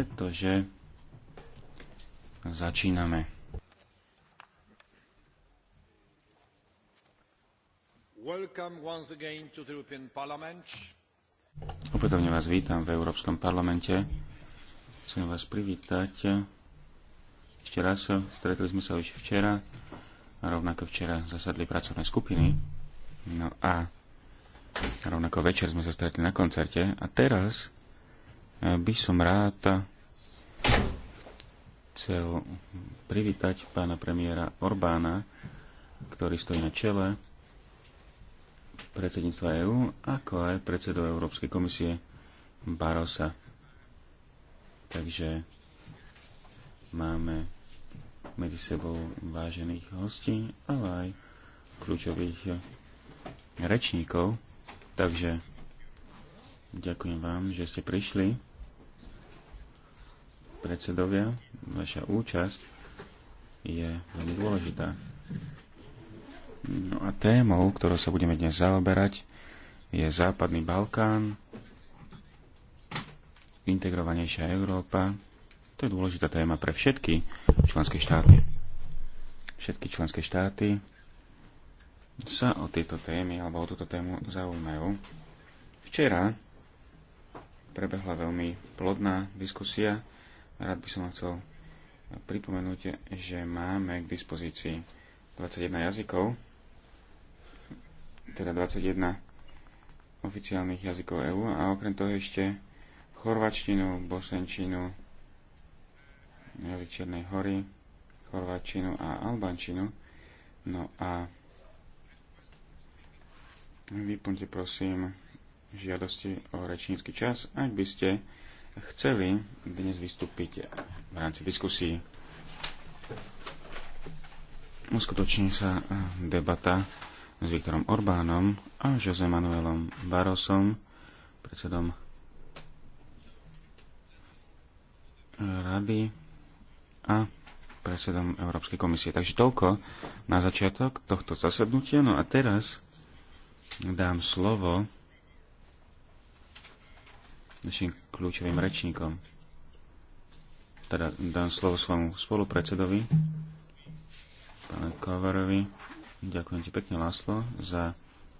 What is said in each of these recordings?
pretože začíname. Opätovne vás vítam v Európskom parlamente. Chcem vás privítať. Ešte raz stretli sme sa už včera. A rovnako včera zasadli pracovné skupiny. No a rovnako večer sme sa stretli na koncerte. A teraz by som rád chcel privítať pána premiéra Orbána, ktorý stojí na čele predsedníctva EÚ, ako aj predsedu Európskej komisie Barosa. Takže máme medzi sebou vážených hostí, ale aj kľúčových rečníkov. Takže ďakujem vám, že ste prišli predsedovia, vaša účasť je veľmi dôležitá. No a témou, ktorou sa budeme dnes zaoberať, je Západný Balkán, integrovanejšia Európa. To je dôležitá téma pre všetky členské štáty. Všetky členské štáty sa o tieto témy alebo o túto tému zaujímajú. Včera prebehla veľmi plodná diskusia Rád by som vám chcel pripomenúť, že máme k dispozícii 21 jazykov, teda 21 oficiálnych jazykov EÚ a okrem toho ešte chorvačtinu, bosenčinu, jazyk Čiernej hory, chorvačtinu a albančinu. No a vyplňte prosím žiadosti o rečnícky čas, ak by ste chceli dnes vystúpiť v rámci diskusí. Uskutoční sa eh, debata s Viktorom Orbánom a Jose Manuelom Barosom, predsedom eh, rady a predsedom Európskej komisie. Takže toľko na začiatok tohto zasadnutia. No a teraz dám slovo našim kľúčovým rečníkom. Teda dám slovo svojmu spolupredsedovi, pánu Kovarovi. Ďakujem ti pekne, Láslo, za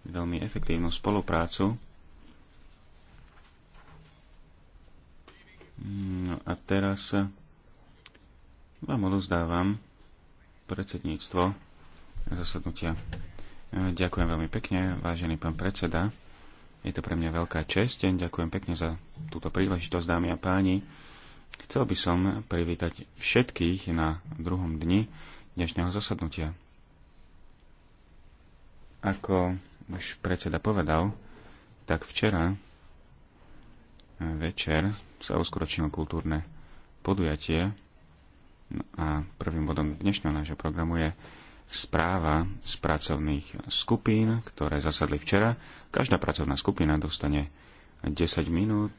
veľmi efektívnu spoluprácu. No a teraz vám odozdávam predsedníctvo zasadnutia. Ďakujem veľmi pekne, vážený pán predseda. Je to pre mňa veľká čest. Ďakujem pekne za túto príležitosť, dámy a páni. Chcel by som privítať všetkých na druhom dni dnešného zasadnutia. Ako už predseda povedal, tak včera večer sa uskoročilo kultúrne podujatie no a prvým bodom dnešného nášho programu je správa z pracovných skupín, ktoré zasadli včera. Každá pracovná skupina dostane 10 minút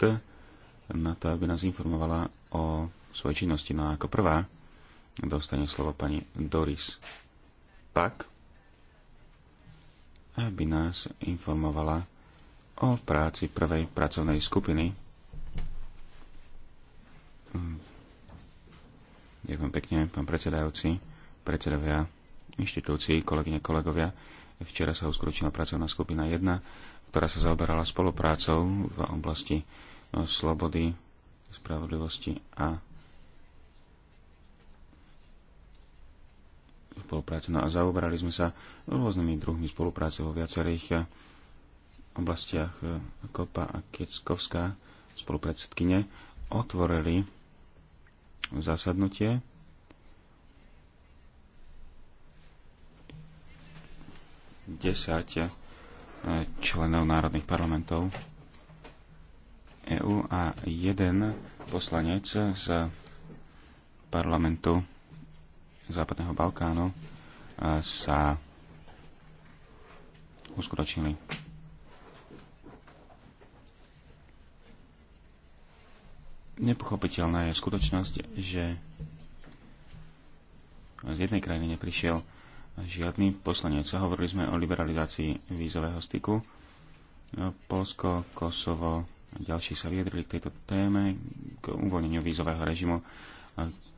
na to, aby nás informovala o svojej činnosti. No a ako prvá dostane slovo pani Doris Pak, aby nás informovala o práci prvej pracovnej skupiny. Hm. Ďakujem pekne, pán predsedajúci, predsedovia inštitúcií, kolegyne, kolegovia. Včera sa uskutočnila pracovná skupina 1, ktorá sa zaoberala spoluprácou v oblasti no, slobody, spravodlivosti a spolupráce. No a zaoberali sme sa rôznymi druhmi spolupráce vo viacerých eh, oblastiach eh, Kopa a Kieckovská spolupredsedkyne otvorili zasadnutie 10 eh, členov národných parlamentov EÚ a jeden poslanec z parlamentu Západného Balkánu eh, sa uskutočnili. Nepochopiteľná je skutočnosť, že z jednej krajiny neprišiel žiadny poslanec. Hovorili sme o liberalizácii vízového styku. Polsko, Kosovo ďalší sa vyjadrili k tejto téme, k uvoľneniu vízového režimu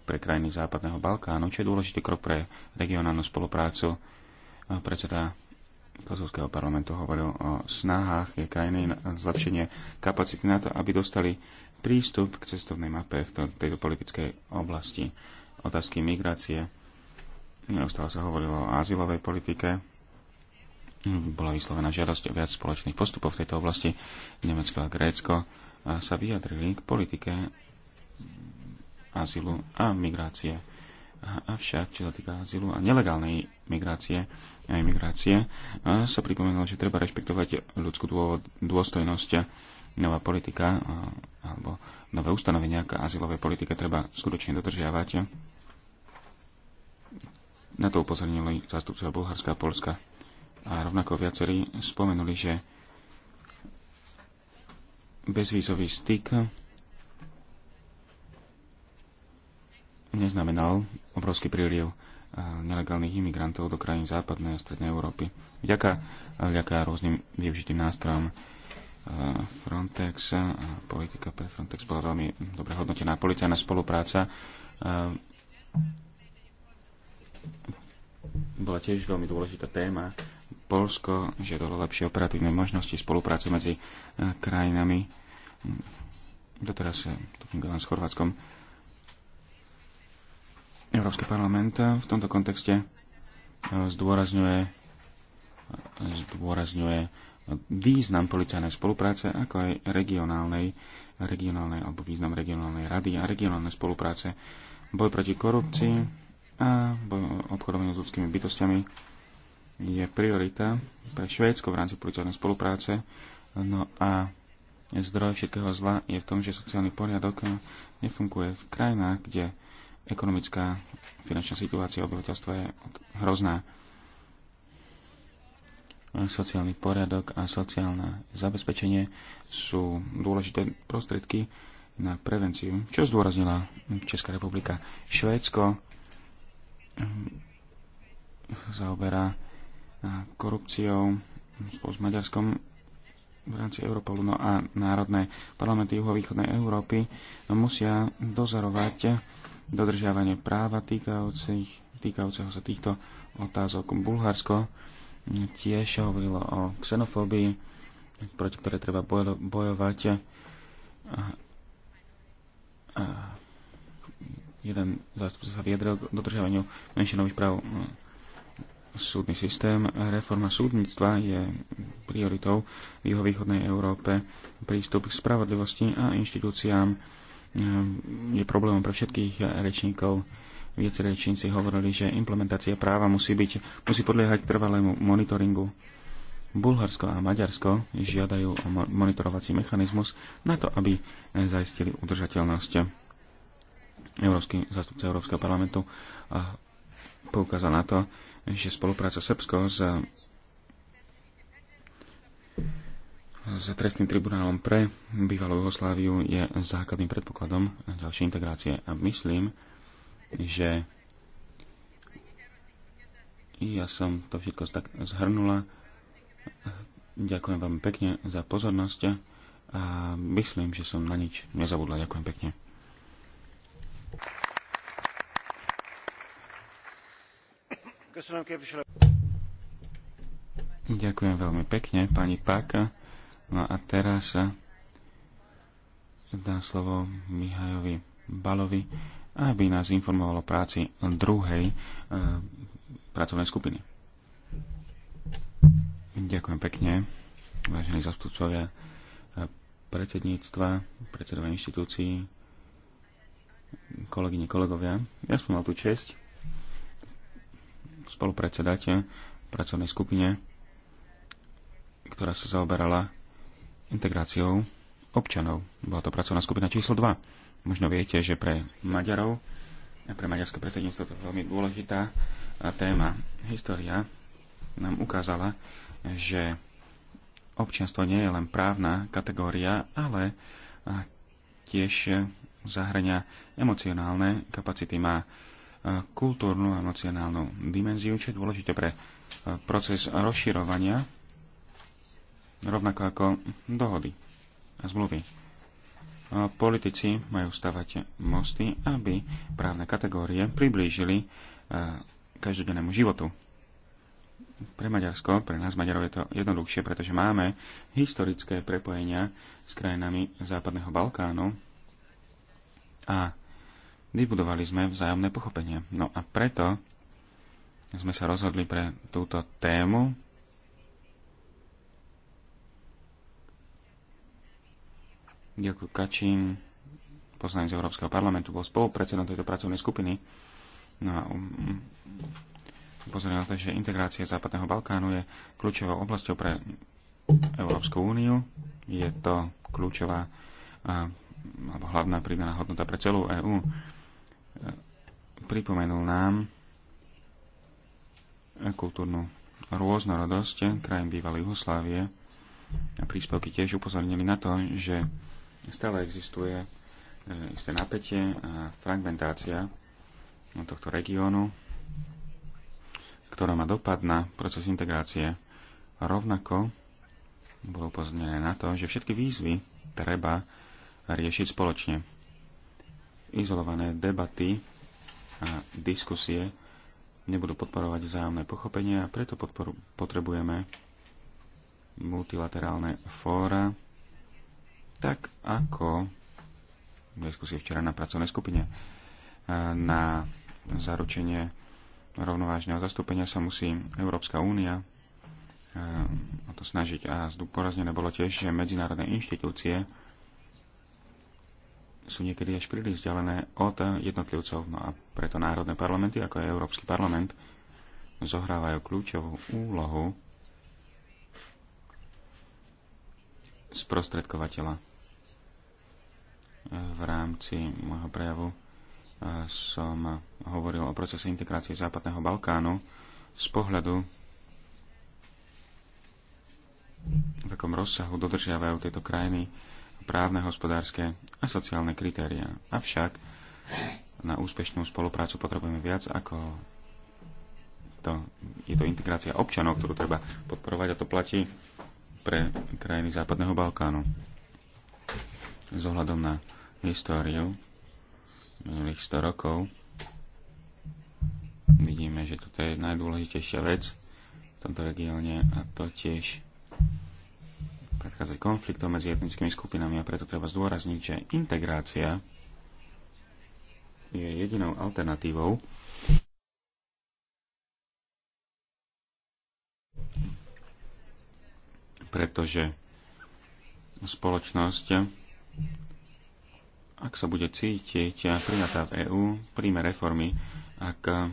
pre krajiny Západného Balkánu, čo je dôležitý krok pre regionálnu spoluprácu. Predseda Kosovského parlamentu hovoril o snahách krajiny na zlepšenie kapacity na to, aby dostali prístup k cestovnej mape v tejto politickej oblasti. Otázky migrácie Neustále sa hovorilo o azylovej politike. Bola vyslovená žiadosť o viac spoločných postupov v tejto oblasti. Nemecko a Grécko sa vyjadrili k politike azylu a migrácie. Avšak, čo sa týka azylu a nelegálnej migrácie a imigrácie, sa pripomenulo, že treba rešpektovať ľudskú dôstojnosť. Nová politika alebo nové ustanovenia k azylovej politike treba skutočne dodržiavať na to upozornili zástupcovia Bulharska a Polska. A rovnako viacerí spomenuli, že bezvízový styk neznamenal obrovský príliv eh, nelegálnych imigrantov do krajín západnej a strednej Európy. Vďaka, vďaka rôznym využitým nástrojom eh, Frontex a politika pre Frontex bola veľmi dobre hodnotená. Policajná spolupráca eh, bola tiež veľmi dôležitá téma. Polsko žiadalo lepšie operatívne možnosti spolupráce medzi e, krajinami. Doteraz e, to fungovalo s Chorvátskom. Európsky parlament e, v tomto kontexte zdôrazňuje, zdôrazňuje význam policajnej spolupráce, ako aj regionálnej, regionálnej alebo význam regionálnej rady a regionálnej spolupráce. Boj proti korupcii, a obchodovanie s ľudskými bytostiami je priorita pre Švédsko v rámci policajnej spolupráce. No a zdroj všetkého zla je v tom, že sociálny poriadok nefunguje v krajinách, kde ekonomická finančná situácia obyvateľstva je hrozná. Sociálny poriadok a sociálne zabezpečenie sú dôležité prostriedky na prevenciu, čo zdôraznila Česká republika. Švédsko Ehm, zaoberá korupciou spolu s Maďarskom v rámci Europolu no a národné parlamenty juhovýchodnej Európy musia dozorovať dodržiavanie práva týkajúceho sa týchto otázok. Bulharsko tiež hovorilo o xenofóbii, proti ktorej treba bojovať. A, a, Jeden zástupca sa vyjadril k dodržiavaniu menšinových práv hm, súdny systém. Reforma súdnictva je prioritou v juhovýchodnej Európe. Prístup k spravodlivosti a inštitúciám hm, je problémom pre všetkých rečníkov. Viacerí rečníci hovorili, že implementácia práva musí, byť, musí podliehať trvalému monitoringu. Bulharsko a Maďarsko žiadajú o monitorovací mechanizmus na to, aby zaistili udržateľnosť. Európsky zastupca Európskeho parlamentu poukázal na to, že spolupráca Srbsko s, s trestným tribunálom pre bývalú Jugosláviu je základným predpokladom ďalšej integrácie. A myslím, že ja som to všetko tak zhrnula. Ďakujem vám pekne za pozornosť a myslím, že som na nič nezabudla. Ďakujem pekne. Ďakujem veľmi pekne, pani Páka. No a teraz dám slovo Mihajovi Balovi, aby nás informoval o práci druhej e, pracovnej skupiny. Ďakujem pekne, vážení zastupcovia eh, predsedníctva, predsedové inštitúcií, kolegyne, kolegovia. Ja som mal tú česť v pracovnej skupine, ktorá sa zaoberala integráciou občanov. Bola to pracovná skupina číslo 2. Možno viete, že pre Maďarov a pre maďarské predsedníctvo to je veľmi dôležitá téma. História nám ukázala, že občianstvo nie je len právna kategória, ale tiež zahrania emocionálne kapacity. Má kultúrnu a emocionálnu dimenziu, čo je dôležité pre e, proces rozširovania, rovnako ako dohody a zmluvy. E, politici majú stavať mosty, aby právne kategórie priblížili e, každodennému životu. Pre Maďarsko, pre nás Maďarov je to jednoduchšie, pretože máme historické prepojenia s krajinami Západného Balkánu a vybudovali sme vzájomné pochopenie. No a preto sme sa rozhodli pre túto tému. Ďakujem Kačín, poslanec Európskeho parlamentu, bol spolupredsedom tejto pracovnej skupiny. No a um, um, upozorňujem na to, že integrácia Západného Balkánu je kľúčovou oblasťou pre Európsku úniu. Je to kľúčová alebo hlavná pridaná hodnota pre celú EÚ pripomenul nám kultúrnu rôznorodosť krajín bývalej Jugoslávie a príspevky tiež upozornili na to, že stále existuje e, isté napätie a fragmentácia tohto regiónu, ktorá má dopad na proces integrácie. Rovnako bolo upozornené na to, že všetky výzvy treba riešiť spoločne izolované debaty a diskusie nebudú podporovať vzájomné pochopenie a preto podporu, potrebujeme multilaterálne fóra, tak ako diskusie včera na pracovnej skupine na zaručenie rovnovážneho zastúpenia sa musí Európska únia o to snažiť. A porazne bolo tiež, že medzinárodné inštitúcie sú niekedy až príliš vzdialené od jednotlivcov. No a preto národné parlamenty, ako je Európsky parlament, zohrávajú kľúčovú úlohu sprostredkovateľa. V rámci môjho prejavu eh, som hovoril o procese integrácie Západného Balkánu z pohľadu, v akom rozsahu dodržiavajú tieto krajiny právne, hospodárske a sociálne kritériá. Avšak na úspešnú spoluprácu potrebujeme viac ako to, je to integrácia občanov, ktorú treba podporovať a to platí pre krajiny Západného Balkánu. Z ohľadom na históriu minulých 100 rokov vidíme, že toto je najdôležitejšia vec v tomto regióne a to tiež predchádzať konfliktom medzi etnickými skupinami a preto treba zdôrazniť, že integrácia je jedinou alternatívou, pretože spoločnosť, ak sa bude cítiť prijatá v EÚ, príjme reformy, ak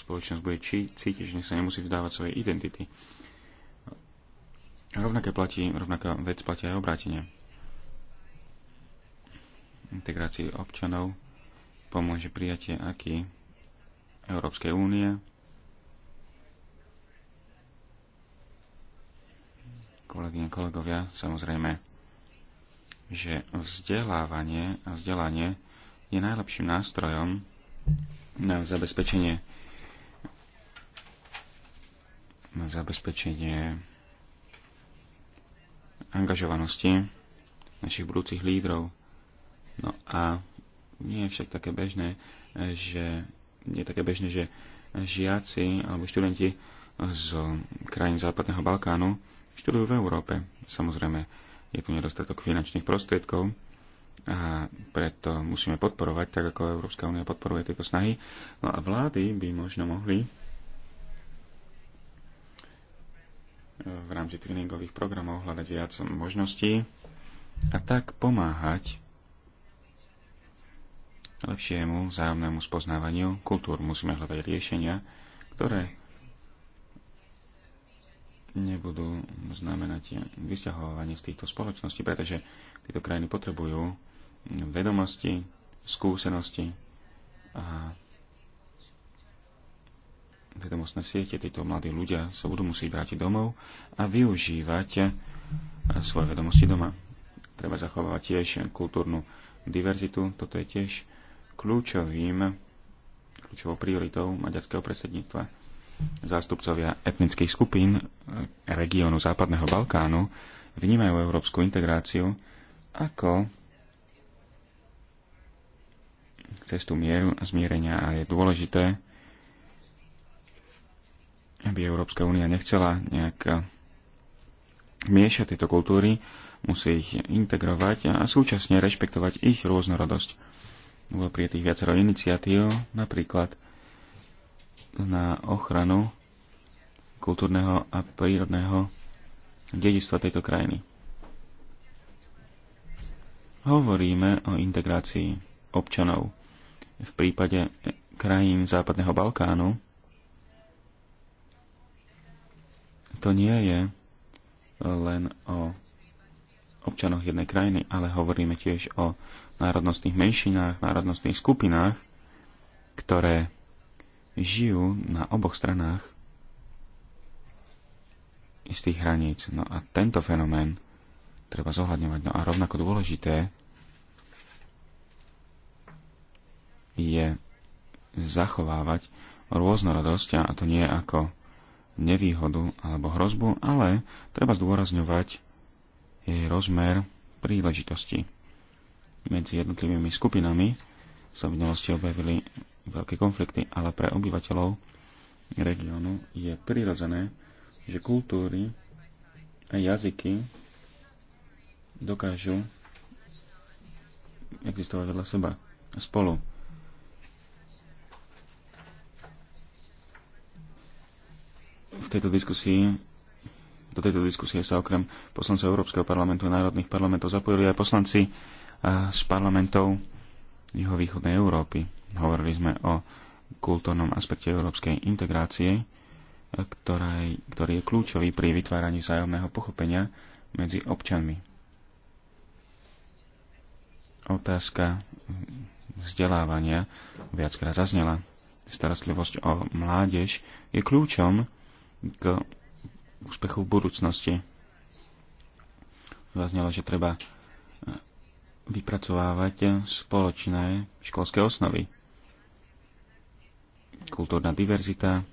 spoločnosť bude cítiť, že sa nemusí vzdávať svojej identity. Rovnaké platí, rovnaká vec platí aj obrátenie. Integrácii občanov pomôže prijatie aký Európskej únie, kolegyne, kolegovia, samozrejme, že vzdelávanie a vzdelanie je najlepším nástrojom na zabezpečenie na zabezpečenie angažovanosti našich budúcich lídrov. No a nie je však také bežné, že nie je také bežné, že žiaci alebo študenti z krajín Západného Balkánu študujú v Európe. Samozrejme, je tu nedostatok finančných prostriedkov a preto musíme podporovať, tak ako Európska únia podporuje tieto snahy. No a vlády by možno mohli v rámci tréningových programov hľadať viac možností a tak pomáhať lepšiemu vzájomnému spoznávaniu kultúr. Musíme hľadať riešenia, ktoré nebudú znamenať vysťahovanie z týchto spoločností, pretože tieto krajiny potrebujú vedomosti, skúsenosti a vedomostné siete, títo mladí ľudia sa budú musieť vrátiť domov a využívať eh, svoje vedomosti doma. Treba zachovávať tiež kultúrnu diverzitu, toto je tiež kľúčovým, kľúčovou prioritou maďarského predsedníctva. Zástupcovia etnických skupín eh, regiónu Západného Balkánu vnímajú európsku integráciu ako cestu mieru a zmierenia a je dôležité, aby Európska únia nechcela nejak eh, miešať tieto kultúry, musí ich integrovať a súčasne rešpektovať ich rôznorodosť. Bolo tých viacero iniciatív, napríklad na ochranu kultúrneho a prírodného dedistva tejto krajiny. Hovoríme o integrácii občanov. V prípade krajín Západného Balkánu to nie je len o občanoch jednej krajiny, ale hovoríme tiež o národnostných menšinách, národnostných skupinách, ktoré žijú na oboch stranách istých hraníc. No a tento fenomén treba zohľadňovať. No a rovnako dôležité je zachovávať rôznorodosť, a to nie ako nevýhodu alebo hrozbu, ale treba zdôrazňovať jej rozmer príležitosti. Medzi jednotlivými skupinami sa v minulosti objavili veľké konflikty, ale pre obyvateľov regiónu je prirodzené, že kultúry a jazyky dokážu existovať vedľa seba spolu. v tejto diskusii do tejto diskusie sa okrem poslancov Európskeho parlamentu a národných parlamentov zapojili aj poslanci eh, z parlamentov juhovýchodnej Európy. Hovorili sme o kultúrnom aspekte európskej integrácie, eh, ktorá ktorý je kľúčový pri vytváraní zájomného pochopenia medzi občanmi. Otázka vzdelávania viackrát zaznela. Starostlivosť o mládež je kľúčom k úspechu v budúcnosti. Zaznelo, že treba e, vypracovávať spoločné školské osnovy. Kultúrna diverzita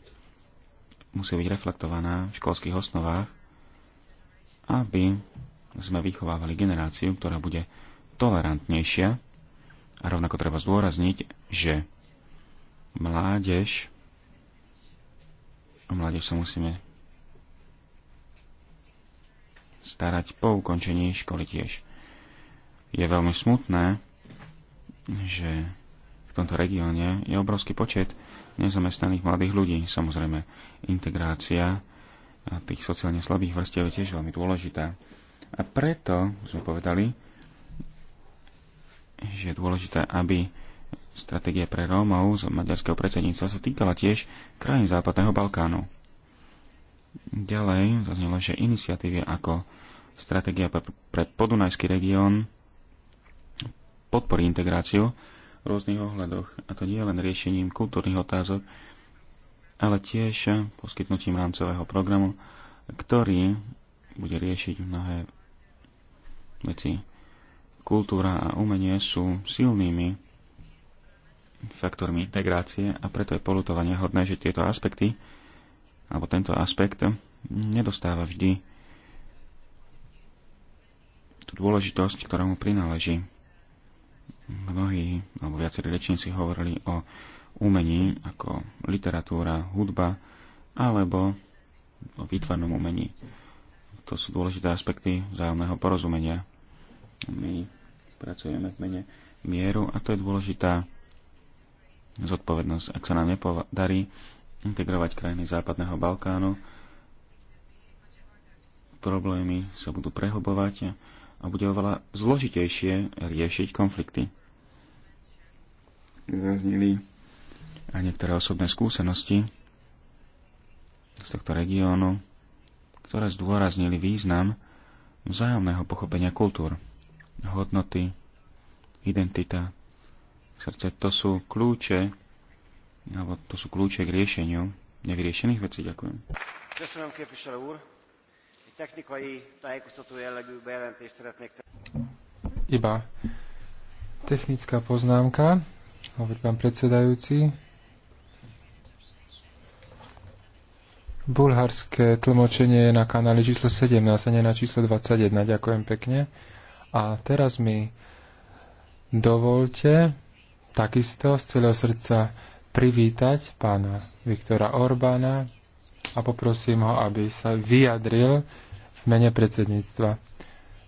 musí byť reflektovaná v školských osnovách, aby sme vychovávali generáciu, ktorá bude tolerantnejšia. A rovnako treba zdôrazniť, že mládež o mládež sa musíme starať po ukončení školy tiež. Je veľmi smutné, že v tomto regióne je obrovský počet nezamestnaných mladých ľudí. Samozrejme, integrácia tých sociálne slabých vrstiev je tiež veľmi dôležitá. A preto sme povedali, že je dôležité, aby stratégia pre Rómov z maďarského predsedníctva sa týkala tiež krajín Západného Balkánu. Ďalej zaznelo, že iniciatívy ako stratégia pre podunajský región podporí integráciu v rôznych ohľadoch, a to nie len riešením kultúrnych otázok, ale tiež poskytnutím rámcového programu, ktorý bude riešiť mnohé veci. Kultúra a umenie sú silnými faktormi integrácie a preto je polutovanie hodné, že tieto aspekty alebo tento aspekt nedostáva vždy tú dôležitosť, ktorá mu prináleží. Mnohí, alebo viacerí rečníci hovorili o umení ako literatúra, hudba alebo o výtvarnom umení. To sú dôležité aspekty vzájomného porozumenia. My pracujeme v mene mieru a to je dôležitá zodpovednosť, ak sa nám nepodarí integrovať krajiny Západného Balkánu. Problémy sa budú prehobovať a bude oveľa zložitejšie riešiť konflikty. Zaznili aj niektoré osobné skúsenosti z tohto regiónu, ktoré zdôraznili význam vzájomného pochopenia kultúr, hodnoty, identita, srdce. To sú kľúče, alebo to sú kľúče k riešeniu nevyriešených vecí. Ďakujem. Iba technická poznámka, hovorí pán predsedajúci. Bulharské tlmočenie je na kanáli číslo 17 a nie na číslo 21. Ďakujem pekne. A teraz mi dovolte takisto z celého srdca privítať pána Viktora Orbána a poprosím ho, aby sa vyjadril v mene predsedníctva.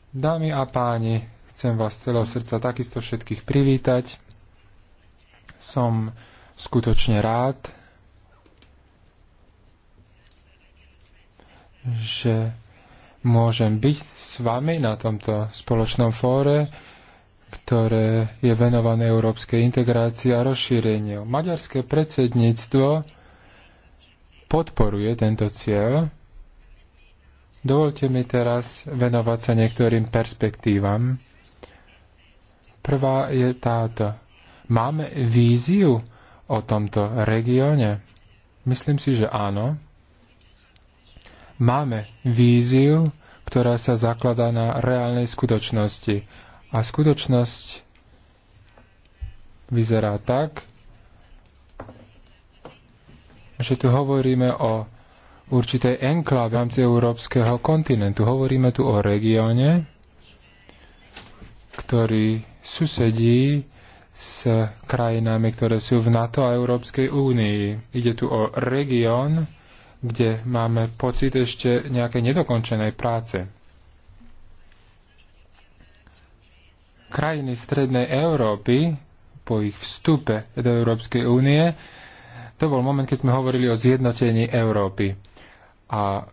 Dámy a páni, chcem vás z celého srdca takisto všetkých privítať. Som skutočne rád, že môžem byť s vami na tomto spoločnom fóre, ktoré je venované európskej integrácii a rozšíreniu. Maďarské predsedníctvo podporuje tento cieľ. Dovolte mi teraz venovať sa niektorým perspektívam. Prvá je táto. Máme víziu o tomto regióne? Myslím si, že áno. Máme víziu, ktorá sa zakladá na reálnej skutočnosti. A skutočnosť vyzerá tak, že tu hovoríme o určitej enklave v rámci európskeho kontinentu. Hovoríme tu o regióne, ktorý susedí s krajinami, ktoré sú v NATO a Európskej únii. Ide tu o región, kde máme pocit ešte nejakej nedokončenej práce. krajiny strednej Európy po ich vstupe do Európskej únie, to bol moment, keď sme hovorili o zjednotení Európy. A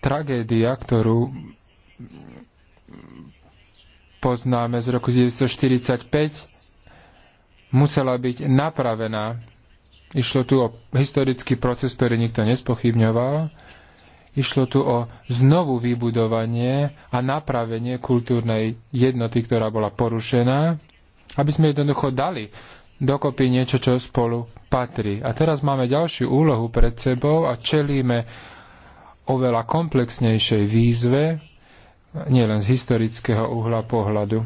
tragédia, ktorú poznáme z roku 1945, musela byť napravená. Išlo tu o historický proces, ktorý nikto nespochybňoval Išlo tu o znovu vybudovanie a napravenie kultúrnej jednoty, ktorá bola porušená, aby sme jednoducho dali dokopy niečo, čo spolu patrí. A teraz máme ďalšiu úlohu pred sebou a čelíme oveľa komplexnejšej výzve, nielen z historického uhla pohľadu.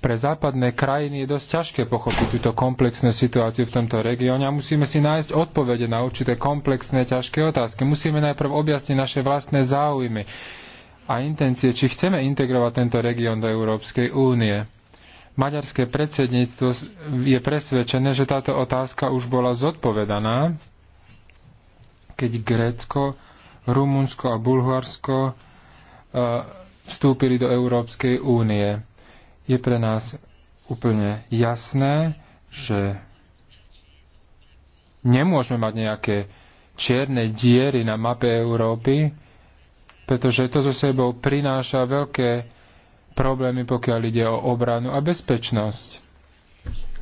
pre západné krajiny je dosť ťažké pochopiť túto komplexnú situáciu v tomto regióne a musíme si nájsť odpovede na určité komplexné ťažké otázky. Musíme najprv objasniť naše vlastné záujmy a intencie, či chceme integrovať tento región do Európskej únie. Maďarské predsedníctvo je presvedčené, že táto otázka už bola zodpovedaná, keď Grécko, Rumunsko a Bulharsko eh, vstúpili do Európskej únie je pre nás úplne jasné, že nemôžeme mať nejaké čierne diery na mape Európy, pretože to so sebou prináša veľké problémy, pokiaľ ide o obranu a bezpečnosť.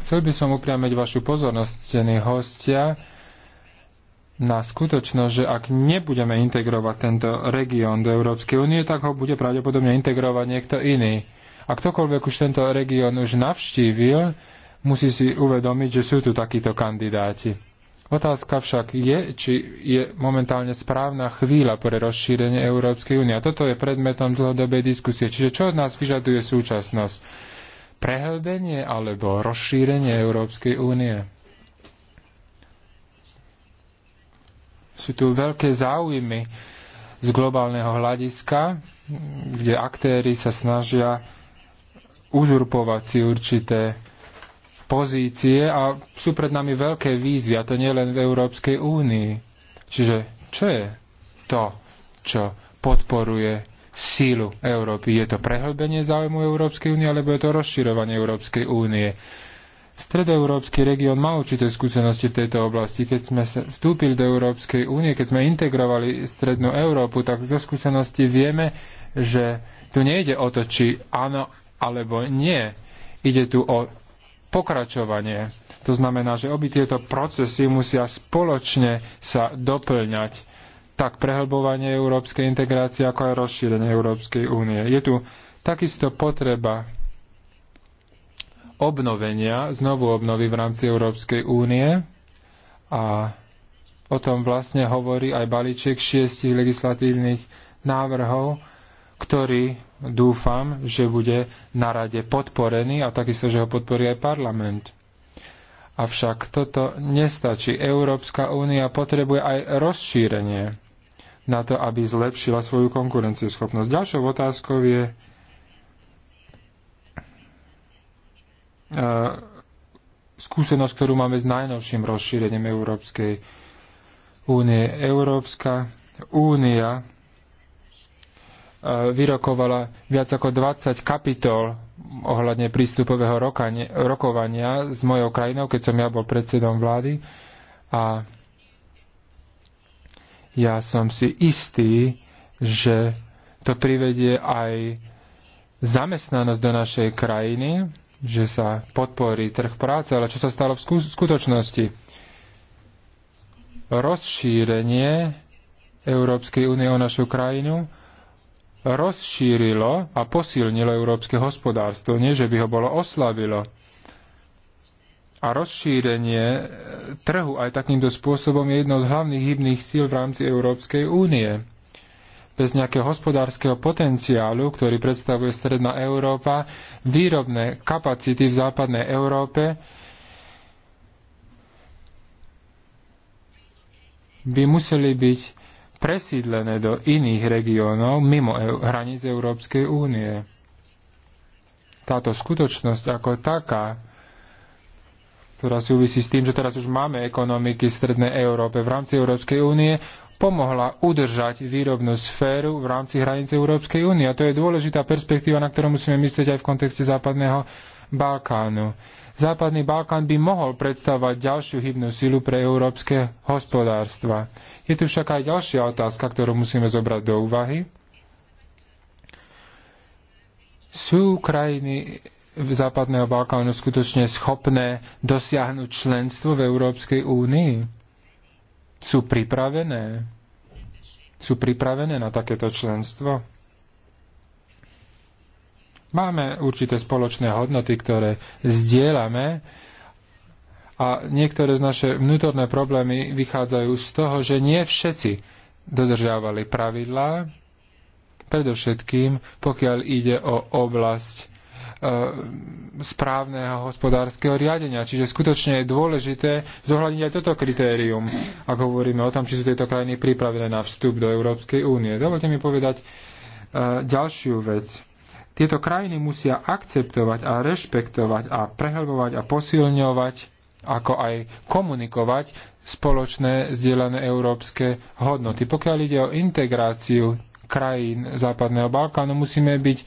Chcel by som upriamiť vašu pozornosť, cení hostia, na skutočnosť, že ak nebudeme integrovať tento región do Európskej únie, tak ho bude pravdepodobne integrovať niekto iný. A ktokoľvek už tento región už navštívil, musí si uvedomiť, že sú tu takíto kandidáti. Otázka však je, či je momentálne správna chvíľa pre rozšírenie Európskej únie. A toto je predmetom dlhodobej diskusie. Čiže čo od nás vyžaduje súčasnosť? Prehlbenie alebo rozšírenie Európskej únie? Sú tu veľké záujmy z globálneho hľadiska, kde aktéry sa snažia uzurpovať si určité pozície a sú pred nami veľké výzvy, a to nie len v Európskej únii. Čiže čo je to, čo podporuje sílu Európy? Je to prehlbenie záujmu Európskej únie, alebo je to rozširovanie Európskej únie? Stredoeurópsky región má určité skúsenosti v tejto oblasti. Keď sme vstúpili do Európskej únie, keď sme integrovali Strednú Európu, tak zo skúsenosti vieme, že tu nejde o to, či áno alebo nie. Ide tu o pokračovanie. To znamená, že obi tieto procesy musia spoločne sa doplňať. Tak prehlbovanie európskej integrácie, ako aj rozšírenie Európskej únie. Je tu takisto potreba obnovenia, znovu obnovy v rámci Európskej únie a o tom vlastne hovorí aj balíček šiestich legislatívnych návrhov, ktorý dúfam, že bude na rade podporený a takisto, že ho podporí aj parlament. Avšak toto nestačí. Európska únia potrebuje aj rozšírenie na to, aby zlepšila svoju konkurencieschopnosť. Ďalšou otázkou je eh, skúsenosť, ktorú máme s najnovším rozšírením Európskej únie. Európska únia E, vyrokovala viac ako 20 kapitol ohľadne prístupového rokania, rokovania s mojou krajinou, keď som ja bol predsedom vlády. A ja som si istý, že to privedie aj zamestnanosť do našej krajiny, že sa podporí trh práce, ale čo sa stalo v skutočnosti? Rozšírenie Európskej únie o našu krajinu rozšírilo a posilnilo európske hospodárstvo, nie že by ho bolo oslavilo. A rozšírenie e, trhu aj takýmto spôsobom je jednou z hlavných hybných síl v rámci Európskej únie. Bez nejakého hospodárskeho potenciálu, ktorý predstavuje Stredná Európa, výrobné kapacity v západnej Európe by museli byť presídlené do iných regiónov mimo e- hraníc Európskej únie. Táto skutočnosť ako taká, ktorá súvisí s tým, že teraz už máme ekonomiky v Strednej Európe v rámci Európskej únie, pomohla udržať výrobnú sféru v rámci hranice Európskej únie. A to je dôležitá perspektíva, na ktorú musíme myslieť aj v kontexte západného Balkánu. Západný Balkán by mohol predstavovať ďalšiu hybnú silu pre európske hospodárstva. Je tu však aj ďalšia otázka, ktorú musíme zobrať do úvahy. Sú krajiny Západného Balkánu skutočne schopné dosiahnuť členstvo v Európskej únii? Sú pripravené? Sú pripravené na takéto členstvo? Máme určité spoločné hodnoty, ktoré zdieľame a niektoré z naše vnútorné problémy vychádzajú z toho, že nie všetci dodržiavali pravidlá, predovšetkým pokiaľ ide o oblasť e, správneho hospodárskeho riadenia. Čiže skutočne je dôležité zohľadniť aj toto kritérium, ak hovoríme o tom, či sú tieto krajiny pripravené na vstup do Európskej únie. Dovolte mi povedať e, ďalšiu vec. Tieto krajiny musia akceptovať a rešpektovať a prehlbovať a posilňovať, ako aj komunikovať spoločné zdieľané európske hodnoty. Pokiaľ ide o integráciu krajín Západného Balkánu, musíme byť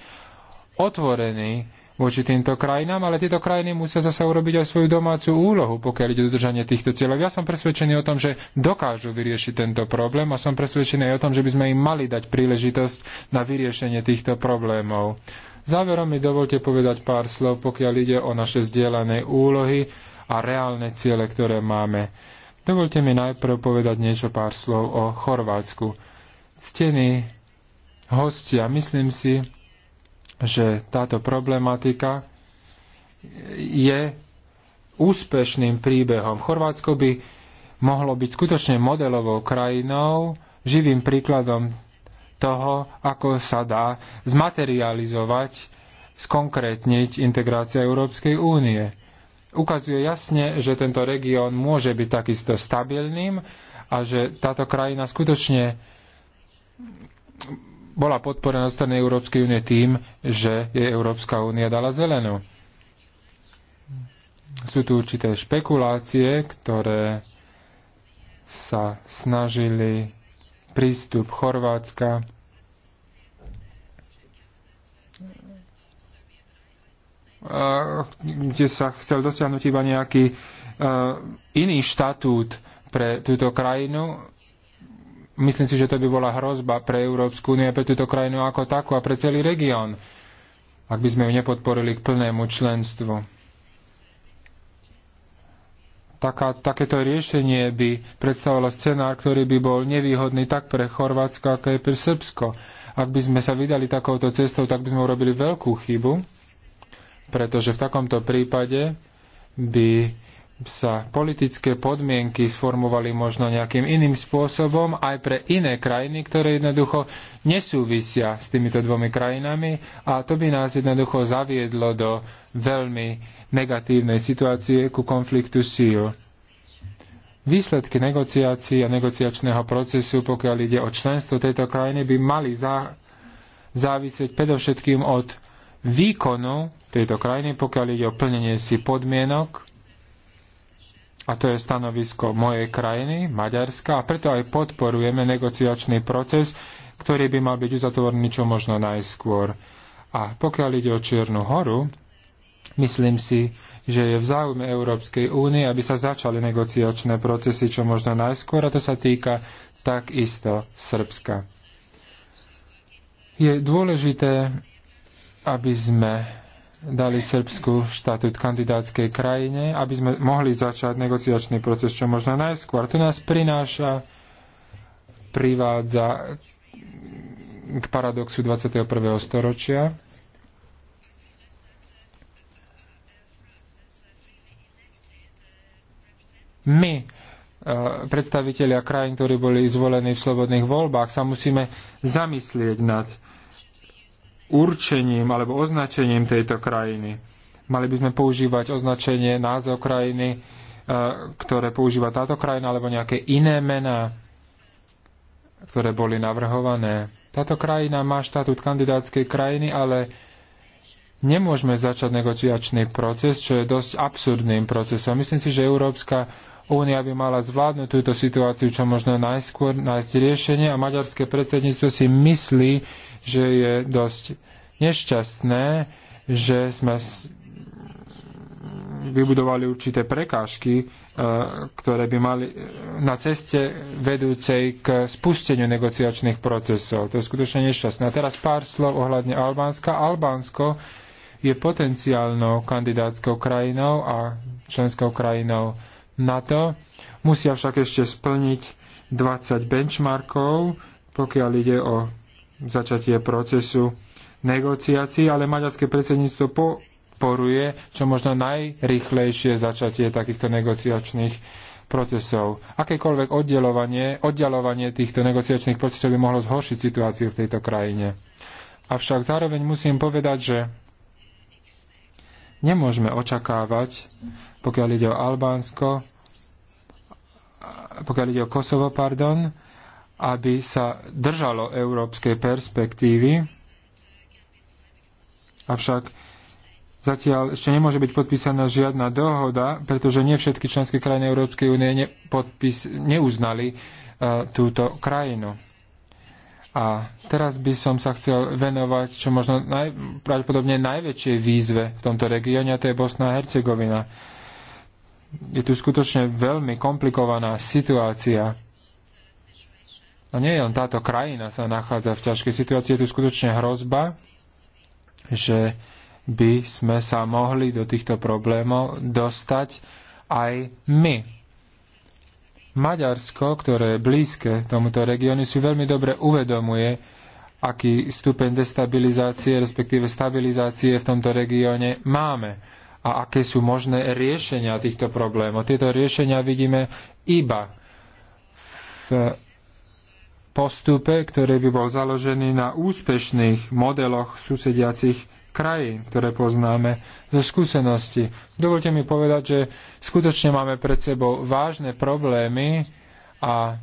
otvorení voči týmto krajinám, ale tieto krajiny musia zase urobiť aj svoju domácu úlohu, pokiaľ ide dodržanie týchto cieľov. Ja som presvedčený o tom, že dokážu vyriešiť tento problém a som presvedčený aj o tom, že by sme im mali dať príležitosť na vyriešenie týchto problémov. Záverom mi dovolte povedať pár slov, pokiaľ ide o naše vzdielané úlohy a reálne ciele, ktoré máme. Dovolte mi najprv povedať niečo pár slov o Chorvátsku. Steny, hostia, myslím si, že táto problematika je úspešným príbehom. Chorvátsko by mohlo byť skutočne modelovou krajinou, živým príkladom toho, ako sa dá zmaterializovať, skonkrétniť integrácia Európskej únie. Ukazuje jasne, že tento región môže byť takisto stabilným a že táto krajina skutočne bola podpora na strane Európskej únie tým, že je Európska únia dala zelenú. Sú tu určité špekulácie, ktoré sa snažili prístup Chorvátska kde sa chcel dosiahnuť iba nejaký uh, iný štatút pre túto krajinu myslím si, že to by bola hrozba pre Európsku úniu a pre túto krajinu ako takú a pre celý región, ak by sme ju nepodporili k plnému členstvu. Taká, takéto riešenie by predstavovalo scenár, ktorý by bol nevýhodný tak pre Chorvátsko, ako aj pre Srbsko. Ak by sme sa vydali takouto cestou, tak by sme urobili veľkú chybu, pretože v takomto prípade by sa politické podmienky sformovali možno nejakým iným spôsobom aj pre iné krajiny, ktoré jednoducho nesúvisia s týmito dvomi krajinami a to by nás jednoducho zaviedlo do veľmi negatívnej situácie ku konfliktu síl. Výsledky negociácií a negociačného procesu, pokiaľ ide o členstvo tejto krajiny, by mali zá, závisieť predovšetkým od výkonu tejto krajiny, pokiaľ ide o plnenie si podmienok a to je stanovisko mojej krajiny, Maďarska, a preto aj podporujeme negociačný proces, ktorý by mal byť uzatvorený čo možno najskôr. A pokiaľ ide o Čiernu horu, myslím si, že je v záujme Európskej únie, aby sa začali negociačné procesy čo možno najskôr, a to sa týka takisto Srbska. Je dôležité, aby sme dali Srbsku štatút kandidátskej krajine, aby sme mohli začať negociačný proces čo možno najskôr. To nás prináša, privádza k paradoxu 21. storočia, my, e, predstavitelia krajín, ktorí boli zvolení v slobodných voľbách, sa musíme zamyslieť nad určením alebo označením tejto krajiny. Mali by sme používať označenie názov krajiny, e, ktoré používa táto krajina, alebo nejaké iné mená, ktoré boli navrhované. Táto krajina má štatút kandidátskej krajiny, ale nemôžeme začať negociačný proces, čo je dosť absurdným procesom. Myslím si, že Európska Únia by mala zvládnuť túto situáciu čo možno najskôr, nájsť riešenie a maďarské predsedníctvo si myslí, že je dosť nešťastné, že sme vybudovali určité prekážky, e, ktoré by mali e, na ceste vedúcej k spusteniu negociačných procesov. To je skutočne nešťastné. A teraz pár slov ohľadne Albánska. Albánsko je potenciálnou kandidátskou krajinou a členskou krajinou NATO. Musia však ešte splniť 20 benchmarkov, pokiaľ ide o začatie procesu negociácií, ale maďarské predsedníctvo poruje čo možno najrychlejšie začatie takýchto negociačných procesov. Akékoľvek oddelovanie, oddialovanie týchto negociačných procesov by mohlo zhoršiť situáciu v tejto krajine. Avšak zároveň musím povedať, že nemôžeme očakávať, pokiaľ ide o Albánsko, pokiaľ ide o Kosovo, pardon, aby sa držalo európskej perspektívy, avšak zatiaľ ešte nemôže byť podpísaná žiadna dohoda, pretože nie všetky členské krajiny Európskej únie neuznali uh, túto krajinu. A teraz by som sa chcel venovať čo možno naj, pravdepodobne najväčšej výzve v tomto regióne, a to je Bosna a Hercegovina. Je tu skutočne veľmi komplikovaná situácia No nie len táto krajina sa nachádza v ťažkej situácii, je tu skutočne hrozba, že by sme sa mohli do týchto problémov dostať aj my. Maďarsko, ktoré je blízke tomuto regiónu, si veľmi dobre uvedomuje, aký stupeň destabilizácie, respektíve stabilizácie v tomto regióne máme a aké sú možné riešenia týchto problémov. Tieto riešenia vidíme iba v postupe, ktorý by bol založený na úspešných modeloch susediacich krajín, ktoré poznáme zo skúsenosti. Dovolte mi povedať, že skutočne máme pred sebou vážne problémy a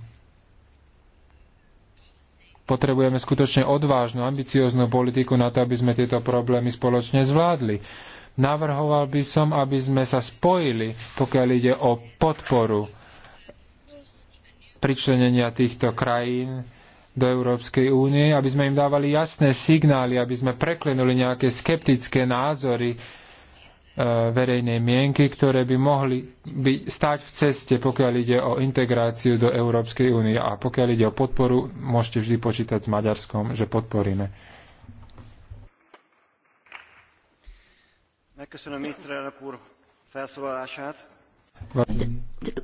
potrebujeme skutočne odvážnu, ambicióznu politiku na to, aby sme tieto problémy spoločne zvládli. Navrhoval by som, aby sme sa spojili, pokiaľ ide o podporu pričlenenia týchto krajín do Európskej únie, aby sme im dávali jasné signály, aby sme preklenuli nejaké skeptické názory e, verejnej mienky, ktoré by mohli by stať v ceste, pokiaľ ide o integráciu do Európskej únie. A pokiaľ ide o podporu, môžete vždy počítať s Maďarskom, že podporíme.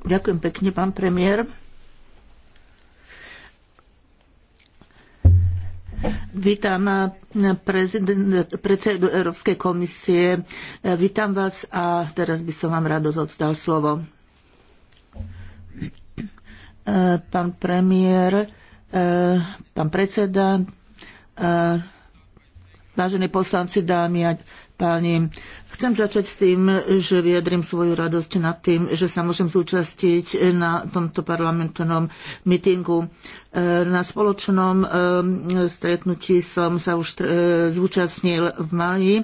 Ďakujem pekne, pán premiér. Vítam eh, eh, predsedu Európskej komisie. Eh, vítam vás a teraz by som vám rado odzdal slovo. Pán premiér, pán predseda, vážení poslanci, dámy a páni, Chcem začať s tým, že vyjadrím svoju radosť nad tým, že sa môžem zúčastiť na tomto parlamentnom mítingu. E, na spoločnom e, stretnutí som sa už e, zúčastnil v maji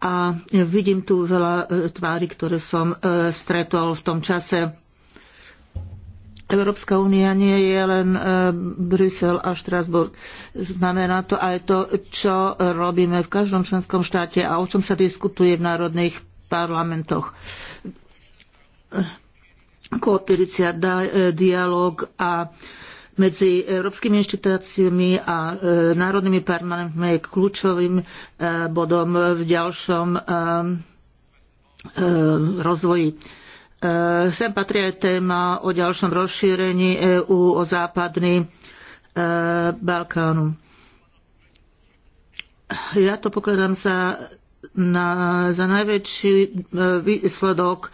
a vidím tu veľa tvári, ktoré som stretol v tom čase. Európska únia nie je len e, Brusel a Štrasburg. Znamená to aj to, čo robíme v každom členskom štáte a o čom sa diskutuje v národných parlamentoch. Kooperícia, e, dialog a medzi európskymi inštitáciami a e, národnými parlamentmi je kľúčovým bodom v ďalšom rozvoji E, sem patrí aj téma o ďalšom rozšírení EÚ o západný e, Balkánu. Ja to pokladám za, na, za najväčší e, výsledok,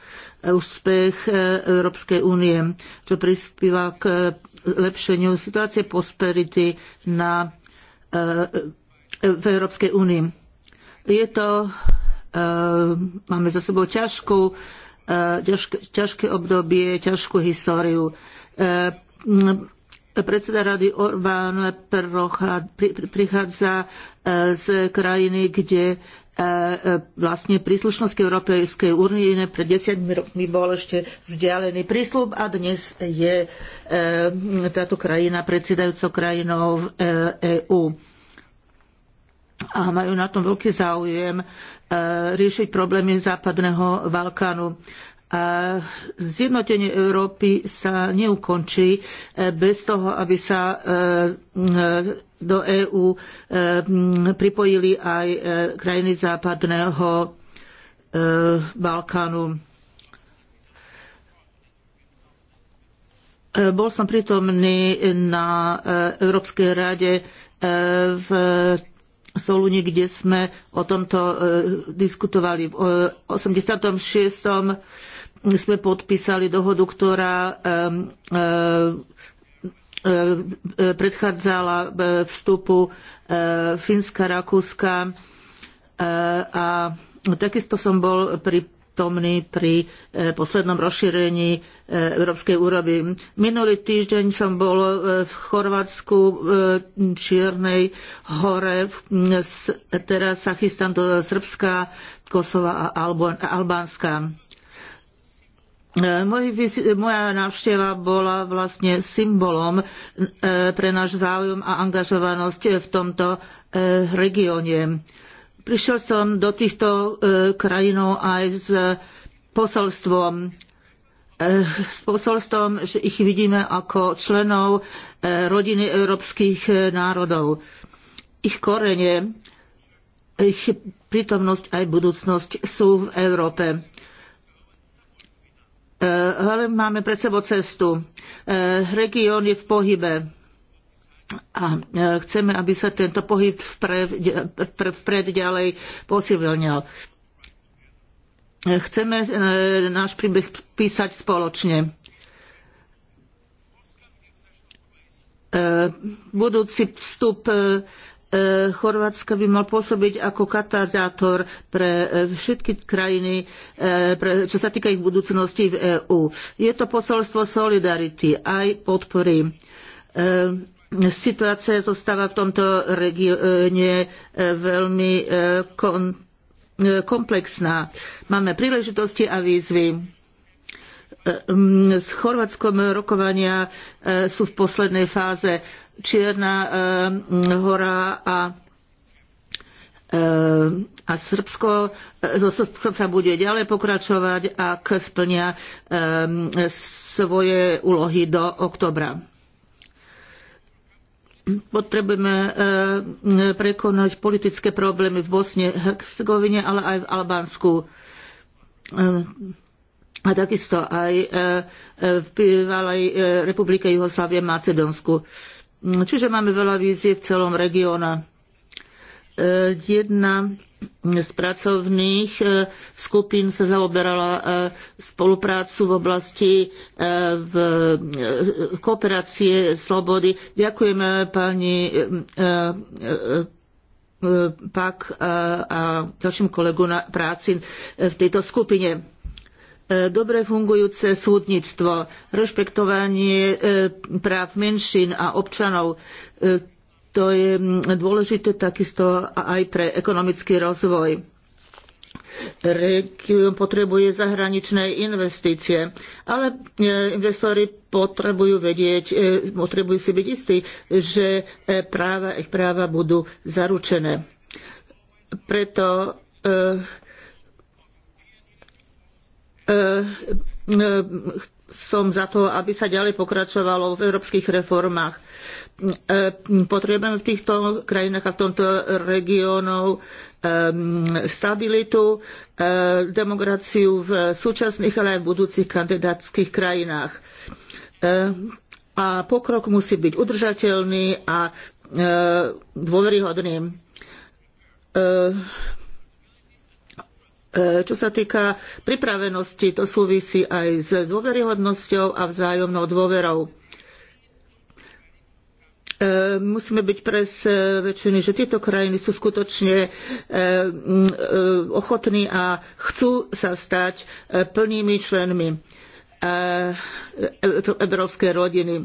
úspech Európskej únie, čo prispieva k lepšeniu situácie prosperity na, v Európskej únii. Je to, máme za sebou ťažkú ťažké obdobie, ťažkú históriu. E, predseda rady Orbán prichádza e, z krajiny, kde e, vlastne príslušnosť k Európskej únie pred desiatimi rokmi bol ešte vzdialený prísľub a dnes je táto krajina predsedajúcou krajinou EÚ. A majú na tom veľký záujem E, riešiť problémy západného Balkánu. A e, zjednotenie Európy sa neukončí e, bez toho, aby sa do EÚ pripojili aj krajiny západného Balkánu. Bol som prítomný na Európskej rade v Solune, kde sme o tomto e, diskutovali. V 86. E, sme podpísali dohodu, ktorá e, predchádzala vstupu Fínska, Rakúska a takisto som bol pri prítomní pri e, poslednom rozšírení e, Európskej úroby. Minulý týždeň som bol e, v Chorvátsku, v Čiernej hore, teraz sa chystám do Srbska, Kosova a Albánska. Moja návšteva bola vlastne symbolom pre náš záujem a angažovanosť v tomto regióne. Prišiel som do týchto e, krajín aj s posolstvom, e, s posolstvom, že ich vidíme ako členov e, rodiny európskych národov. Ich korene, ich prítomnosť aj budúcnosť sú v Európe. Ale máme pred sebou cestu. Región je v pohybe a e, chceme, aby sa tento pohyb vpred, vpred ďalej posilňal. E, chceme e, náš príbeh písať spoločne. Budúci vstup Chorvátska by mal pôsobiť ako katalizátor pre všetky krajiny, čo sa týka ich budúcnosti v EÚ. Je to posolstvo solidarity aj podpory Situácia zostáva v tomto regióne eh, veľmi eh, eh, komplexná. Máme príležitosti a výzvy. Mm, s Chorvátskom rokovania sú v poslednej fáze Čierna hora a a Srbsko, so Srbskom sa bude ďalej pokračovať, ak splnia svoje úlohy do oktobra potrebujeme eh, prekonať politické problémy v Bosne, Hercegovine, ale aj v Albánsku. Eh, a takisto aj eh, v bývalej republike Juhoslávie Macedónsku. Hm, čiže máme veľa vízie v celom regióne. Jedna z pracovných e, skupín sa zaoberala e, spoluprácu v oblasti e, v kooperácie slobody. Ďakujeme pani Pak a ďalším kolegu na práci v tejto skupine dobre fungujúce súdnictvo, rešpektovanie práv menšín a občanov. To je mm, dôležité takisto aj pre ekonomický rozvoj. Región potrebuje zahraničné investície, ale e, investori potrebujú vedieť, e, potrebujú si byť istí, že e, práva, ich práva budú zaručené. Preto e, som za to, aby sa ďalej pokračovalo v európskych reformách. E, potrebujeme v týchto krajinách a v tomto regiónu ehm, stabilitu, e, demokraciu v súčasných, ale aj v budúcich kandidátskych krajinách. E, a pokrok musí byť udržateľný a dôveryhodný E, čo sa týka pripravenosti, to súvisí aj s dôveryhodnosťou a vzájomnou dôverou. E, musíme byť presvedčení, že tieto krajiny sú skutočne e, ochotní a chcú sa stať plnými členmi európskej rodiny.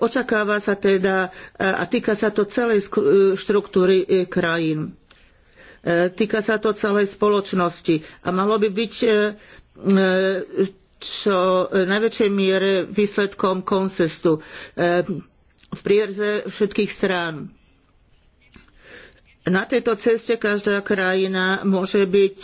Očakáva sa teda a týka sa to celej štruktúry krajín. E, týka sa to celej spoločnosti a malo by byť e, e, čo najväčšej miere výsledkom koncestu v prierze všetkých strán. Na tejto ceste každá krajina môže byť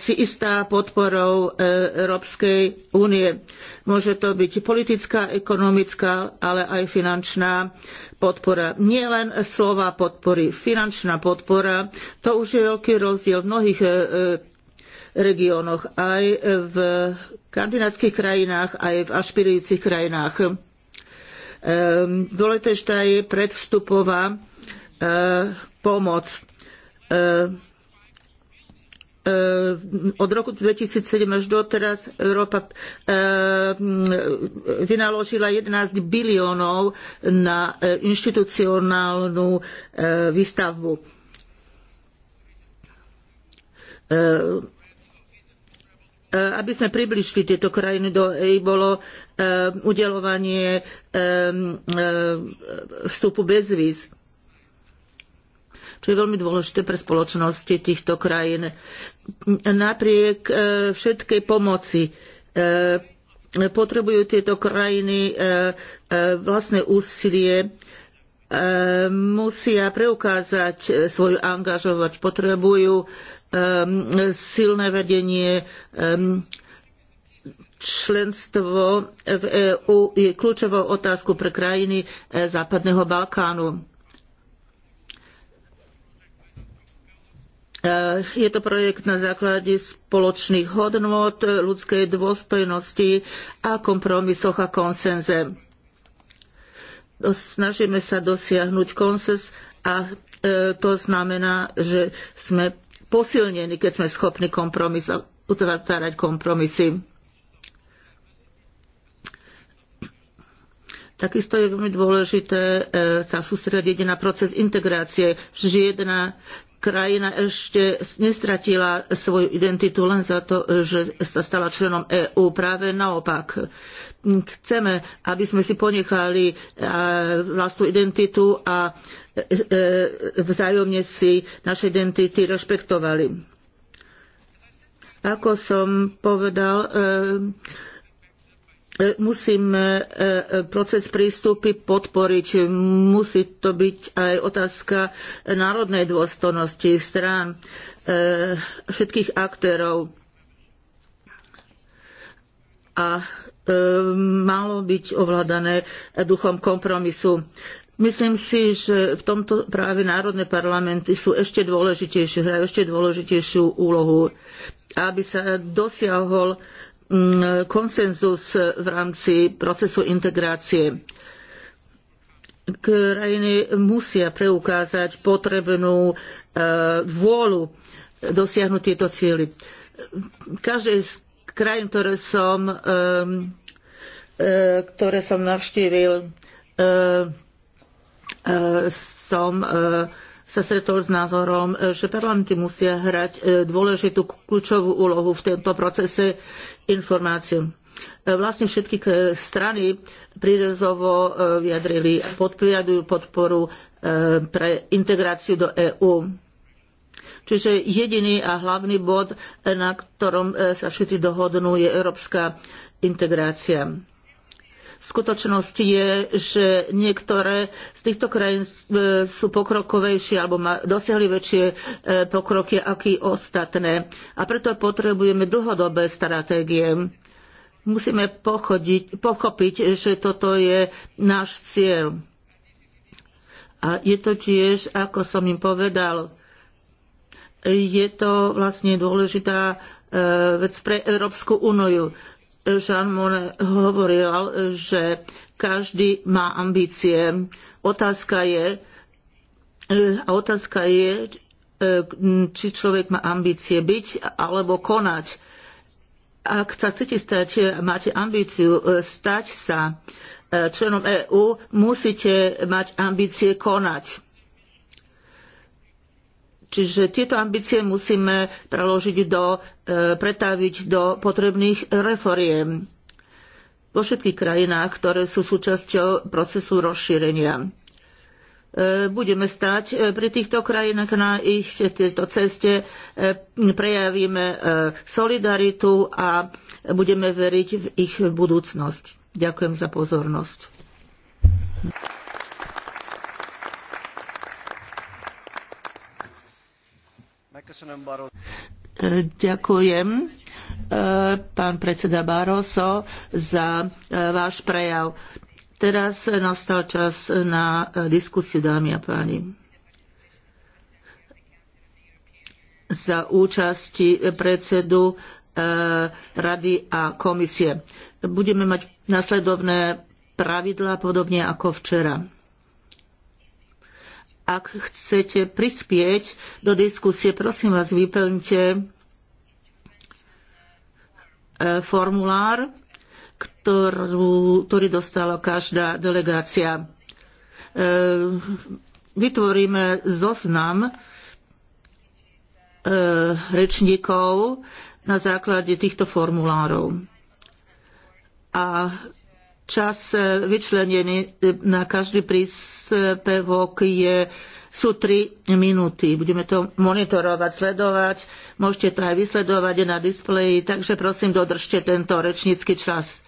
si istá podporou Európskej únie. Môže to byť politická, ekonomická, ale aj finančná podpora. Nie len slova podpory, finančná podpora, to už je veľký rozdiel v mnohých e, e, regiónoch, aj v kandidátskych krajinách, aj v ašpirujúcich krajinách. E, dôležitá je predvstupová pomoc Ehm, od roku 2007 až doteraz Európa ehm, vynaložila 11 biliónov na e, inštitucionálnu e, výstavbu. Ehm, e, aby sme približili tieto krajiny do EI, bolo udelovanie vstupu bez víz čo je veľmi dôležité pre spoločnosti týchto krajín. Napriek e, všetkej pomoci e, potrebujú tieto krajiny e, vlastné úsilie, musia preukázať svoju angažovať, potrebujú silné vedenie, členstvo v EÚ je kľúčovou otázkou pre krajiny Západného Balkánu. Eh, je to projekt na základe spoločných hodnôt, ľudskej dôstojnosti a kompromisoch a konsenze. Snažíme sa dosiahnuť konsens a eh, to znamená, že sme posilnení, keď sme schopní kompromis, utvárať kompromisy. Takisto je veľmi dôležité eh, sa sústrediť na proces integrácie. Žiadna krajina ešte nestratila svoju identitu len za to, že sa stala členom EÚ. Práve naopak. Chceme, aby sme si ponechali e, vlastnú identitu a e, e, vzájomne si naše identity rešpektovali. Ako som povedal, Musím e, e, proces prístupy podporiť. Musí to byť aj otázka národnej dôstojnosti strán e, všetkých aktérov. A malo byť ovládané duchom kompromisu. Myslím si, že v tomto práve národné parlamenty sú ešte dôležitejšie, hrajú ešte dôležitejšiu úlohu, aby sa dosiahol Mm, konsenzus v rámci procesu integrácie. Krajiny musia preukázať potrebnú e, vôľu dosiahnuť tieto cieľy. Každej z krajín, ktoré som, e, e, ktoré som navštívil, som sa stretol s názorom, e, že parlamenty musia hrať e, dôležitú kľúčovú úlohu v tomto procese informácií. E, vlastne všetky strany prírezovo vyjadrili podporu, podporu pre integráciu do EÚ. Čiže jediný a hlavný bod, na ktorom sa všetci dohodnú, je európska integrácia skutočnosti je, že niektoré z týchto krajín e, sú pokrokovejšie alebo dosiahli väčšie e, pokroky ako ostatné. A preto potrebujeme dlhodobé stratégie. Musíme pochodiť, pochopiť, že toto je náš cieľ. A je to tiež, ako som im povedal, je to vlastne dôležitá e, vec pre Európsku úniu. Jean Monnet hovoril, že každý má ambície. Otázka je, a otázka je, či človek má ambície byť alebo konať. Ak sa chcete stať, máte ambíciu stať sa členom EÚ, musíte mať ambície konať Čiže tieto ambície musíme preložiť do, e, pretaviť do potrebných reforiem vo všetkých krajinách, ktoré sú súčasťou procesu rozšírenia. E, budeme stať e, pri týchto krajinách na ich tejto ceste, prejavíme solidaritu a budeme veriť v ich budúcnosť. Ďakujem za pozornosť. Ďakujem, e, pán predseda Barroso, za e, váš prejav. Teraz nastal čas na e, diskusiu, dámy a páni. Za účasti predsedu Rady a komisie. Budeme mať nasledovné pravidlá podobne ako včera. Ak chcete prispieť do diskusie, prosím vás, vyplňte e, formulár, ktorú, ktorý dostala každá delegácia. E, vytvoríme zoznam e, rečníkov na základe týchto formulárov. A Čas e, vyčlenený e, na každý príspevok je, sú 3 minúty. Budeme to monitorovať, sledovať. Môžete to aj vysledovať na displeji, takže prosím, dodržte tento rečnícky čas.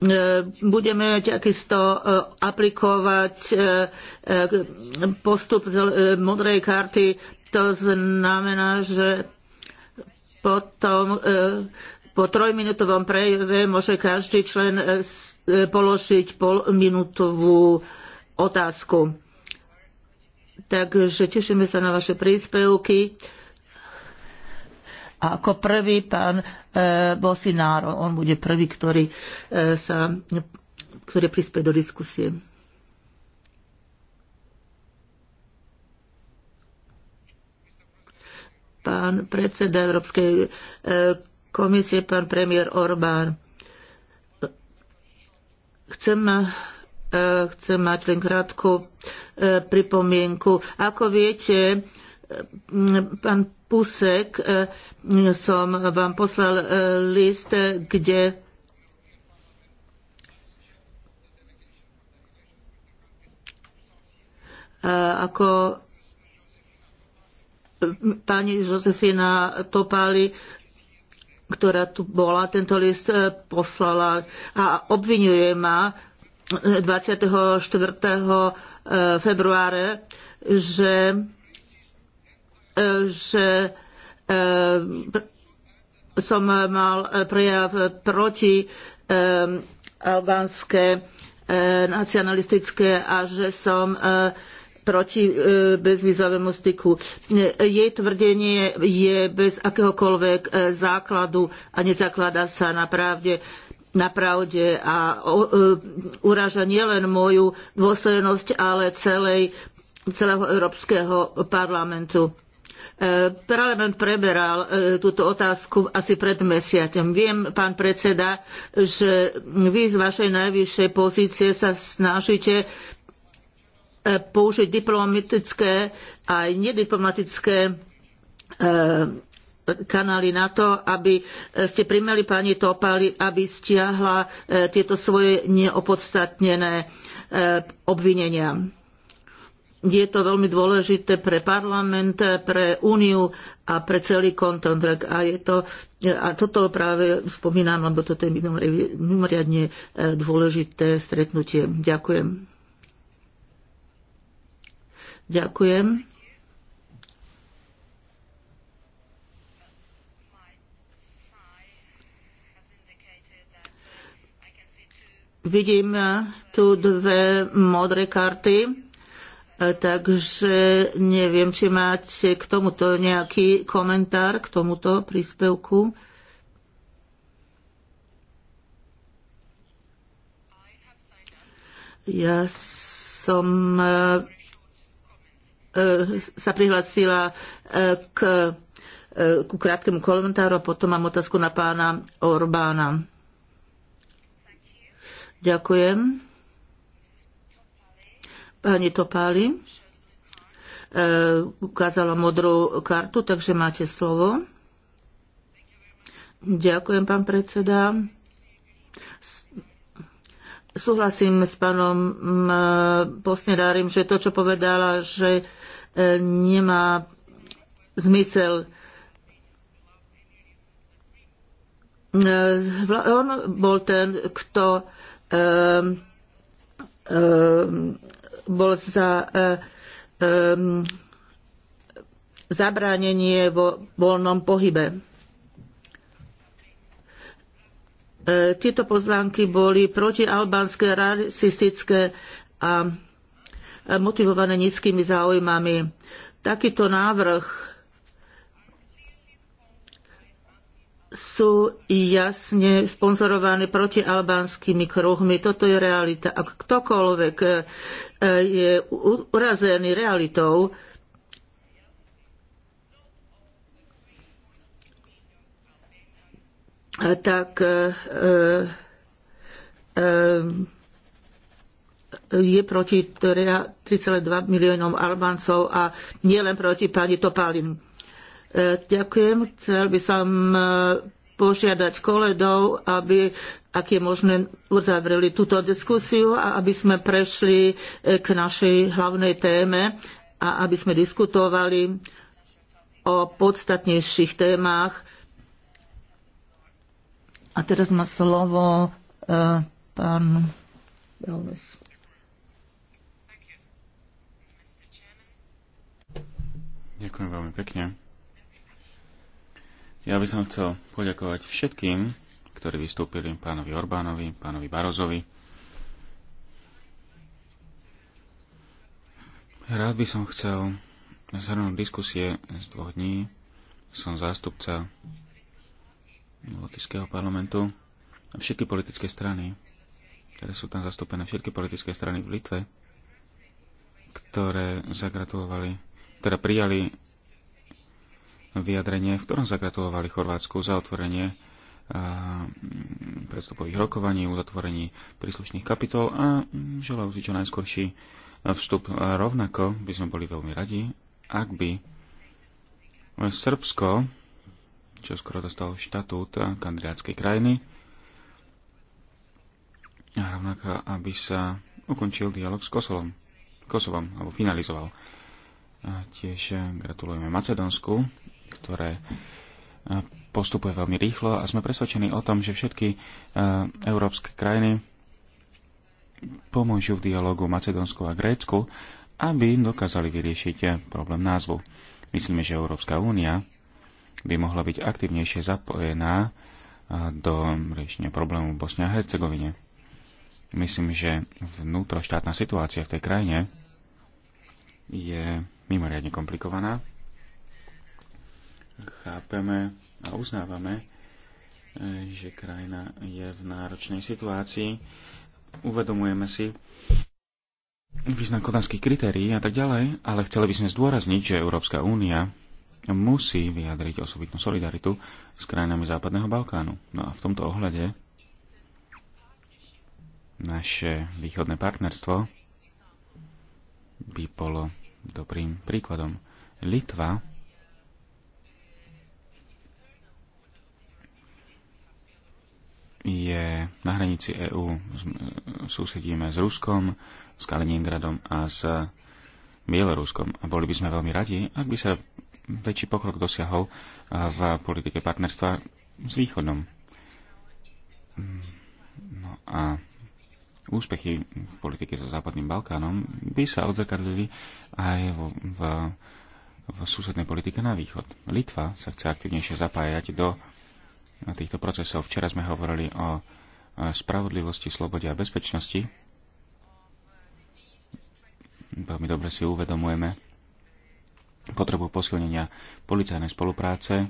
E, budeme takisto aplikovať postup z modrej karty. To znamená, že potom po trojminútovom prejave môže každý člen e, e, položiť polminútovú otázku. Takže tešíme sa na vaše príspevky. A ako prvý pán e, Bosináro, on bude prvý, ktorý, e, sa, ktorý prispie do diskusie. Pán predseda Európskej e, komisie pán premiér Orbán. Chcem e, chcem mať len krátku e, pripomienku. Ako viete, e, pán Pusek, som vám poslal list, kde ako pani Josefina Topáli ktorá tu bola, tento list e, poslala a obvinuje ma 24. E, e, februára, že, že som mal prejav proti albánske nacionalistické a že som proti e, bezvýzovému styku. E, jej tvrdenie je bez akéhokoľvek e, základu a nezakladá sa na pravde na pravde a uráža nielen moju dôstojnosť, ale celej, celého Európskeho parlamentu. Parlament preberal túto otázku asi pred mesiacom. Viem, pán predseda, že vy z vašej najvyššej pozície sa snažíte použiť diplomatické aj nediplomatické eh, kanály na to, aby ste primeli pani Topali, aby stiahla eh, tieto svoje neopodstatnené eh, obvinenia. Je to veľmi dôležité pre parlament, pre úniu a pre celý kontent. A, je to, a toto práve spomínam, lebo toto je mimoriadne dôležité stretnutie. Ďakujem. Ďakujem. Vidím tu dve modré karty, takže neviem, či máte k tomuto nejaký komentár, k tomuto príspevku. Ja som E, sa prihlasila e, k, e, ku krátkému komentáru a potom mám otázku na pána Orbána. Ďakujem. Pani Topáli ukázala modrú kartu, takže máte slovo. Ďakujem, pán predseda. Súhlasím s pánom Posnedárim, že to, čo povedala, že E, nemá zmysel. E, on bol ten, kto e, bol za zabránenie vo voľnom pohybe. Tieto pozvánky boli protialbánske, rasistické a motivované nízkymi záujmami. Takýto návrh sú jasne sponzorované protialbánskymi kruhmi. Toto je realita. Ak ktokoľvek e, e, je urazený realitou, tak e, je proti 3,2 teda miliónom Albáncov a nielen proti pani Topalin. E, ďakujem. Chcel by som e, požiadať koledov, aby ak je možné, uzavreli túto diskusiu a aby sme prešli e, k našej hlavnej téme a aby sme diskutovali o podstatnejších témach. A teraz má slovo pán Bromes. Ďakujem veľmi pekne. Ja by som chcel poďakovať všetkým, ktorí vystúpili, pánovi Orbánovi, pánovi Barozovi. Rád by som chcel zhrnúť diskusie z dvoch dní. Som zástupca Lotyšského parlamentu a všetky politické strany, ktoré sú tam zastúpené, všetky politické strany v Litve, ktoré zagratulovali teda prijali vyjadrenie, v ktorom zagratulovali Chorvátsku za otvorenie mm, predstupových rokovaní, uzatvorení príslušných kapitol a mm, želajú si čo najskorší vstup. A rovnako by sme boli veľmi radi, ak by Srbsko, čo skoro dostalo štatút kandidátskej krajiny, a rovnako aby sa ukončil dialog s Kosovom, Kosovom alebo finalizoval. A tiež eh, gratulujeme Macedónsku, ktoré eh, postupuje veľmi rýchlo a sme presvedčení o tom, že všetky eh, európske krajiny pomôžu v dialogu Macedónsku a Grécku, aby dokázali vyriešiť problém názvu. Myslíme, že Európska únia by mohla byť aktívnejšie zapojená do riešenia problému v Bosne a Hercegovine. Myslím, že vnútroštátna situácia v tej krajine je mimoriadne komplikovaná. Chápeme a uznávame, e, že krajina je v náročnej situácii. Uvedomujeme si význam kodanských kritérií a tak ďalej, ale chceli by sme zdôrazniť, že Európska únia musí vyjadriť osobitnú solidaritu s krajinami Západného Balkánu. No a v tomto ohľade naše východné partnerstvo by bolo dobrým príkladom. Litva je na hranici EÚ. Súsedíme s Ruskom, s Kaliningradom a s Bieloruskom. A boli by sme veľmi radi, ak by sa väčší pokrok dosiahol v politike partnerstva s Východom. Mm, no a úspechy v politike so Západným Balkánom by sa odzrkadlili aj v, v, v susednej politike na východ. Litva sa chce aktivnejšie zapájať do týchto procesov. Včera sme hovorili o spravodlivosti, slobode a bezpečnosti. Veľmi dobre si uvedomujeme potrebu posilnenia policajnej spolupráce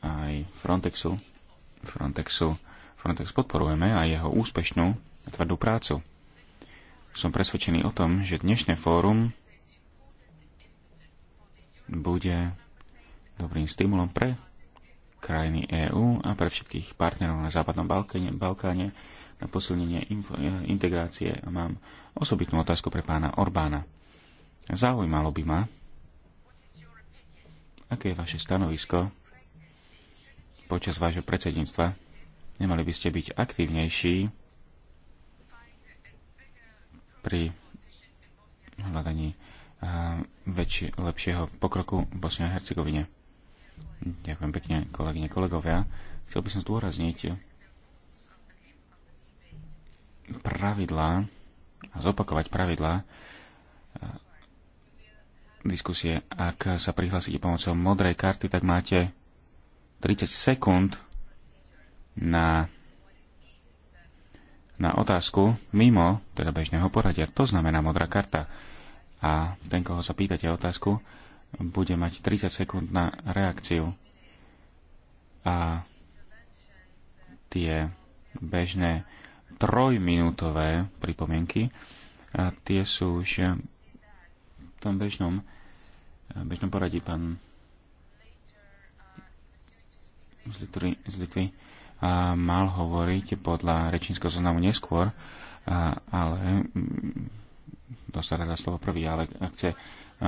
aj Frontexu, Frontexu Frontex podporujeme a jeho úspešnú a tvrdú prácu. Som presvedčený o tom, že dnešné fórum bude dobrým stimulom pre krajiny EÚ a pre všetkých partnerov na Západnom Balkáne, Balkáne na posilnenie integrácie. Mám osobitnú otázku pre pána Orbána. Zaujímalo by ma, aké je vaše stanovisko počas vášho predsedníctva Nemali by ste byť aktívnejší pri hľadaní väčšie, lepšieho pokroku v Bosne a Hercegovine. Ďakujem pekne, kolegyne, kolegovia. Chcel by som zdôrazniť pravidlá a zopakovať pravidlá diskusie. Ak sa prihlásite pomocou modrej karty, tak máte 30 sekúnd na, na otázku mimo teda bežného poradia. To znamená modrá karta. A ten, koho sa pýtate otázku, bude mať 30 sekúnd na reakciu. A tie bežné trojminútové pripomienky, a tie sú už v tom bežnom, bežnom poradí pán z Litvy, z Litvy mal hovoriť podľa rečníckého zoznamu neskôr, ale mm, dostal za teda slovo prvý, ale ak chce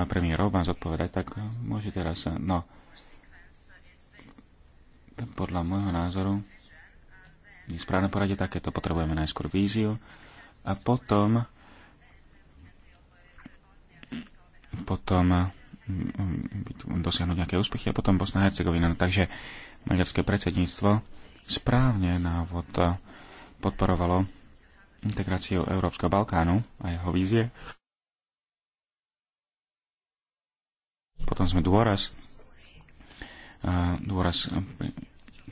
premiér Orbán zodpovedať, tak môže teraz. No, podľa môjho názoru správne poradie takéto potrebujeme najskôr víziu a potom potom mm, mm, dosiahnuť nejaké úspechy a potom Bosna a Hercegovina. No, takže maďarské predsedníctvo správne návod podporovalo integráciu Európskeho Balkánu a jeho vízie. Potom sme dôraz, dôraz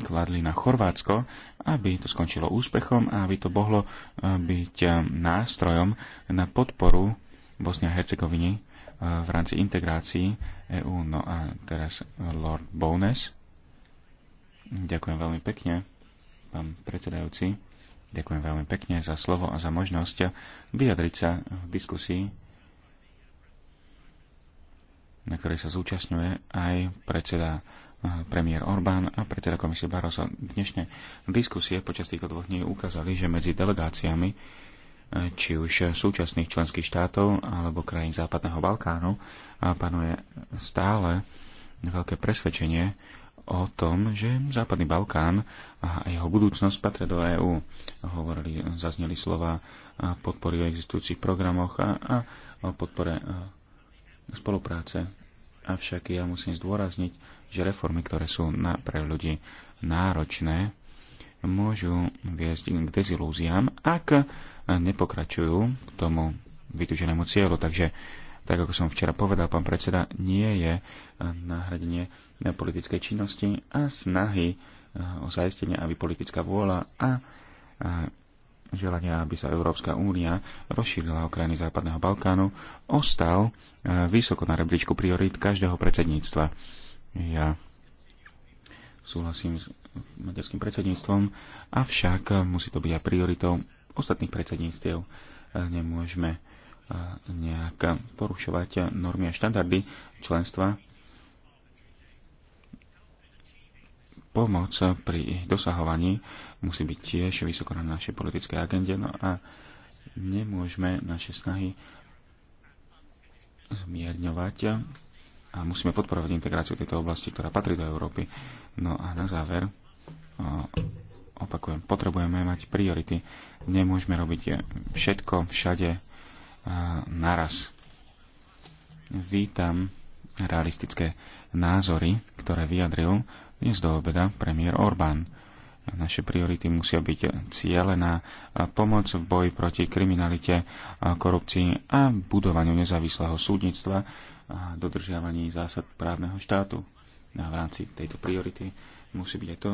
kladli na Chorvátsko, aby to skončilo úspechom a aby to mohlo e, byť e, nástrojom na podporu Bosnia a Hercegoviny e, v rámci integrácií EÚ. No a teraz Lord Bones Ďakujem veľmi pekne, pán predsedajúci. Ďakujem veľmi pekne za slovo a za možnosť vyjadriť sa v diskusii, na ktorej sa zúčastňuje aj predseda eh, premiér Orbán a predseda komisie Barroso. Dnešné diskusie počas týchto dvoch dní ukázali, že medzi delegáciami eh, či už súčasných členských štátov alebo krajín Západného Balkánu eh, panuje stále veľké presvedčenie, o tom, že Západný Balkán a jeho budúcnosť patria do EÚ. Hovorili, zazneli slova a podpory o existujúcich programoch a, a o podpore spolupráce. Avšak ja musím zdôrazniť, že reformy, ktoré sú na, pre ľudí náročné, môžu viesť k dezilúziám, ak nepokračujú k tomu vytúženému cieľu. Takže tak ako som včera povedal, pán predseda, nie je eh, nahradenie eh, politickej činnosti a snahy eh, o zaistenie, aby politická vôľa a želania, aby sa Európska únia rozšírila o krajiny Západného Balkánu, ostal vysoko na rebríčku priorít každého predsedníctva. Ja súhlasím s maďarským predsedníctvom, avšak musí to byť aj prioritou ostatných predsedníctiev. Nemôžeme nejak porušovať normy a štandardy členstva. Pomoc pri dosahovaní musí byť tiež vysoko na našej politickej agende, no a nemôžeme naše snahy zmierňovať a musíme podporovať integráciu tejto oblasti, ktorá patrí do Európy. No a na záver, opakujem, potrebujeme mať priority. Nemôžeme robiť všetko všade naraz. Vítam realistické názory, ktoré vyjadril dnes do obeda premiér Orbán. Naše priority musia byť na pomoc v boji proti kriminalite, korupcii a budovaniu nezávislého súdnictva a dodržiavaní zásad právneho štátu. A v rámci tejto priority musí byť aj to,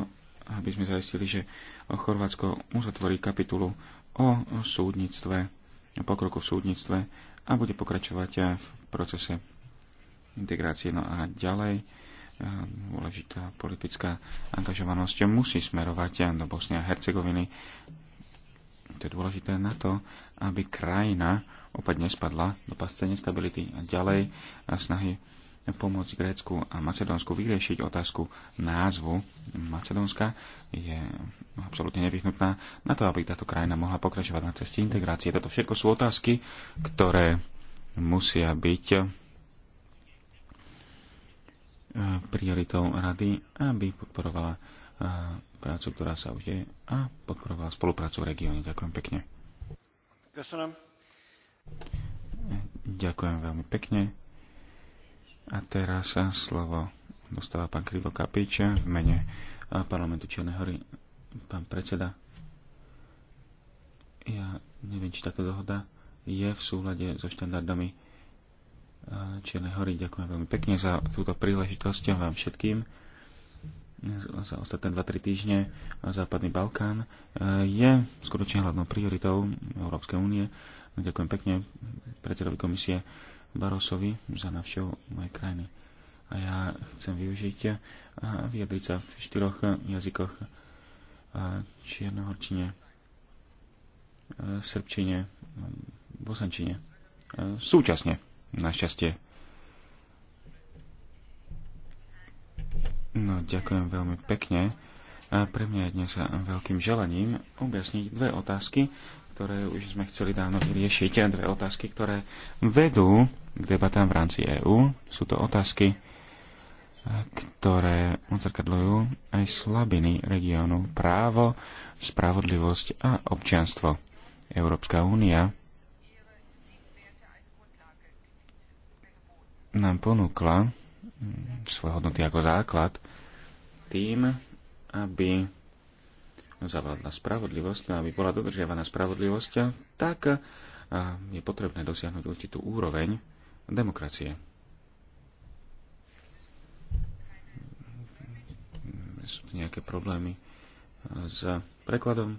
aby sme zaistili, že Chorvátsko uzatvorí kapitulu o súdnictve pokroku v súdnictve a bude pokračovať v procese integrácie. No a ďalej eh, dôležitá politická angažovanosť musí smerovať do Bosny a Hercegoviny. To je dôležité na to, aby krajina opäť nespadla do pasce nestability a ďalej a eh, snahy pomôcť Grécku a Macedónsku vyriešiť otázku názvu Macedónska je absolútne nevyhnutná na to, aby táto krajina mohla pokračovať na ceste integrácie. Toto všetko sú otázky, ktoré musia byť eh, prioritou rady, aby podporovala eh, prácu, ktorá sa už deje a podporovala spoluprácu v regióne. Ďakujem pekne. Ďakujem veľmi pekne. A teraz sa slovo dostáva pán Krivo Kapič v mene eh, parlamentu Čiernej hory. Pán predseda, ja neviem, či táto dohoda je v súhľade so štandardami eh, Čiernej hory. Ďakujem veľmi pekne za túto príležitosť a vám všetkým eh, za ostatné 2-3 týždne Západný Balkán je skutočne hlavnou prioritou Európskej únie. Ďakujem pekne predsedovi komisie Barosovi za návštevu mojej krajiny. A ja chcem využiť a vyjadriť sa v štyroch jazykoch čiernohorčine, srbčine, bosančine. Súčasne, našťastie. No, ďakujem veľmi pekne. A pre mňa je dnes veľkým želaním objasniť dve otázky, ktoré už sme chceli dávno vyriešiť. A dve otázky, ktoré vedú k debatám v rámci EÚ. Sú to otázky, ktoré odzrkadľujú aj slabiny regiónu právo, spravodlivosť a občianstvo. Európska únia nám ponúkla svoje hodnoty ako základ tým, aby zavládla spravodlivosť, no aby bola dodržiavaná spravodlivosť, tak je potrebné dosiahnuť určitú úroveň demokracie. Sú tu nejaké problémy s prekladom?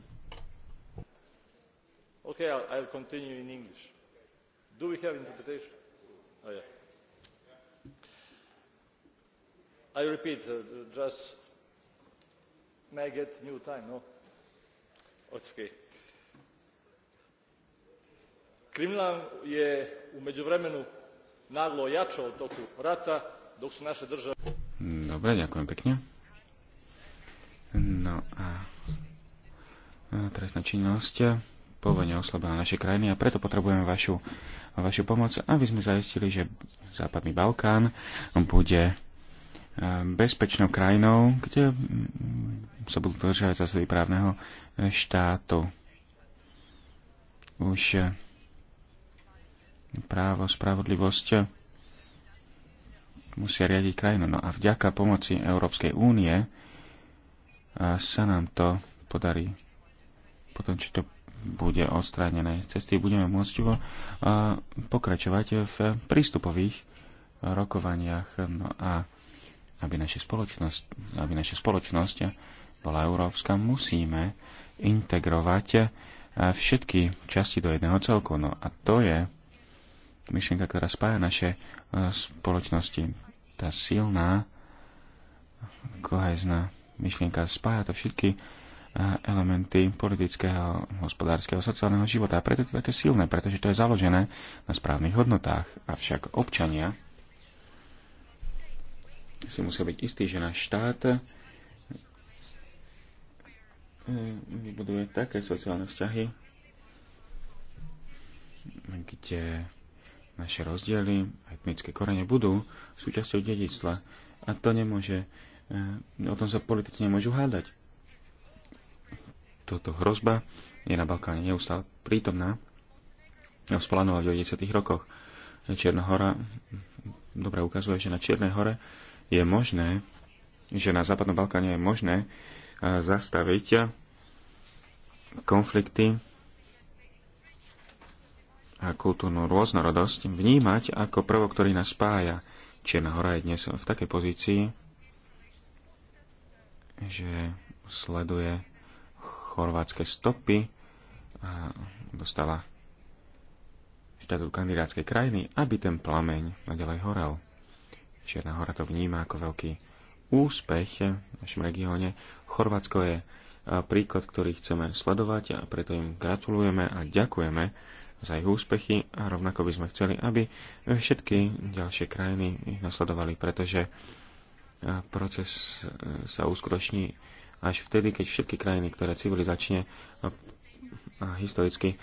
OK, I'll, I'll continue in English. Do we have interpretation? Oh, yeah. I repeat, uh, just May new time, no? Okay. Kriminal je u međuvremenu naglo jačao u toku rata, dok su naše države... Dobre, ďakujem pekne. No a trestná činnosť pôvodne oslabila naše krajiny a preto potrebujeme vašu, vašu pomoc, aby sme zaistili, že Západný Balkán bude bezpečnou krajinou, kde sa budú držať zásady právneho štátu. Už eh, právo, spravodlivosť eh, musia riadiť krajinu. No a vďaka pomoci Európskej únie eh, sa nám to podarí. Potom, či to bude odstránené z cesty, budeme môcť vo, pokračovať v prístupových rokovaniach. No a aby naša spoločnosť, aby naša spoločnosť bola európska, musíme integrovať eh, všetky časti do jedného celku. No a to je myšlienka, ktorá spája naše eh, spoločnosti. Tá silná, kohezná myšlienka spája to všetky eh, elementy politického, hospodárskeho, sociálneho života. A preto je to také silné, pretože to je založené na správnych hodnotách. Avšak občania si musia byť istí, že náš štát eh, vybuduje také sociálne vzťahy, kde naše rozdiely a etnické korene budú súčasťou dedictva. A to nemôže, eh, o tom sa politici nemôžu hádať. Toto hrozba je na Balkáne neustále prítomná. Splánovať v 90. rokoch. Čierna hora hm, dobre ukazuje, že na Čiernej hore je možné, že na Západnom Balkáne je možné eh, zastaviť konflikty a kultúrnu rôznorodosť vnímať ako prvok, ktorý nás spája. Čierna hora je dnes v takej pozícii, že sleduje chorvátske stopy a dostala štátu kandidátskej krajiny, aby ten plameň nadalej horel. Čierna hora to vníma ako veľký úspech v našom regióne. Chorvátsko je e, príklad, ktorý chceme sledovať a preto im gratulujeme a ďakujeme za ich úspechy a rovnako by sme chceli, aby všetky ďalšie krajiny ich nasledovali, pretože e, proces e, sa uskutoční až vtedy, keď všetky krajiny, ktoré civilizačne a historicky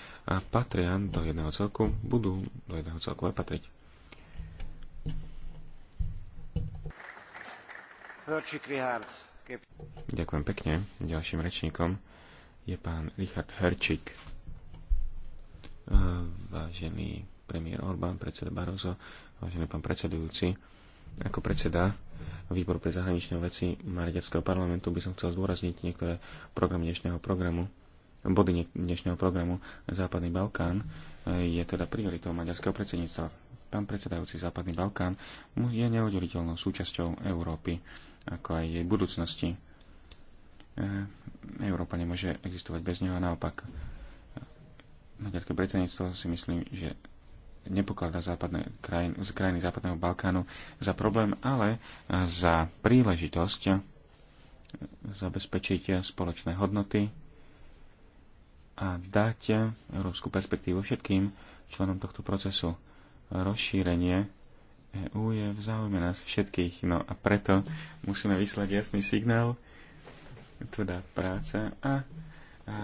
patria do jedného celku, budú do jedného celku aj patriť. Ďakujem pekne. Ďalším rečníkom je pán Richard Herčík. Vážený premiér Orbán, predseda Barozo, vážený pán predsedujúci, ako predseda výboru pre zahraničné veci Maďarského parlamentu by som chcel zdôrazniť niektoré programy dnešného programu body dnešného programu Západný Balkán je teda prioritou maďarského predsedníctva. Pán predsedajúci Západný Balkán je neoddeliteľnou súčasťou Európy ako aj jej budúcnosti. E, Európa nemôže existovať bez neho a naopak. Maďarské predsedníctvo si myslím, že nepokladá západné krajín, z krajiny západného Balkánu za problém, ale za príležitosť zabezpečiť spoločné hodnoty a dať európsku perspektívu všetkým členom tohto procesu. Rozšírenie EÚ je v záujme nás všetkých, no a preto musíme vyslať jasný signál, teda práca a, a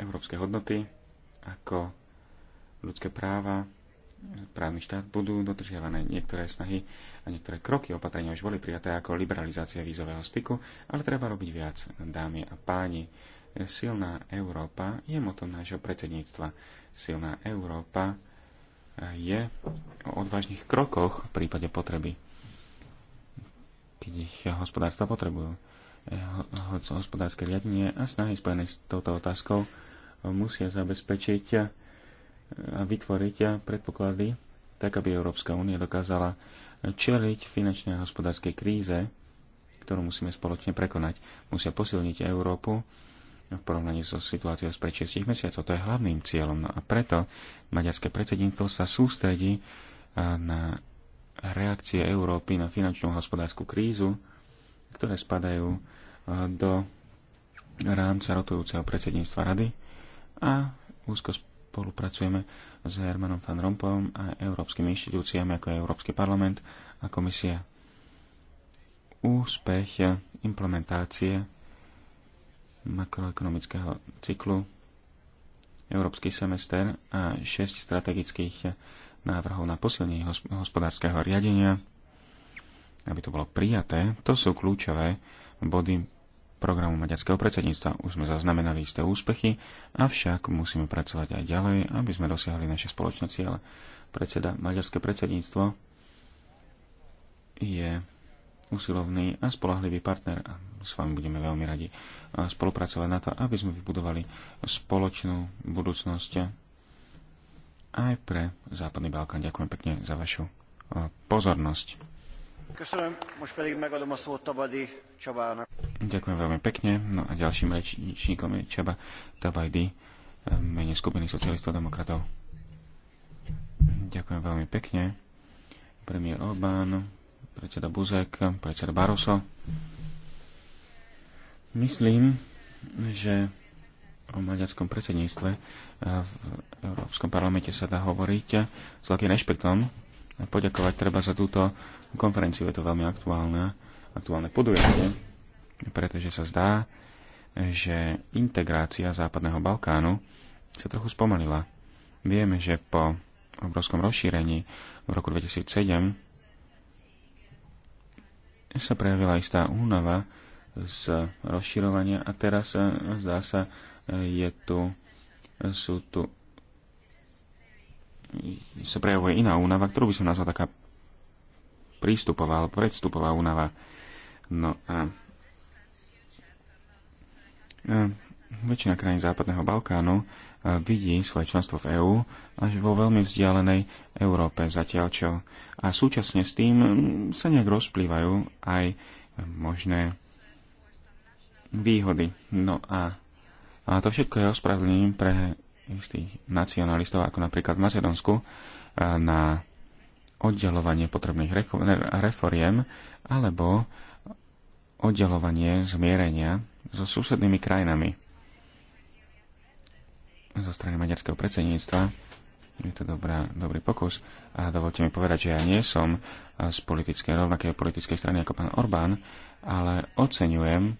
európske hodnoty ako ľudské práva, právny štát budú dodržiavané niektoré snahy a niektoré kroky opatrenia už boli prijaté ako liberalizácia vízového styku, ale treba robiť viac, dámy a páni. Silná Európa je motom nášho predsedníctva. Silná Európa je o odvážnych krokoch v prípade potreby, keď ich hospodárstva potrebujú. Eh, hospodárske riadenie a snahy spojené s touto otázkou musia zabezpečiť a vytvoriť predpoklady tak, aby Európska únia dokázala čeliť finančnej a hospodárskej kríze, ktorú musíme spoločne prekonať. Musia posilniť Európu v porovnaní so situáciou z pred 6 mesiacov. To je hlavným cieľom. No a preto maďarské predsedníctvo sa sústredí e, na reakcie Európy na finančnú hospodárskú krízu, ktoré spadajú e, do rámca rotujúceho predsedníctva rady a úzko spolupracujeme s Hermanom van Rompom a európskymi inštitúciami ako je Európsky parlament a komisia. Úspech implementácie makroekonomického cyklu, Európsky semester a 6 strategických návrhov na posilnenie hospodárskeho riadenia, aby to bolo prijaté. To sú kľúčové body programu maďarského predsedníctva. Už sme zaznamenali isté úspechy, avšak musíme pracovať aj ďalej, aby sme dosiahli naše spoločné ciele. Predseda, maďarské predsedníctvo je usilovný a spolahlivý partner a s vami budeme veľmi radi spolupracovať na to, aby sme vybudovali spoločnú budúcnosť aj pre Západný Balkán. Ďakujem pekne za vašu pozornosť. Ďakujem veľmi pekne. No a ďalším rečníkom je Čaba Tabajdy, mene skupiny socialistov a demokratov. Ďakujem veľmi pekne. Premiér Orbán, predseda Buzek, predseda Baroso. Myslím, že o maďarskom predsedníctve eh, v Európskom parlamente sa dá hovoriť s veľkým rešpektom a poďakovať treba za túto konferenciu. Je to veľmi aktuálne, aktuálne podujatie, pretože sa zdá, že integrácia Západného Balkánu sa trochu spomalila. Vieme, že po obrovskom rozšírení v roku 2007 sa prejavila istá únava z rozširovania a teraz eh, zdá sa, eh, je tu, sú tu sa prejavuje iná únava, ktorú by som nazval taká prístupová alebo predstupová únava. No a, a eh, väčšina krajín Západného Balkánu vidí svoje členstvo v EÚ až vo veľmi vzdialenej Európe zatiaľ čo. A súčasne s tým mm, sa nejak rozplývajú aj možné výhody. No a, a to všetko je ospravedlnením pre istých nacionalistov, ako napríklad v Macedónsku, na oddelovanie potrebných reforiem alebo oddelovanie zmierenia so susednými krajinami zo strany maďarského predsedníctva. Je to dobrá, dobrý pokus. A dovolte mi povedať, že ja nie som eh, z politickej, rovnakej politickej strany ako pán Orbán, ale oceňujem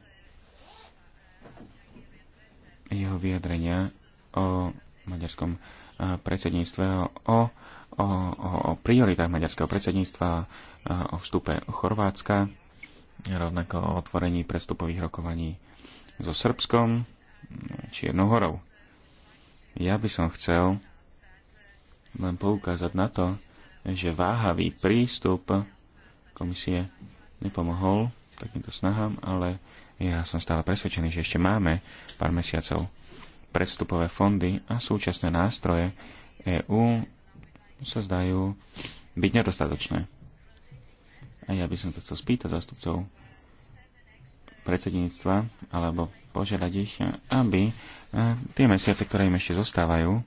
jeho vyjadrenia o maďarskom eh, predsedníctve, o, o, o, o prioritách maďarského predsedníctva, eh, o vstupe Chorvátska, rovnako o otvorení prestupových rokovaní so Srbskom, jednou horou. Ja by som chcel len poukázať na to, že váhavý prístup komisie nepomohol takýmto snahám, ale ja som stále presvedčený, že ešte máme pár mesiacov predstupové fondy a súčasné nástroje EÚ sa zdajú byť nedostatočné. A ja by som sa chcel spýtať zástupcov predsedníctva alebo požiadať ich, aby tie mesiace, ktoré im ešte zostávajú,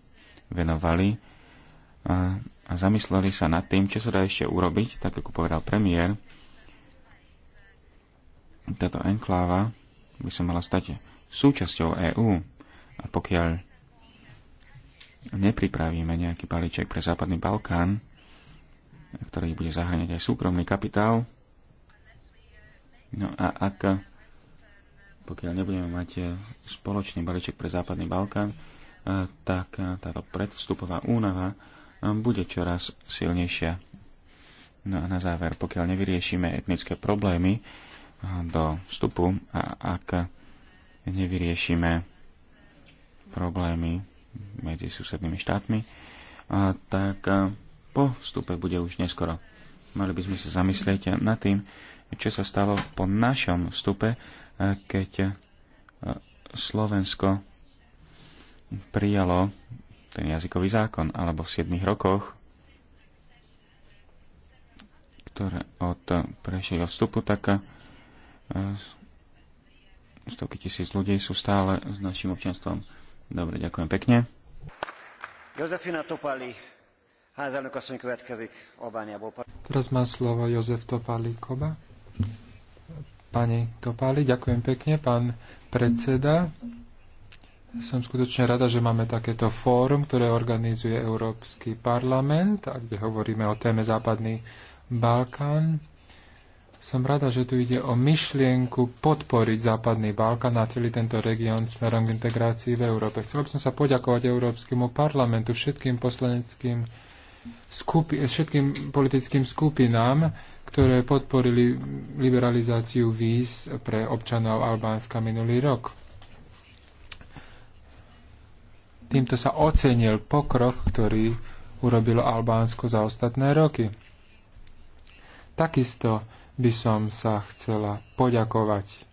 venovali a zamysleli sa nad tým, čo sa dá ešte urobiť, tak ako povedal premiér, táto enkláva by sa mala stať súčasťou EÚ. A pokiaľ nepripravíme nejaký balíček pre Západný Balkán, ktorý bude zahrňať aj súkromný kapitál, no a ak pokiaľ nebudeme mať e, spoločný balíček pre Západný Balkán, e, tak e, táto predvstupová únava bude čoraz silnejšia. No a na záver, pokiaľ nevyriešime etnické problémy do vstupu a ak nevyriešime problémy medzi susednými štátmi, tak po vstupe bude už neskoro. Mali by sme sa zamyslieť nad tým, čo sa stalo po našom vstupe keď e, Slovensko prijalo ten jazykový zákon, alebo v 7 rokoch, ktoré od prešieho vstupu, tak e, stovky tisíc ľudí sú stále s našim občanstvom. Dobre, ďakujem pekne. Jozefina Topali, házelnök asszony következik Albániából. Teraz má slovo Jozef Topali Koba, Pani Topali, ďakujem pekne, pán predseda. Som skutočne rada, že máme takéto fórum, ktoré organizuje Európsky parlament a kde hovoríme o téme Západný Balkán. Som rada, že tu ide o myšlienku podporiť Západný Balkán a celý tento región smerom k integrácii v Európe. Chcel by som sa poďakovať Európskemu parlamentu, všetkým poslaneckým skupi- všetkým politickým skupinám, ktoré podporili liberalizáciu víz pre občanov Albánska minulý rok. Týmto sa ocenil pokrok, ktorý urobilo Albánsko za ostatné roky. Takisto by som sa chcela poďakovať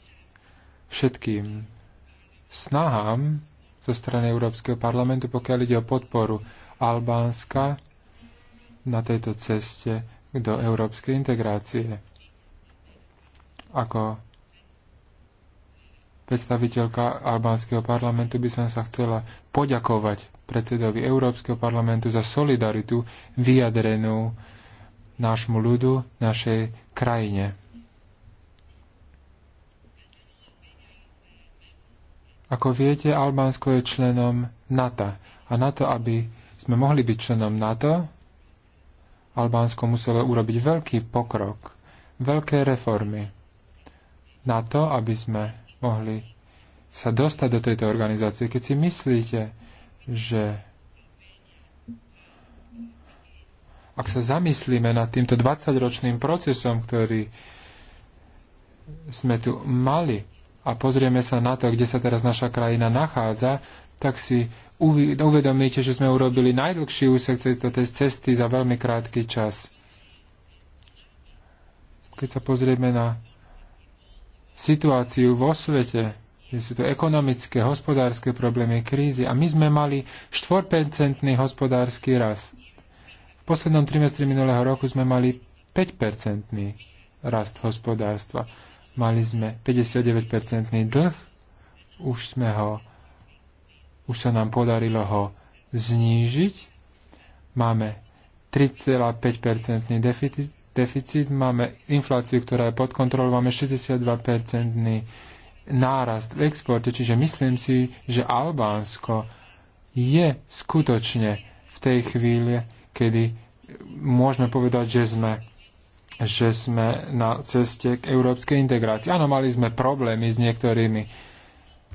všetkým snahám zo strany Európskeho parlamentu, pokiaľ ide o podporu Albánska na tejto ceste do európskej integrácie. Ako predstaviteľka albánskeho parlamentu by som sa chcela poďakovať predsedovi Európskeho parlamentu za solidaritu vyjadrenú nášmu ľudu, našej krajine. Ako viete, Albánsko je členom NATO a na to, aby sme mohli byť členom NATO, Albánsko muselo urobiť veľký pokrok, veľké reformy na to, aby sme mohli sa dostať do tejto organizácie. Keď si myslíte, že ak sa zamyslíme nad týmto 20-ročným procesom, ktorý sme tu mali a pozrieme sa na to, kde sa teraz naša krajina nachádza, tak si uvedomíte, že sme urobili najdlhší úsek tejto cesty za veľmi krátky čas. Keď sa pozrieme na situáciu vo svete, že sú to ekonomické, hospodárske problémy, krízy a my sme mali 4-percentný hospodársky rast. V poslednom trimestri minulého roku sme mali 5-percentný rast hospodárstva. Mali sme 59-percentný dlh, už sme ho už sa nám podarilo ho znížiť. Máme 3,5-percentný deficit, deficit, máme infláciu, ktorá je pod kontrolou, máme 62-percentný nárast v exporte, čiže myslím si, že Albánsko je skutočne v tej chvíli, kedy môžeme povedať, že sme že sme na ceste k európskej integrácii. Áno, mali sme problémy s niektorými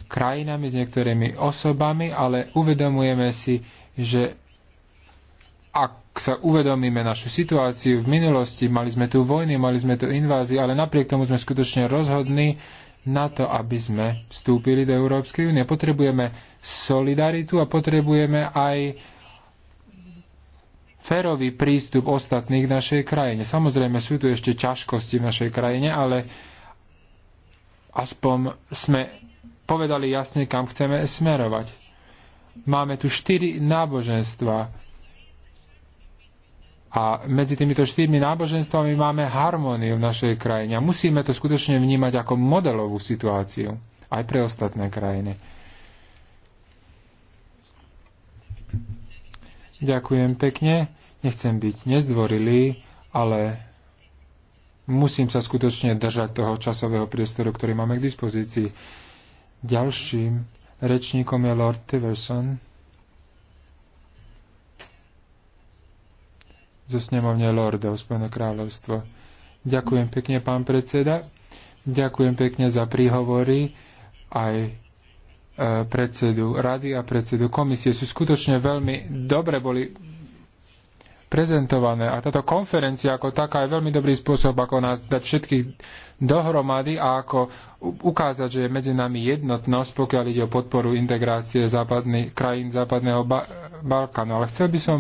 krajinami, s niektorými osobami, ale uvedomujeme si, že ak sa uvedomíme našu situáciu v minulosti, mali sme tu vojny, mali sme tu invázie, ale napriek tomu sme skutočne rozhodní na to, aby sme vstúpili do Európskej únie. Potrebujeme solidaritu a potrebujeme aj férový prístup ostatných v našej krajine. Samozrejme sú tu ešte ťažkosti v našej krajine, ale aspoň sme povedali jasne, kam chceme smerovať. Máme tu štyri náboženstva, a medzi týmito štyrmi náboženstvami máme harmóniu v našej krajine. A musíme to skutočne vnímať ako modelovú situáciu aj pre ostatné krajiny. Ďakujem pekne. Nechcem byť nezdvorilý, ale musím sa skutočne držať toho časového priestoru, ktorý máme k dispozícii. Ďalším rečníkom je Lord Tiverson zo snemovne Lordov Spojené kráľovstvo. Ďakujem pekne, pán predseda. Ďakujem pekne za príhovory aj e, predsedu rady a predsedu komisie. Sú skutočne veľmi dobre boli prezentované. A táto konferencia ako taká je veľmi dobrý spôsob, ako nás dať všetkých dohromady a ako ukázať, že je medzi nami jednotnosť, pokiaľ ide o podporu integrácie západných, krajín západného ba- Balkánu. Ale chcel by som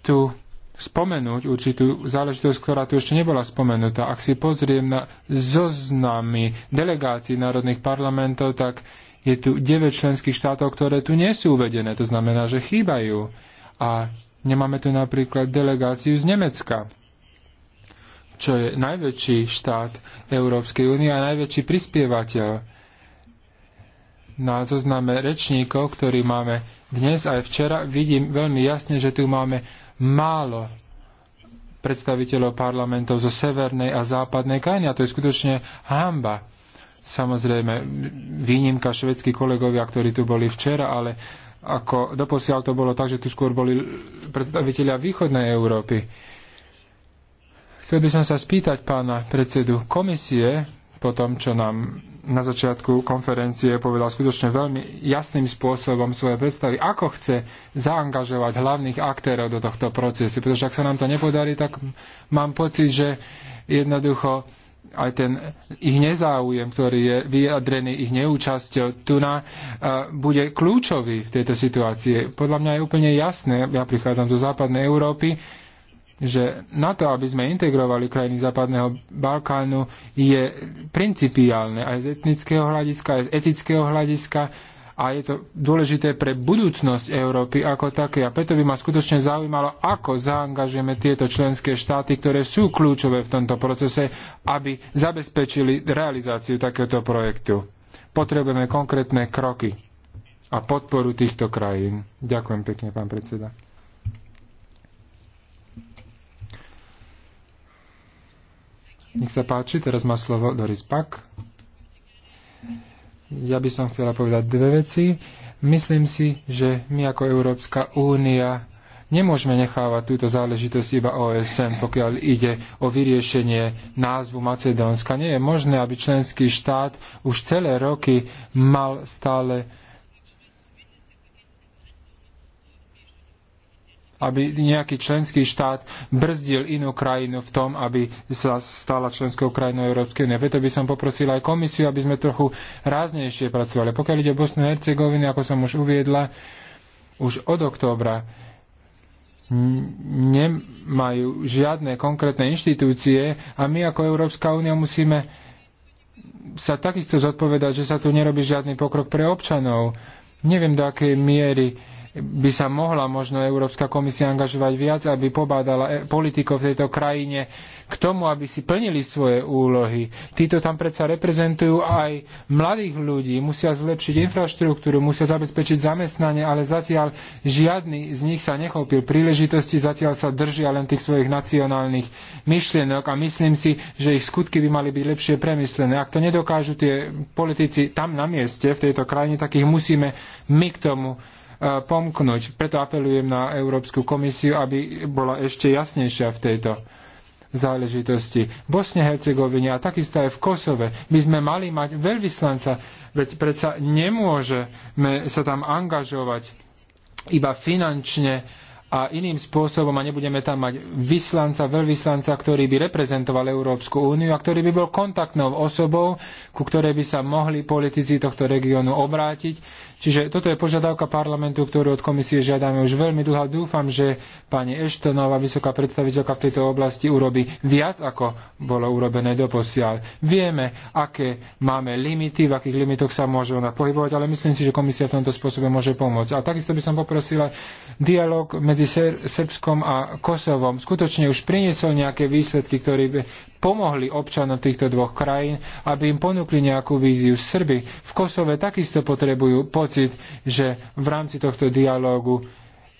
tu spomenúť určitú záležitosť, ktorá tu ešte nebola spomenutá. Ak si pozriem na zoznamy delegácií národných parlamentov, tak je tu 9 členských štátov, ktoré tu nie sú uvedené, to znamená, že chýbajú. A Nemáme tu napríklad delegáciu z Nemecka, čo je najväčší štát Európskej únie a najväčší prispievateľ. Na zozname rečníkov, ktorý máme dnes aj včera, vidím veľmi jasne, že tu máme málo predstaviteľov parlamentov zo severnej a západnej krajiny a to je skutočne hamba. Samozrejme, výnimka švedskí kolegovia, ktorí tu boli včera, ale ako doposiaľ to bolo tak, že tu skôr boli predstaviteľia východnej Európy. Chcel by som sa spýtať pána predsedu komisie, po tom, čo nám na začiatku konferencie povedal skutočne veľmi jasným spôsobom svoje predstavy, ako chce zaangažovať hlavných aktérov do tohto procesu. Pretože ak sa nám to nepodarí, tak mám pocit, že jednoducho aj ten ich nezáujem, ktorý je vyjadrený ich neúčasťou tu na, e, bude kľúčový v tejto situácii. Podľa mňa je úplne jasné, ja prichádzam zo západnej Európy, že na to, aby sme integrovali krajiny západného Balkánu, je principiálne aj z etnického hľadiska, aj z etického hľadiska, a je to dôležité pre budúcnosť Európy ako také. A preto by ma skutočne zaujímalo, ako zaangažujeme tieto členské štáty, ktoré sú kľúčové v tomto procese, aby zabezpečili realizáciu takéhoto projektu. Potrebujeme konkrétne kroky a podporu týchto krajín. Ďakujem pekne, pán predseda. Nech sa páči, teraz má slovo Doris Pak ja by som chcela povedať dve veci. Myslím si, že my ako Európska únia nemôžeme nechávať túto záležitosť iba OSN, pokiaľ ide o vyriešenie názvu Macedónska. Nie je možné, aby členský štát už celé roky mal stále aby nejaký členský štát brzdil inú krajinu v tom, aby sa stala členskou krajinou Európskej únie. Preto by som poprosil aj komisiu, aby sme trochu ráznejšie pracovali. Pokiaľ ide o Bosnu a Hercegovinu, ako som už uviedla, už od októbra nemajú žiadne konkrétne inštitúcie a my ako Európska únia musíme sa takisto zodpovedať, že sa tu nerobí žiadny pokrok pre občanov. Neviem, do akej miery by sa mohla možno Európska komisia angažovať viac, aby pobádala e, politikov v tejto krajine k tomu, aby si plnili svoje úlohy. Títo tam predsa reprezentujú aj mladých ľudí, musia zlepšiť infraštruktúru, musia zabezpečiť zamestnanie, ale zatiaľ žiadny z nich sa nechopil príležitosti, zatiaľ sa držia len tých svojich nacionálnych myšlienok a myslím si, že ich skutky by mali byť lepšie premyslené. Ak to nedokážu tie politici tam na mieste, v tejto krajine, tak ich musíme my k tomu pomknúť. Preto apelujem na Európsku komisiu, aby bola ešte jasnejšia v tejto záležitosti. V Bosne Hercegovine a takisto aj v Kosove by sme mali mať veľvyslanca, veď predsa nemôžeme sa tam angažovať iba finančne a iným spôsobom a nebudeme tam mať vyslanca, veľvyslanca, ktorý by reprezentoval Európsku úniu a ktorý by bol kontaktnou osobou, ku ktorej by sa mohli politici tohto regiónu obrátiť, Čiže toto je požiadavka parlamentu, ktorú od komisie žiadame už veľmi dlho. Dúfam, že pani Eštonová, vysoká predstaviteľka v tejto oblasti, urobí viac, ako bolo urobené doposiaľ. Vieme, aké máme limity, v akých limitoch sa môže ona pohybovať, ale myslím si, že komisia v tomto spôsobe môže pomôcť. A takisto by som poprosila dialog medzi Srbskom a Kosovom. Skutočne už priniesol nejaké výsledky, ktoré pomohli občanom týchto dvoch krajín, aby im ponúkli nejakú víziu. Srby v Kosove takisto potrebujú pocit, že v rámci tohto dialógu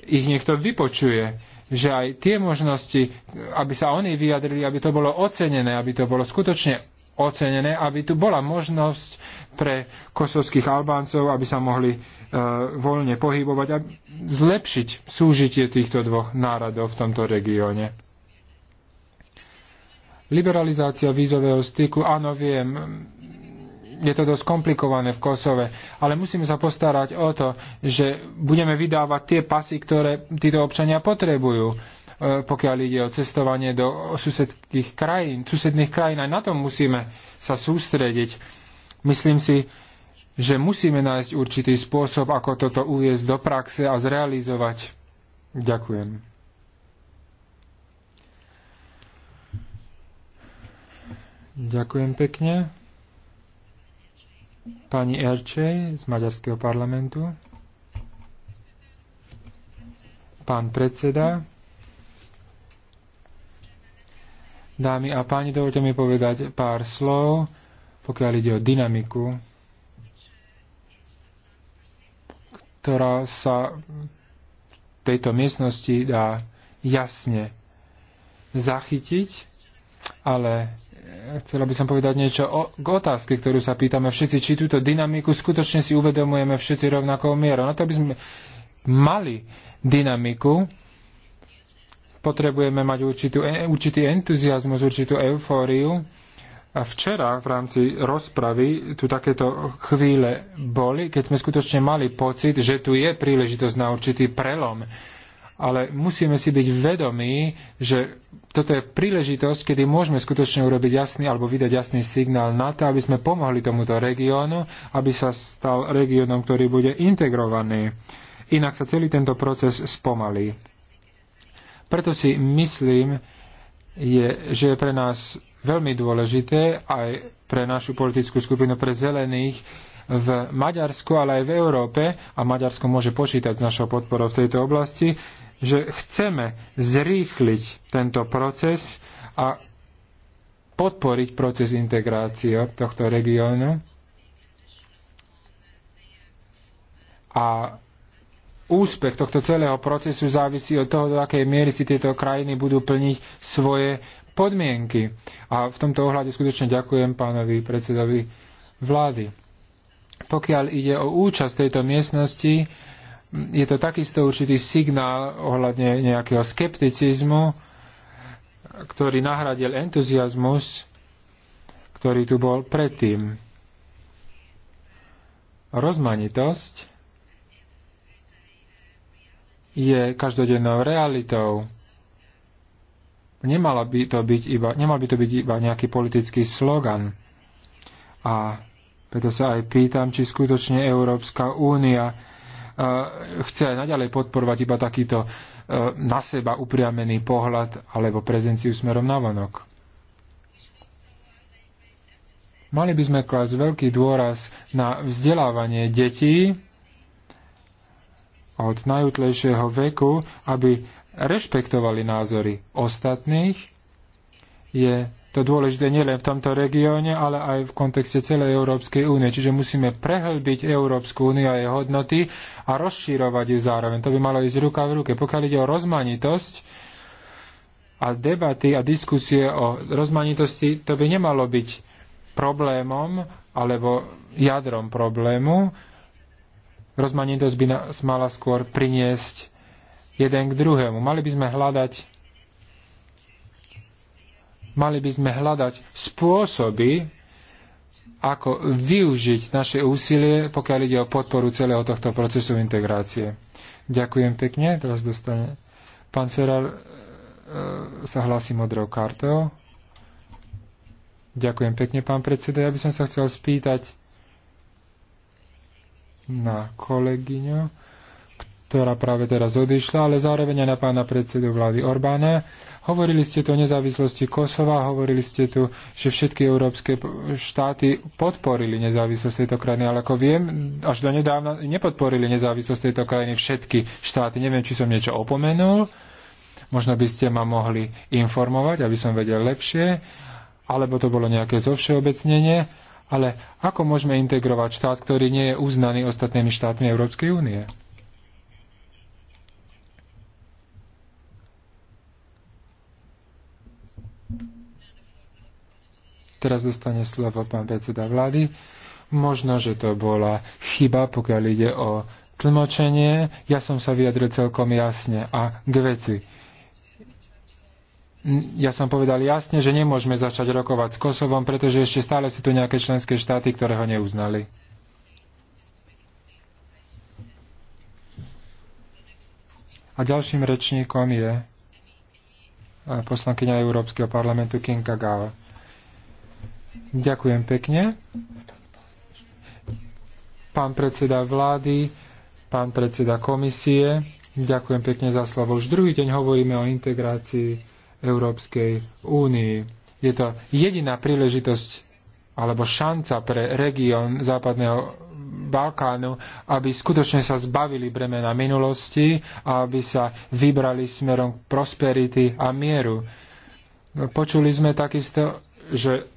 ich niekto vypočuje že aj tie možnosti, aby sa oni vyjadrili, aby to bolo ocenené, aby to bolo skutočne ocenené, aby tu bola možnosť pre kosovských Albáncov, aby sa mohli e, voľne pohybovať a zlepšiť súžitie týchto dvoch národov v tomto regióne. Liberalizácia vízového styku, áno, viem, je to dosť komplikované v Kosove, ale musíme sa postarať o to, že budeme vydávať tie pasy, ktoré títo občania potrebujú e, pokiaľ ide o cestovanie do susedských krajín, susedných krajín. Aj na tom musíme sa sústrediť. Myslím si, že musíme nájsť určitý spôsob, ako toto uviezť do praxe a zrealizovať. Ďakujem. Ďakujem pekne. Pani Erčej z Maďarského parlamentu. Pán predseda. Dámy a páni, dovolte mi povedať pár slov, pokiaľ ide o dynamiku, ktorá sa v tejto miestnosti dá jasne zachytiť, ale chcela by som povedať niečo o, k otázke, ktorú sa pýtame všetci, či túto dynamiku skutočne si uvedomujeme všetci rovnakou mierou. Na no to, aby sme mali dynamiku, potrebujeme mať určitú, e, určitý entuziasmus, určitú eufóriu. A včera v rámci rozpravy tu takéto chvíle boli, keď sme skutočne mali pocit, že tu je príležitosť na určitý prelom ale musíme si byť vedomí, že toto je príležitosť, kedy môžeme skutočne urobiť jasný alebo vydať jasný signál na to, aby sme pomohli tomuto regiónu, aby sa stal regiónom, ktorý bude integrovaný. Inak sa celý tento proces spomalí. Preto si myslím, je, že je pre nás veľmi dôležité aj pre našu politickú skupinu pre zelených v Maďarsku, ale aj v Európe, a Maďarsko môže počítať s našou podporou v tejto oblasti, že chceme zrýchliť tento proces a podporiť proces integrácie tohto regiónu a úspech tohto celého procesu závisí od toho, do akej miery si tieto krajiny budú plniť svoje podmienky. A v tomto ohľade skutočne ďakujem pánovi predsedovi vlády. Pokiaľ ide o účasť tejto miestnosti, je to takisto určitý signál ohľadne nejakého skepticizmu, ktorý nahradil entuziasmus, ktorý tu bol predtým. Rozmanitosť je každodennou realitou. Nemalo by to byť iba, nemal by to byť iba nejaký politický slogan. A preto sa aj pýtam, či skutočne Európska únia Eh, chce aj naďalej podporovať iba takýto eh, na seba upriamený pohľad alebo prezenciu smerom na vonok. Mali by sme klásť veľký dôraz na vzdelávanie detí od najútlejšieho veku, aby rešpektovali názory ostatných. Je to dôležité nielen v tomto regióne, ale aj v kontexte celej Európskej únie. Čiže musíme prehlbiť Európsku úniu a jej hodnoty a rozširovať ju zároveň. To by malo ísť ruka v ruke. Pokiaľ ide o rozmanitosť a debaty a diskusie o rozmanitosti, to by nemalo byť problémom alebo jadrom problému. Rozmanitosť by nás mala skôr priniesť jeden k druhému. Mali by sme hľadať Mali by sme hľadať spôsoby, ako využiť naše úsilie, pokiaľ ide o podporu celého tohto procesu integrácie. Ďakujem pekne. Teraz dostane pán Ferrar e, sa hlási modrou kartou. Ďakujem pekne, pán predseda. Ja by som sa chcel spýtať na kolegyňu ktorá práve teraz odišla, ale zároveň aj na pána predsedu vlády Orbána. Hovorili ste tu o nezávislosti Kosova, hovorili ste tu, že všetky európske štáty podporili nezávislosť tejto krajiny, ale ako viem, až do nedávna nepodporili nezávislosť tejto krajiny všetky štáty. Neviem, či som niečo opomenul. Možno by ste ma mohli informovať, aby som vedel lepšie, alebo to bolo nejaké zovšeobecnenie. Ale ako môžeme integrovať štát, ktorý nie je uznaný ostatnými štátmi Európskej únie? Teraz dostane slovo pán predseda vlády. Možno, že to bola chyba, pokiaľ ide o tlmočenie. Ja som sa vyjadril celkom jasne a k veci. Ja som povedal jasne, že nemôžeme začať rokovať s Kosovom, pretože ešte stále sú tu nejaké členské štáty, ktoré ho neuznali. A ďalším rečníkom je eh, poslankyňa Európskeho parlamentu Kinka Gala. Ďakujem pekne. Pán predseda vlády, pán predseda komisie, ďakujem pekne za slovo. Už druhý deň hovoríme o integrácii Európskej únii. Je to jediná príležitosť alebo šanca pre región západného Balkánu, aby skutočne sa zbavili bremena minulosti a aby sa vybrali smerom prosperity a mieru. Počuli sme takisto, že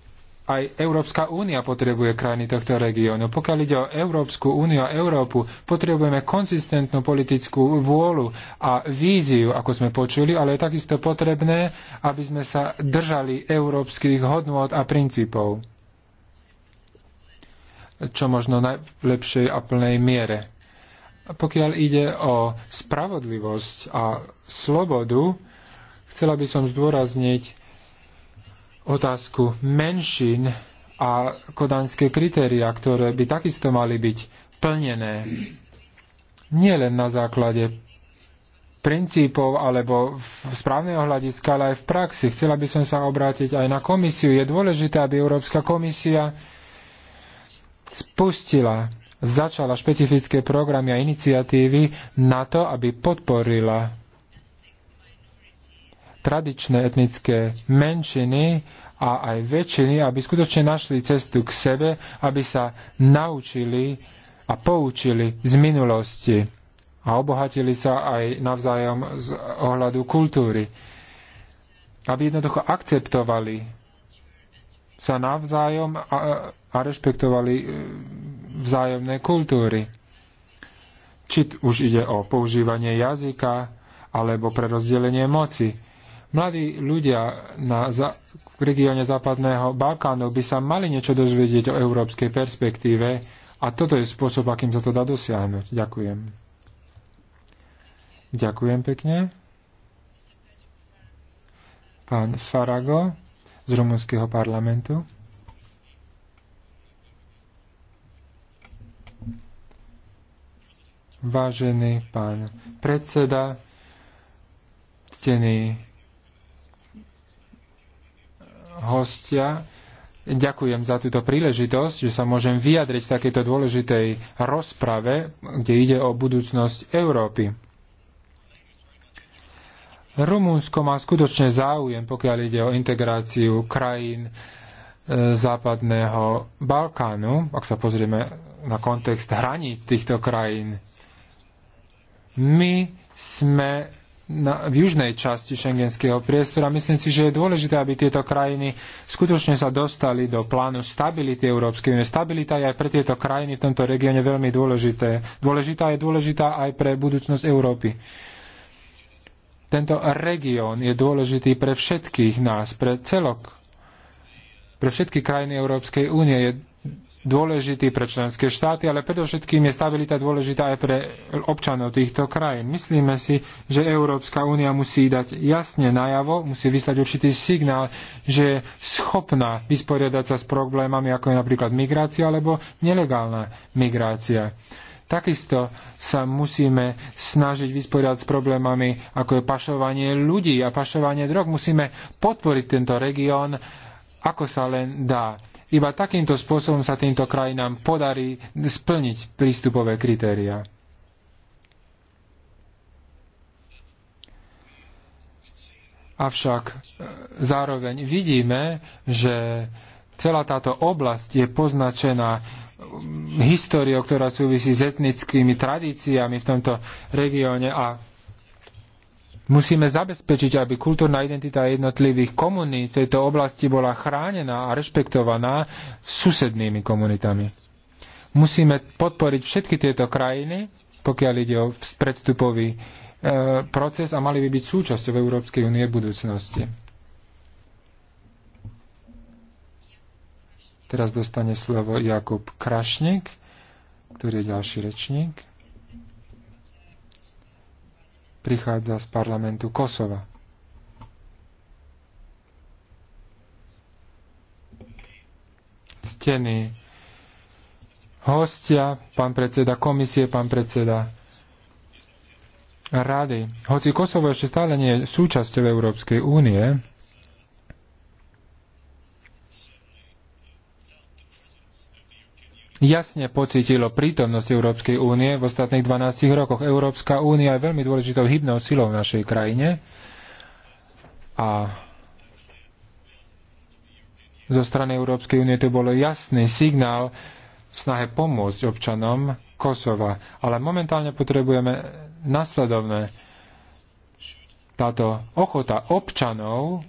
aj Európska únia potrebuje krajiny tohto regiónu. Pokiaľ ide o Európsku úniu a Európu, potrebujeme konzistentnú politickú vôľu a víziu, ako sme počuli, ale je takisto potrebné, aby sme sa držali európskych hodnôt a princípov čo možno najlepšej a plnej miere. Pokiaľ ide o spravodlivosť a slobodu, chcela by som zdôrazniť otázku menšín a kodanské kritéria, ktoré by takisto mali byť plnené. Nie len na základe princípov alebo správneho hľadiska, ale aj v praxi. Chcela by som sa obrátiť aj na komisiu. Je dôležité, aby Európska komisia spustila, začala špecifické programy a iniciatívy na to, aby podporila tradičné etnické menšiny a aj väčšiny, aby skutočne našli cestu k sebe, aby sa naučili a poučili z minulosti a obohatili sa aj navzájom z ohľadu kultúry. Aby jednoducho akceptovali sa navzájom a, a rešpektovali e, vzájomné kultúry. Či už ide o používanie jazyka alebo prerozdelenie moci Mladí ľudia na, za, v regióne Západného Balkánu by sa mali niečo dozvedieť o európskej perspektíve a toto je spôsob, akým sa to dá dosiahnuť. Ďakujem. Ďakujem pekne. Pán Farago z rumunského parlamentu. Vážený pán predseda, ctený hostia. Ďakujem za túto príležitosť, že sa môžem vyjadriť v takejto dôležitej rozprave, kde ide o budúcnosť Európy. Rumunsko má skutočne záujem, pokiaľ ide o integráciu krajín e, západného Balkánu, ak sa pozrieme na kontext hraníc týchto krajín. My sme na, v južnej časti šengenského priestora. Myslím si, že je dôležité, aby tieto krajiny skutočne sa dostali do plánu stability Európskej únie. Stabilita je aj pre tieto krajiny v tomto regióne veľmi dôležité. Dôležitá je dôležitá aj pre budúcnosť Európy. Tento región je dôležitý pre všetkých nás, pre celok. Pre všetky krajiny Európskej únie je dôležitý pre členské štáty, ale predovšetkým je stabilita dôležitá aj pre občanov týchto krajín. Myslíme si, že Európska únia musí dať jasne najavo, musí vyslať určitý signál, že je schopná vysporiadať sa s problémami, ako je napríklad migrácia alebo nelegálna migrácia. Takisto sa musíme snažiť vysporiadať s problémami, ako je pašovanie ľudí a pašovanie drog. Musíme podporiť tento región ako sa len dá. Iba takýmto spôsobom sa týmto krajinám podarí splniť prístupové kritériá. Avšak e, zároveň vidíme, že celá táto oblasť je poznačená mm, históriou, ktorá súvisí s etnickými tradíciami v tomto regióne a Musíme zabezpečiť, aby kultúrna identita jednotlivých komunít v tejto oblasti bola chránená a rešpektovaná susednými komunitami. Musíme podporiť všetky tieto krajiny, pokiaľ ide o predstupový e, proces a mali by byť súčasťou Európskej únie v budúcnosti. Teraz dostane slovo Jakub Krašnik, ktorý je ďalší rečník prichádza z parlamentu Kosova. Ctení hostia, pán predseda komisie, pán predseda rady. Hoci Kosovo ešte stále nie je súčasťou Európskej únie, jasne pocítilo prítomnosť Európskej únie v ostatných 12 rokoch. Európska únia je veľmi dôležitou hybnou silou v našej krajine a zo strany Európskej únie to bolo jasný signál v snahe pomôcť občanom Kosova. Ale momentálne potrebujeme nasledovné. Táto ochota občanov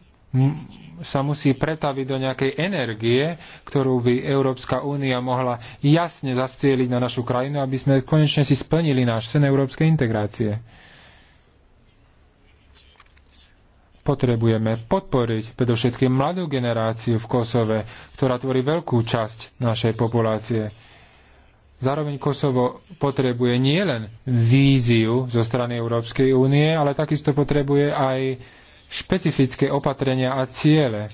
sa musí pretaviť do nejakej energie, ktorú by Európska únia mohla jasne zastieliť na našu krajinu, aby sme konečne si splnili náš sen európskej integrácie. Potrebujeme podporiť predovšetkým mladú generáciu v Kosove, ktorá tvorí veľkú časť našej populácie. Zároveň Kosovo potrebuje nielen víziu zo strany Európskej únie, ale takisto potrebuje aj špecifické opatrenia a ciele.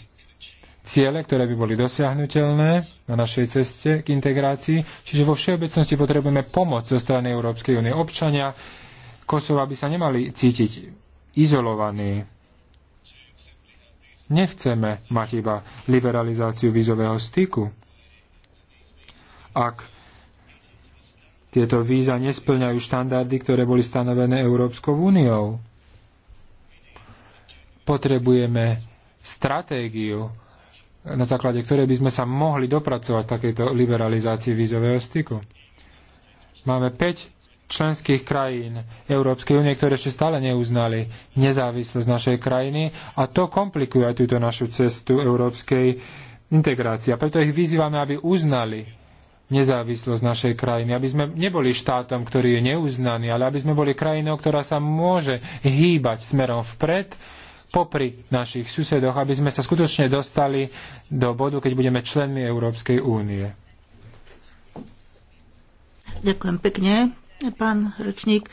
Ciele, ktoré by boli dosiahnutelné na našej ceste k integrácii. Čiže vo všeobecnosti potrebujeme pomoc zo strany Európskej únie. Občania Kosova by sa nemali cítiť izolovaní. Nechceme mať iba liberalizáciu vízového styku. Ak tieto víza nesplňajú štandardy, ktoré boli stanovené Európskou úniou. Potrebujeme stratégiu, na základe ktorej by sme sa mohli dopracovať takejto liberalizácii vízového styku. Máme 5 členských krajín Európskej únie, ktoré ešte stále neuznali nezávislosť našej krajiny a to komplikuje aj túto našu cestu európskej integrácie. A preto ich vyzývame, aby uznali nezávislosť našej krajiny, aby sme neboli štátom, ktorý je neuznaný, ale aby sme boli krajinou, ktorá sa môže hýbať smerom vpred popri našich susedoch, aby sme sa skutočne dostali do bodu, keď budeme členmi Európskej únie. Ďakujem pekne, pán rečník.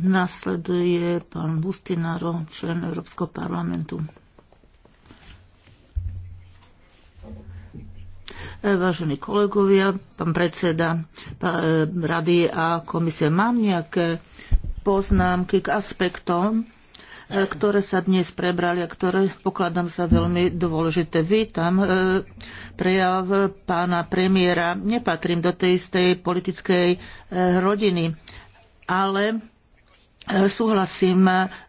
Nasleduje pán Bustinaro, člen Európskeho parlamentu. Vážení kolegovia, pán predseda e, rady a komisie, mám nejaké poznámky k aspektom E, ktoré sa dnes prebrali a ktoré pokladám za veľmi dôležité. Vítam e, prejav pána premiéra. Nepatrím do tej istej politickej e, rodiny, ale súhlasím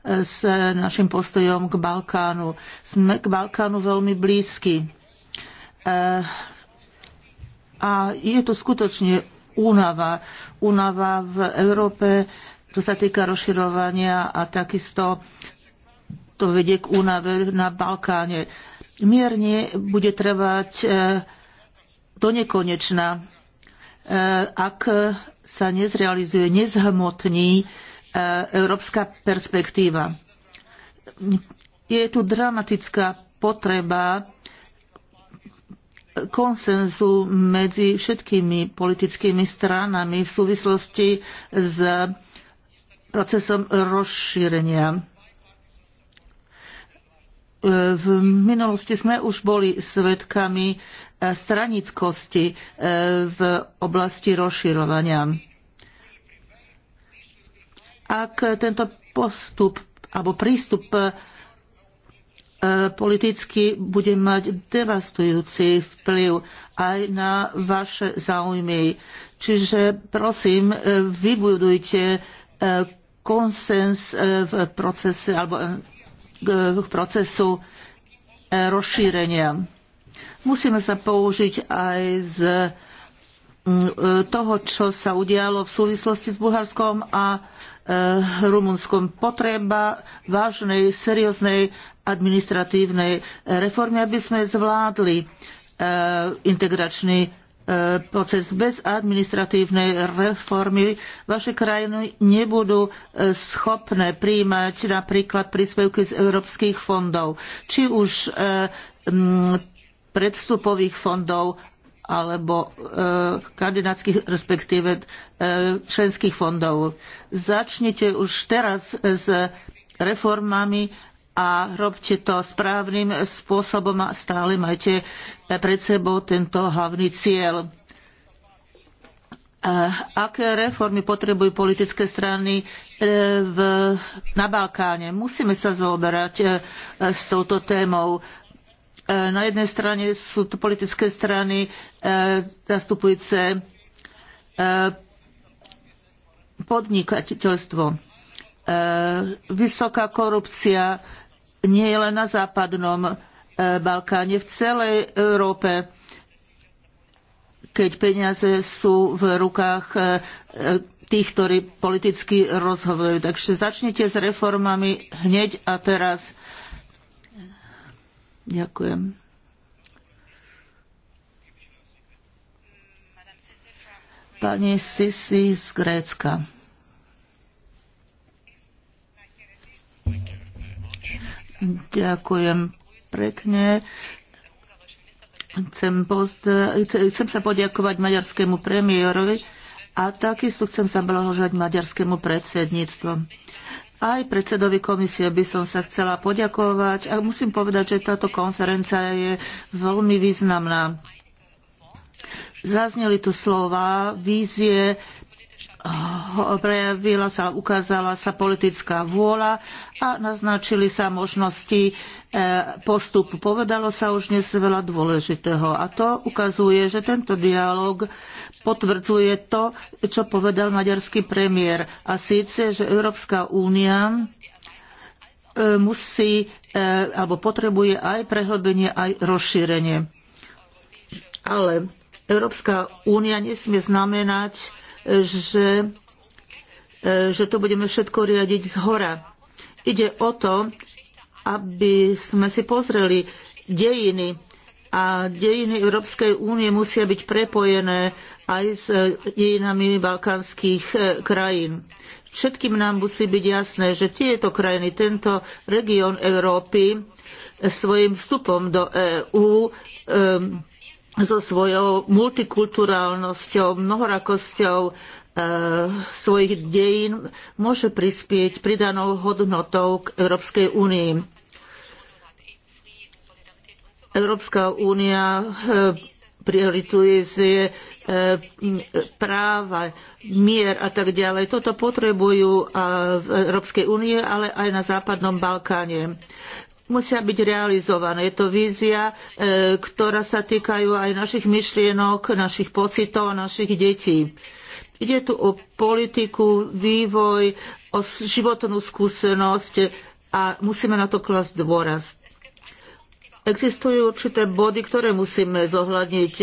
s našim postojom k Balkánu. Sme k Balkánu veľmi blízky. A je to skutočne únava. Únava v Európe to sa týka rozširovania a takisto to vedie k únave na Balkáne. Mierne bude trvať e, do nekonečna, e, ak sa nezrealizuje, nezhmotní e, európska perspektíva. Je tu dramatická potreba konsenzu medzi všetkými politickými stranami v súvislosti s procesom rozšírenia. V minulosti sme už boli svedkami eh, stranickosti eh, v oblasti rozširovania. Ak tento postup alebo prístup eh, politicky bude mať devastujúci vplyv aj na vaše záujmy. Čiže prosím, vybudujte konsens e, v procese alebo e, v procesu e, rozšírenia. Musíme sa použiť aj z toho, čo sa udialo v súvislosti s Bulharskom a Rumunskom. Potreba vážnej, serióznej administratívnej reformy, aby sme zvládli integračný E, proces bez administratívnej reformy vaše krajiny nebudú e, schopné príjmať napríklad príspevky z európskych fondov, či už e, predstupových fondov alebo kandidátskych, respektíve členských fondov. Začnite už teraz s reformami a robte to správnym spôsobom a stále majte pred sebou tento hlavný cieľ. Aké reformy potrebujú politické strany e, v, na Balkáne? Musíme sa zaoberať e, s touto témou. E, na jednej strane sú tu politické strany zastupujúce podnikateľstvo, vysoká korupcia, nie je len na západnom e, Balkáne, v celej Európe keď peniaze sú v rukách e, e, tých, ktorí politicky rozhodujú. Takže začnite s reformami hneď a teraz. Ďakujem. Pani Sisi z Grécka. Ďakujem pekne. Chcem, pozda- chcem sa poďakovať maďarskému premiérovi a takisto chcem sa blahožať maďarskému predsedníctvu. Aj predsedovi komisie by som sa chcela poďakovať a musím povedať, že táto konferencia je veľmi významná. Zazneli tu slova, vízie, prejavila sa, ukázala sa politická vôľa a naznačili sa možnosti e, postupu. Povedalo sa už dnes veľa dôležitého a to ukazuje, že tento dialog potvrdzuje to, čo povedal maďarský premiér a síce, že Európska únia e, musí e, alebo potrebuje aj prehlbenie, aj rozšírenie. Ale Európska únia nesmie znamenať že, e, že to budeme všetko riadiť z hora. Ide o to, aby sme si pozreli dejiny a dejiny Európskej únie musia byť prepojené aj s e, dejinami balkánskych e, krajín. Všetkým nám musí byť jasné, že tieto krajiny, tento región Európy svojim vstupom do EÚ um, so svojou multikulturálnosťou, mnohorakosťou e, svojich dejín môže prispieť pridanou hodnotou k Európskej únii. Európska únia e, prioritizuje e, práva, mier a tak ďalej. Toto potrebujú v Európskej únie, ale aj na Západnom Balkáne musia byť realizované. Je to vízia, e, ktorá sa týkajú aj našich myšlienok, našich pocitov a našich detí. Ide tu o politiku, vývoj, o životnú skúsenosť a musíme na to klasť dôraz. Existujú určité body, ktoré musíme zohľadniť.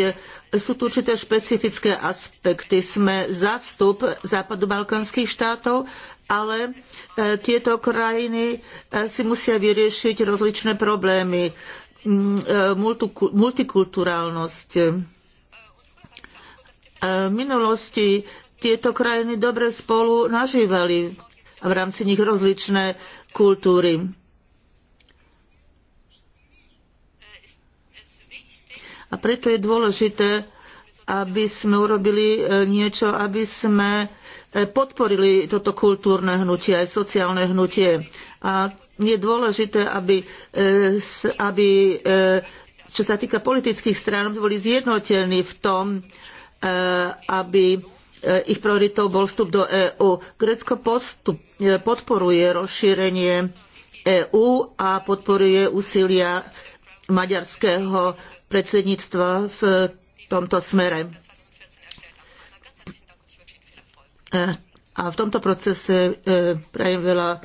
Sú tu určité špecifické aspekty. Sme za vstup balkanských štátov ale e, tieto krajiny e, si musia vyriešiť rozličné problémy. Mm, e, multikulturálnosť. V minulosti tieto krajiny dobre spolu nažívali a v rámci nich rozličné kultúry. A preto je dôležité, aby sme urobili niečo, aby sme E, podporili toto kultúrne hnutie, aj sociálne hnutie. A je dôležité, aby, e, aby e, čo sa týka politických strán, boli zjednotení v tom, aby ich prioritou bol vstup do EÚ. Grécko podporuje rozšírenie EÚ a podporuje úsilia maďarského predsedníctva v tomto smere. A v tomto procese e, prajem veľa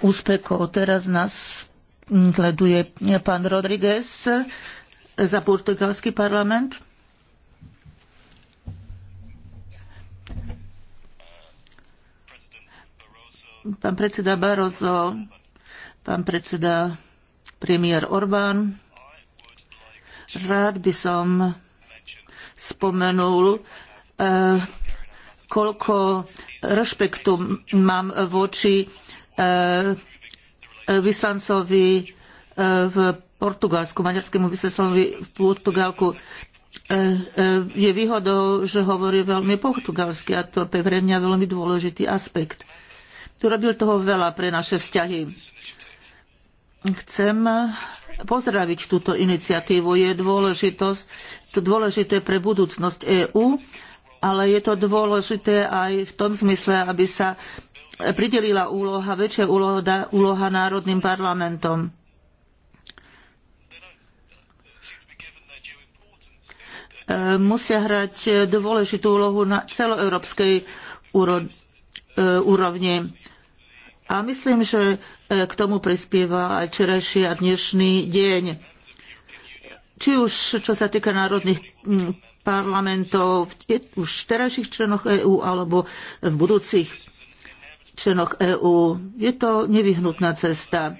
úspechov. Teraz nás sleduje pán Rodriguez za portugalský parlament. Pán predseda Barroso, pán predseda premiér Orbán, rád by som spomenul e, koľko rešpektu mám voči eh, vyslancovi eh, v Portugalsku, maďarskému vyslancovi v Portugalku. Eh, je výhodou, že hovorí veľmi portugalsky a to je pre mňa veľmi dôležitý aspekt. Tu robil toho veľa pre naše vzťahy. Chcem pozdraviť túto iniciatívu. Je dôležitosť, to dôležité pre budúcnosť EÚ ale je to dôležité aj v tom zmysle, aby sa pridelila úloha, väčšia úloha, úloha národným parlamentom. E, musia hrať dôležitú úlohu na celoeurópskej e, úrovni. A myslím, že e, k tomu prispieva aj včerajší a dnešný deň. Či už čo sa týka národných parlamentov, v už terajších členoch EÚ alebo v budúcich členoch EÚ. Je to nevyhnutná cesta.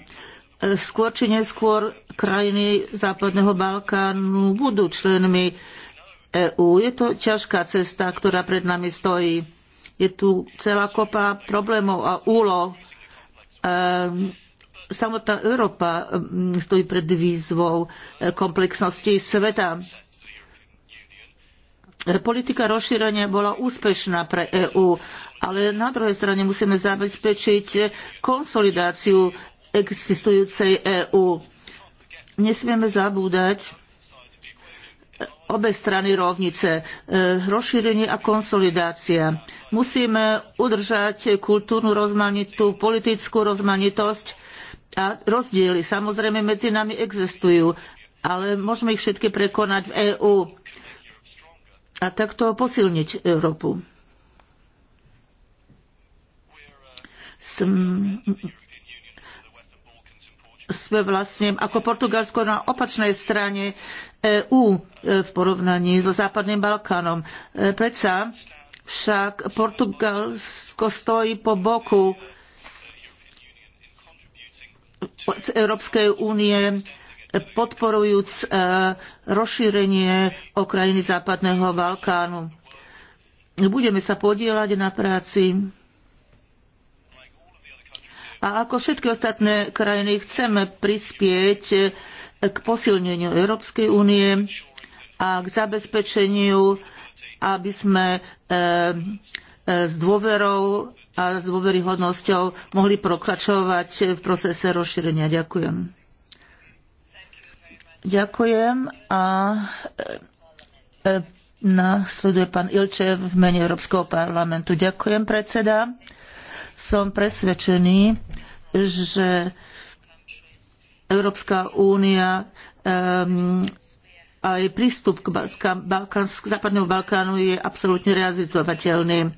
Skôr či neskôr krajiny Západného Balkánu budú členmi EÚ. Je to ťažká cesta, ktorá pred nami stojí. Je tu celá kopa problémov a úloh. Ehm, samotná Európa ehm, stojí pred výzvou eh, komplexnosti sveta Politika rozšírenia bola úspešná pre EÚ, ale na druhej strane musíme zabezpečiť konsolidáciu existujúcej EÚ. Nesmieme zabúdať obe strany rovnice, e, rozšírenie a konsolidácia. Musíme udržať kultúrnu rozmanitú, politickú rozmanitosť a rozdiely samozrejme medzi nami existujú, ale môžeme ich všetky prekonať v EÚ a takto posilniť Európu. Sme, sme vlastne ako Portugalsko na opačnej strane EÚ e, v porovnaní so Západným Balkánom. E, predsa však Portugalsko stojí po boku z Európskej únie podporujúc e, rozšírenie o krajiny Západného Balkánu. Budeme sa podielať na práci a ako všetky ostatné krajiny chceme prispieť k posilneniu Európskej únie a k zabezpečeniu, aby sme e, e, s dôverou a s dôveryhodnosťou mohli pokračovať v procese rozšírenia. Ďakujem. Ďakujem a e, e, nasleduje pán Ilče v mene Európskeho parlamentu. Ďakujem, predseda. Som presvedčený, že Európska únia a aj prístup k Balkánsk, západnému Balkánu je absolútne realizovateľný.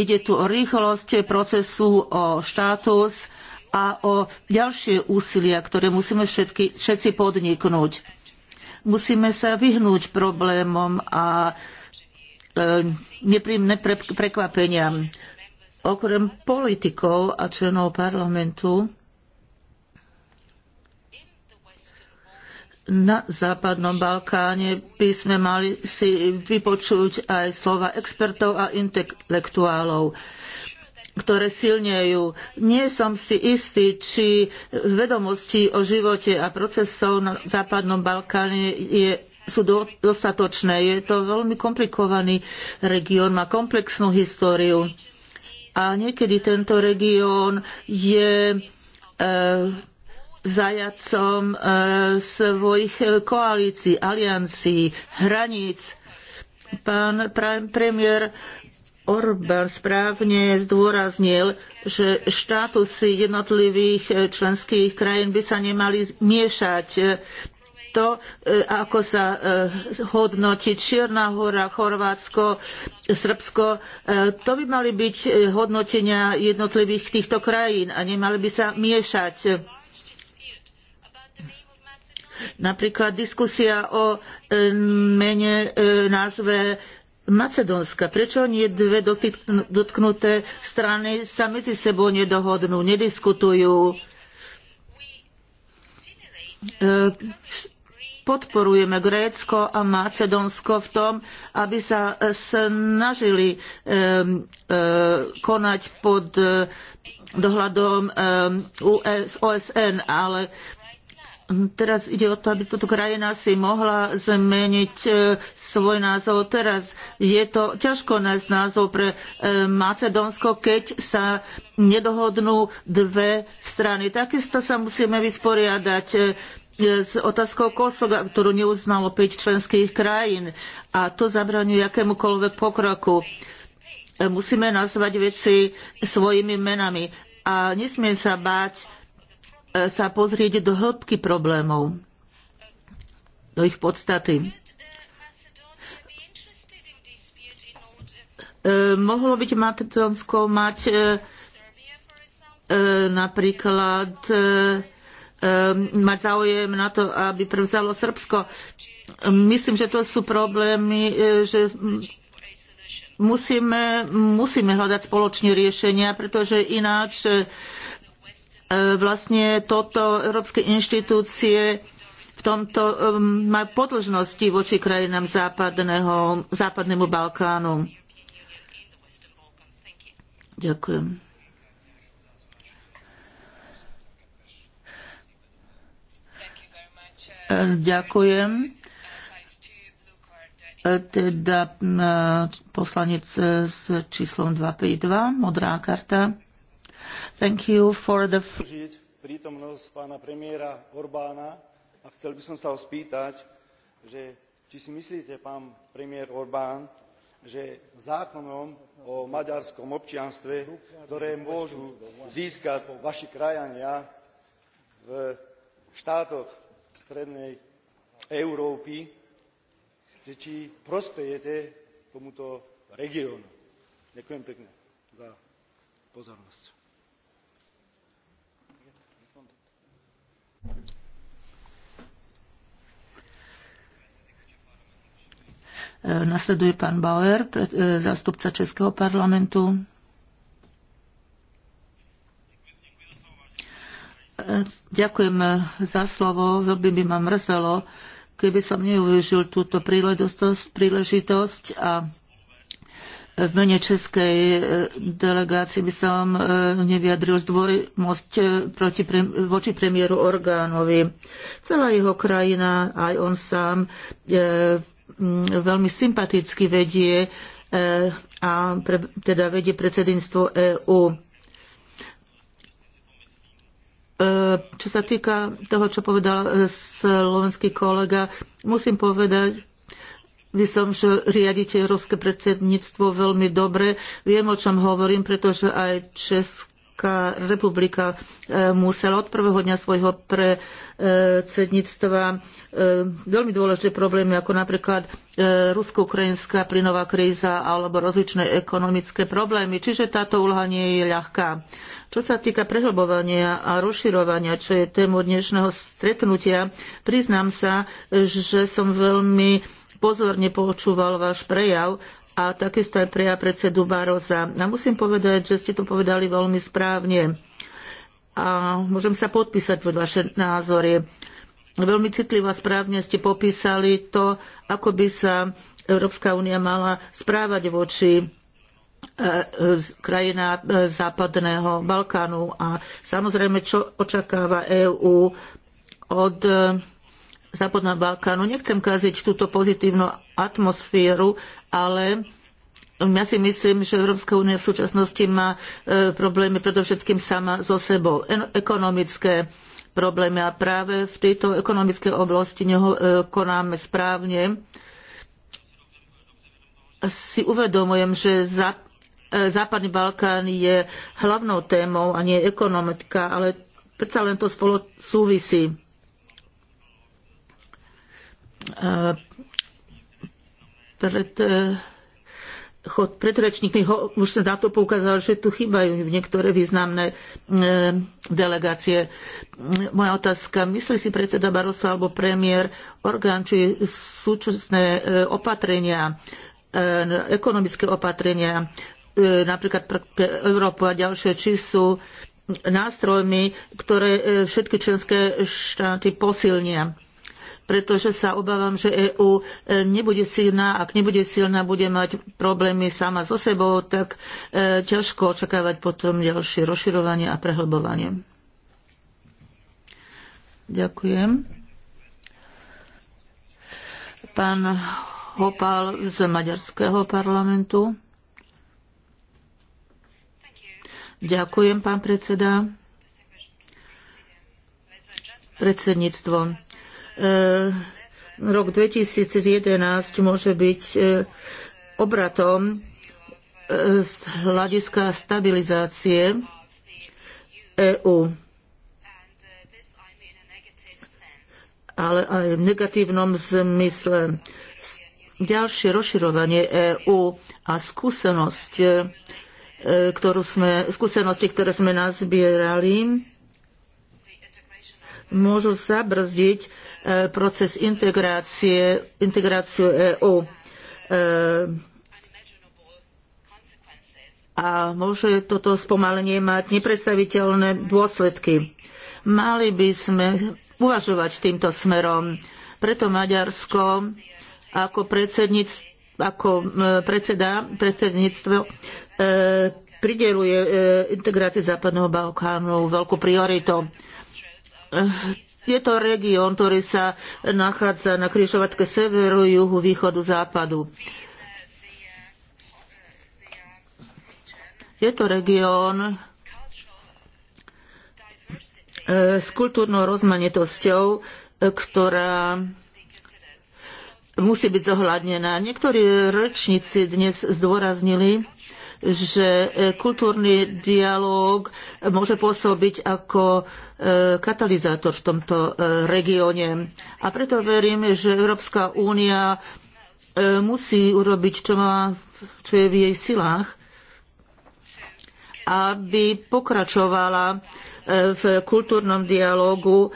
Ide tu o rýchlosť procesu, o štátus a o ďalšie úsilia, ktoré musíme všetky, všetci podniknúť. Musíme sa vyhnúť problémom a e, nepríjemné pre, prekvapeniam. Okrem politikov a členov parlamentu na Západnom Balkáne by sme mali si vypočuť aj slova expertov a intelektuálov ktoré silnejú. Nie som si istý, či vedomosti o živote a procesov na Západnom Balkáne je, sú do, dostatočné. Je to veľmi komplikovaný región, má komplexnú históriu. A niekedy tento región je e, zajacom e, svojich koalícií, aliancií, hraníc. Pán premiér Orbán správne zdôraznil, že štátusy jednotlivých eh, členských krajín by sa nemali miešať. To, eh, ako sa eh, hodnotí Čierna hora, Chorvátsko, Srbsko, to by mali byť hodnotenia jednotlivých týchto krajín a nemali by sa miešať. Napríklad diskusia o mene, názve Macedónska. Prečo nie dve dotknuté strany sa medzi sebou nedohodnú, nediskutujú? E, podporujeme Grécko a Macedónsko v tom, aby sa snažili e, e, konať pod dohľadom OSN, ale Teraz ide o to, aby toto krajina si mohla zmeniť e, svoj názov. Teraz je to ťažko nájsť názov pre e, Macedónsko, keď sa nedohodnú dve strany. Takisto sa musíme vysporiadať e, s otázkou Kosova, ktorú neuznalo 5 členských krajín a to zabraňuje akémukoľvek pokroku. Musíme nazvať veci svojimi menami a nesmie sa báť sa pozrieť do hĺbky problémov, do ich podstaty. E, mohlo byť Macedónsko mať e, e, napríklad mať záujem na to, aby prevzalo Srbsko. Myslím, že to sú problémy, že musíme, musíme hľadať spoločne riešenia, pretože ináč E, vlastne toto európske inštitúcie v tomto majú podlžnosti voči krajinám západného, západnému Balkánu. Ďakujem. E, ďakujem. E, teda poslanec s číslom 252, modrá karta. Thank you for the... prítomnosť pána premiéra Orbána a chcel by som sa ho spýtať, že či si myslíte, pán premiér Orbán, že zákonom o maďarskom občianstve, ktoré môžu získať vaši krajania v štátoch strednej Európy, že či prospejete tomuto regiónu. Ďakujem pekne za pozornosť. Nasleduje pán Bauer, e, zástupca Českého parlamentu. E, ďakujem e, za slovo. Veľmi by ma mrzelo, keby som neuvyužil túto príležitosť, príležitosť a v mene českej delegácie by som nevyjadril zdvorilosť proti, voči premiéru Orgánovi. Celá jeho krajina, aj on sám, Mm, veľmi sympaticky vedie e, a pre, teda vedie predsedníctvo EÚ. E, čo sa týka toho, čo povedal e, slovenský kolega, musím povedať, by som, že riadite európske predsedníctvo veľmi dobre. Viem, o čom hovorím, pretože aj česk. Slovenská republika e, musela od prvého dňa svojho predsedníctva e, veľmi dôležité problémy, ako napríklad e, rusko-ukrajinská plynová kríza alebo rozličné ekonomické problémy. Čiže táto úloha nie je ľahká. Čo sa týka prehlbovania a rozširovania, čo je tému dnešného stretnutia, priznám sa, že som veľmi pozorne počúval váš prejav a takisto aj preja predsedu Barosa. A musím povedať, že ste to povedali veľmi správne a môžem sa podpísať pod vaše názory. Veľmi citlivo a správne ste popísali to, ako by sa Európska únia mala správať voči e, krajina e, západného Balkánu a samozrejme, čo očakáva EÚ od e, západného Balkánu. Nechcem kaziť túto pozitívnu atmosféru, ale ja si myslím, že Európska únia v súčasnosti má e, problémy predovšetkým sama so sebou. Ekonomické problémy a práve v tejto ekonomickej oblasti e, konáme správne. Si uvedomujem, že za, e, Západný Balkán je hlavnou témou a nie ekonomika, ale predsa len to spolu súvisí pred e, chod predrečníkmi, ho, už som na to poukázal, že tu chýbajú niektoré významné e, delegácie. Moja otázka, myslí si predseda Barosa alebo premiér orgán, či súčasné e, opatrenia, e, ekonomické opatrenia, e, napríklad pre, pre Európu a ďalšie, či sú nástrojmi, ktoré e, všetky členské štáty posilnia pretože sa obávam, že EÚ e, nebude silná. Ak nebude silná, bude mať problémy sama so sebou, tak e, ťažko očakávať potom ďalšie rozširovanie a prehlbovanie. Ďakujem. Pán Hopal z Maďarského parlamentu. Ďakujem, pán predseda. Predsedníctvo. E, rok 2011 môže byť e, obratom e, z hľadiska stabilizácie EÚ. ale aj v negatívnom zmysle. Ďalšie rozširovanie EÚ a skúsenosť, ktorú sme, skúsenosti, ktoré sme nazbierali, môžu zabrzdiť Eh, proces integrácie, integráciu EÚ. Eh, a môže toto spomalenie mať nepredstaviteľné dôsledky. Mali by sme uvažovať týmto smerom. Preto Maďarsko ako, ako eh, predseda predsedníctvo prideluje integrácii Západného Balkánu veľkú prioritu je to región, ktorý sa nachádza na križovatke severu, juhu, východu, západu. Je to región e, s kultúrnou rozmanitosťou, e, ktorá musí byť zohľadnená. Niektorí rečníci dnes zdôraznili, že e, kultúrny dialóg môže pôsobiť ako E, katalizátor v tomto e, regióne. A preto verím, že Európska únia e, musí urobiť, čo, má, čo je v jej silách, aby pokračovala v kultúrnom dialogu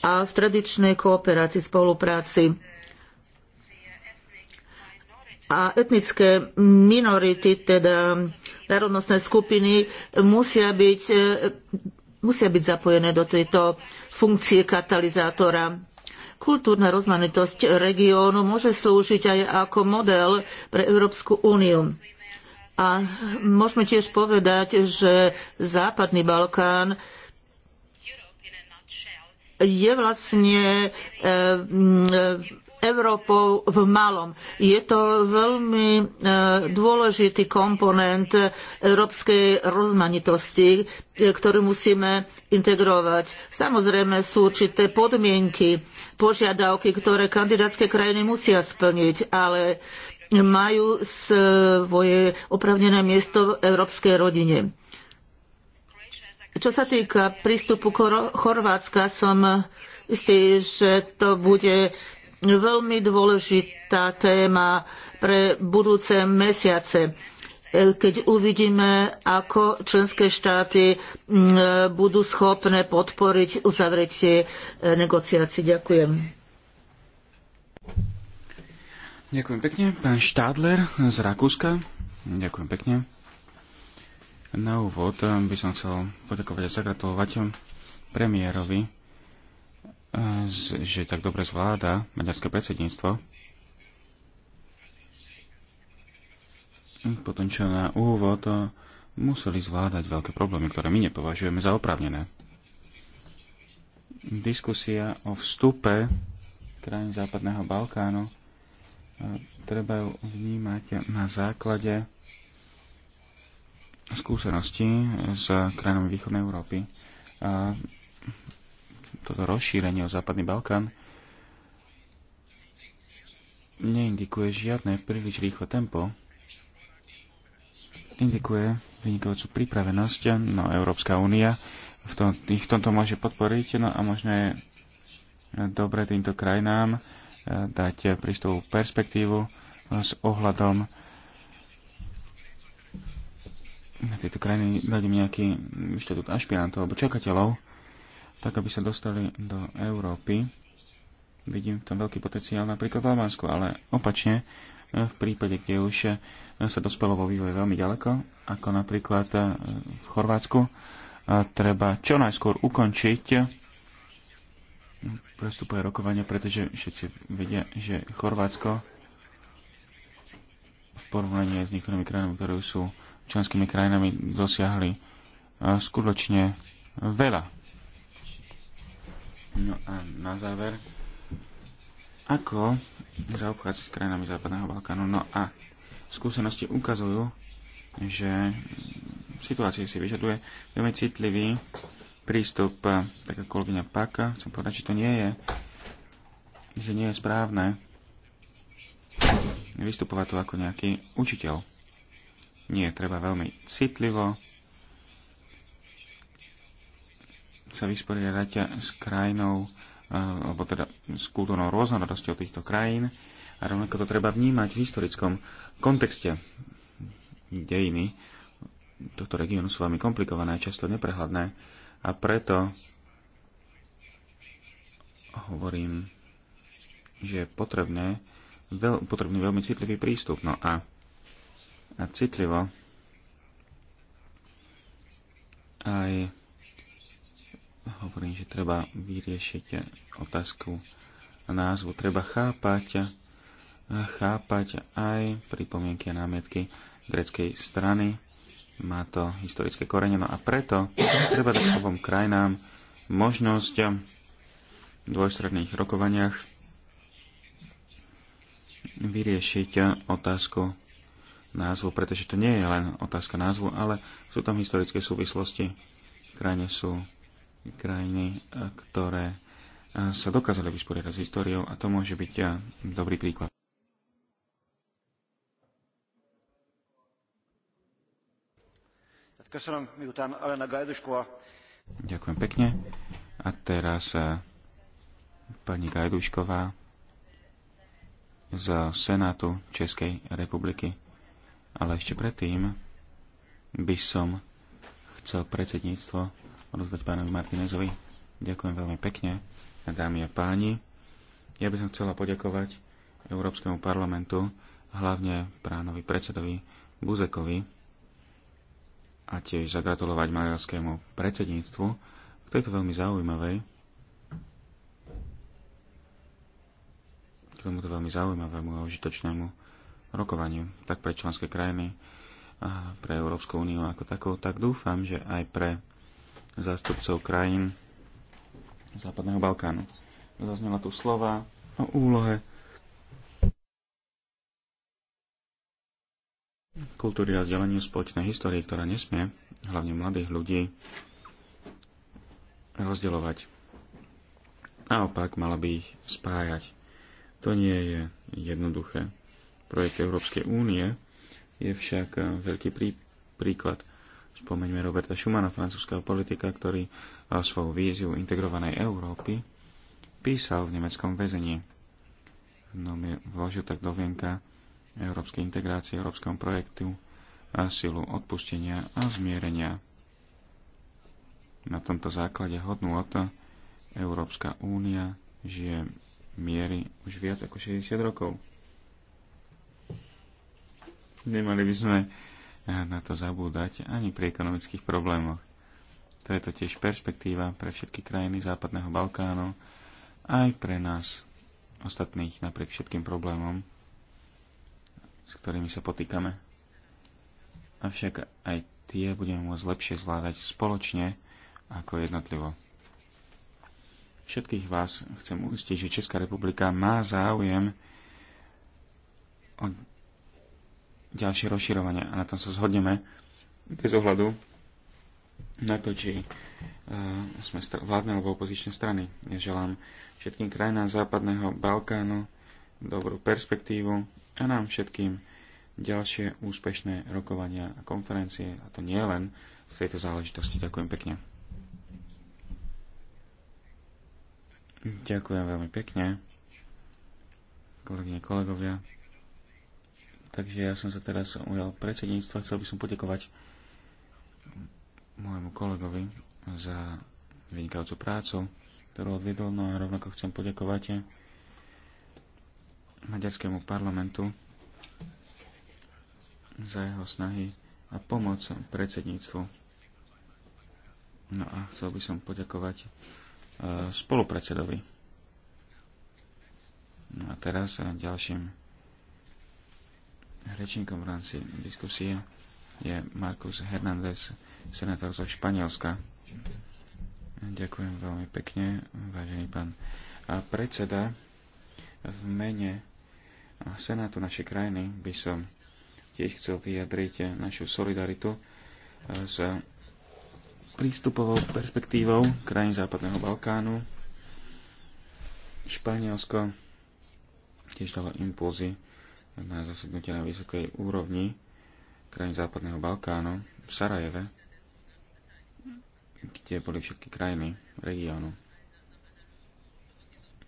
a v tradičnej kooperácii, spolupráci. A etnické minority, teda národnostné skupiny, musia byť musia byť zapojené do tejto funkcie katalizátora. Kultúrna rozmanitosť regiónu môže slúžiť aj ako model pre Európsku úniu. A môžeme tiež povedať, že Západný Balkán je vlastne eh, Európou v malom. Je to veľmi e, dôležitý komponent európskej rozmanitosti, e, ktorú musíme integrovať. Samozrejme sú určité podmienky, požiadavky, ktoré kandidátske krajiny musia splniť, ale majú svoje opravnené miesto v európskej rodine. Čo sa týka prístupu Chorvátska, som istý, že to bude veľmi dôležitá téma pre budúce mesiace keď uvidíme, ako členské štáty budú schopné podporiť uzavretie e, negociácií. Ďakujem. Ďakujem pekne. Pán Štádler z Rakúska. Ďakujem pekne. Na úvod e, by som chcel poďakovať a zagratulovať e, premiérovi že tak dobre zvláda maďarské predsedníctvo. Potom čo na úvod museli zvládať veľké problémy, ktoré my nepovažujeme za oprávnené. Diskusia o vstupe krajín Západného Balkánu e, treba ju vnímať na základe skúsenosti s krajinami Východnej Európy. A toto rozšírenie o Západný Balkán neindikuje žiadne príliš rýchle tempo. Indikuje vynikajúcu pripravenosť, no Európska únia v, tom, ich v tomto môže podporiť, no a možno je dobre týmto krajinám eh, dať prístupovú perspektívu no, s ohľadom na tieto krajiny dať im nejaký štatút ašpirantov alebo čakateľov tak aby sa dostali do Európy. Vidím v tom veľký potenciál napríklad v Albánsku, ale opačne eh, v prípade, kde už eh, sa dospelo vo vývoji veľmi ďaleko, ako napríklad eh, v Chorvátsku, treba čo najskôr ukončiť prestupové rokovania, pretože všetci vedia, že Chorvátsko v porovnaní s niektorými krajinami, ktoré sú členskými krajinami, dosiahli skutočne veľa. No a na záver, ako zaobchádzať s krajinami Západného Balkánu. No a skúsenosti ukazujú, že situácia si vyžaduje veľmi citlivý prístup, tak ako kolegyňa Paka. Chcem povedať, že to nie je, že nie je správne vystupovať tu ako nejaký učiteľ. Nie, treba veľmi citlivo sa vysporiadať s krajinou, alebo teda s kultúrnou rôznorodosťou týchto krajín. A rovnako to treba vnímať v historickom kontexte dejiny tohto regiónu sú veľmi komplikované často neprehľadné. A preto hovorím, že je potrebné, veľ, potrebný veľmi citlivý prístup. No a, a citlivo aj hovorím, že treba vyriešiť otázku názvu. Treba chápať, chápať aj pripomienky a námietky greckej strany. Má to historické korene, no a preto treba dať obom krajinám možnosť v dvojstredných rokovaniach vyriešiť otázku názvu, pretože to nie je len otázka názvu, ale sú tam historické súvislosti. Krajne krajine sú krajiny, eh, ktoré eh, sa dokázali vysporiadať s históriou a to môže byť eh, dobrý príklad. Ďakujem pekne. A teraz pani Gajdušková z Senátu Českej republiky. Ale ešte predtým by som chcel predsedníctvo odozdať pánovi Martinezovi. Ďakujem veľmi pekne, dámy a páni. Ja by som chcela poďakovať Európskemu parlamentu, hlavne pránovi predsedovi Buzekovi a tiež zagratulovať maďarskému predsedníctvu k tejto veľmi zaujímavej k tomuto veľmi zaujímavému a užitočnému rokovaniu, tak pre členské krajiny, a pre Európsku úniu ako takú, tak dúfam, že aj pre zástupcov krajín Západného Balkánu. Zaznela tu slova o úlohe kultúry a vzdelaniu spoločnej histórie, ktorá nesmie hlavne mladých ľudí rozdeľovať. Naopak mala by ich spájať. To nie je jednoduché. Projekt Európskej únie je však veľký prí, príklad Spomeňme Roberta Schumana, francúzského politika, ktorý svoju víziu integrovanej Európy písal v nemeckom väzení. No mi vložil tak do vienka európskej integrácie, európskom projektu a silu odpustenia a zmierenia. Na tomto základe hodnú o to, Európska únia žije miery už viac ako 60 rokov. Nemali by sme na to zabúdať ani pri ekonomických problémoch. To je totiž perspektíva pre všetky krajiny Západného Balkánu, aj pre nás ostatných napriek všetkým problémom, s ktorými sa potýkame. Avšak aj tie budeme môcť lepšie zvládať spoločne ako jednotlivo. Všetkých vás chcem uistiť, že Česká republika má záujem o ďalšie rozširovanie. A na tom sa zhodneme bez ohľadu na to, či uh, sme vládne alebo opozičné strany. Ja želám všetkým krajinám Západného Balkánu dobrú perspektívu a nám všetkým ďalšie úspešné rokovania a konferencie, a to nie len v tejto záležitosti. Ďakujem pekne. Ďakujem veľmi pekne, kolegyne, kolegovia. Takže ja som sa teraz ujal predsedníctva. Chcel by som poďakovať môjmu kolegovi za vynikajúcu prácu, ktorú odvedol. No a rovnako chcem poďakovať maďarskému parlamentu za jeho snahy a pomoc predsedníctvu. No a chcel by som poďakovať e, spolupredsedovi. No a teraz e, ďalším Rečníkom v rámci diskusie je Markus Hernández, senátor zo Španielska. Ďakujem veľmi pekne, vážený pán a predseda. V mene Senátu našej krajiny by som tiež chcel vyjadriť našu solidaritu s prístupovou perspektívou krajín Západného Balkánu. Španielsko tiež dalo impulzy na zasadnutie na vysokej úrovni krajín Západného Balkánu v Sarajeve, kde boli všetky krajiny regiónu.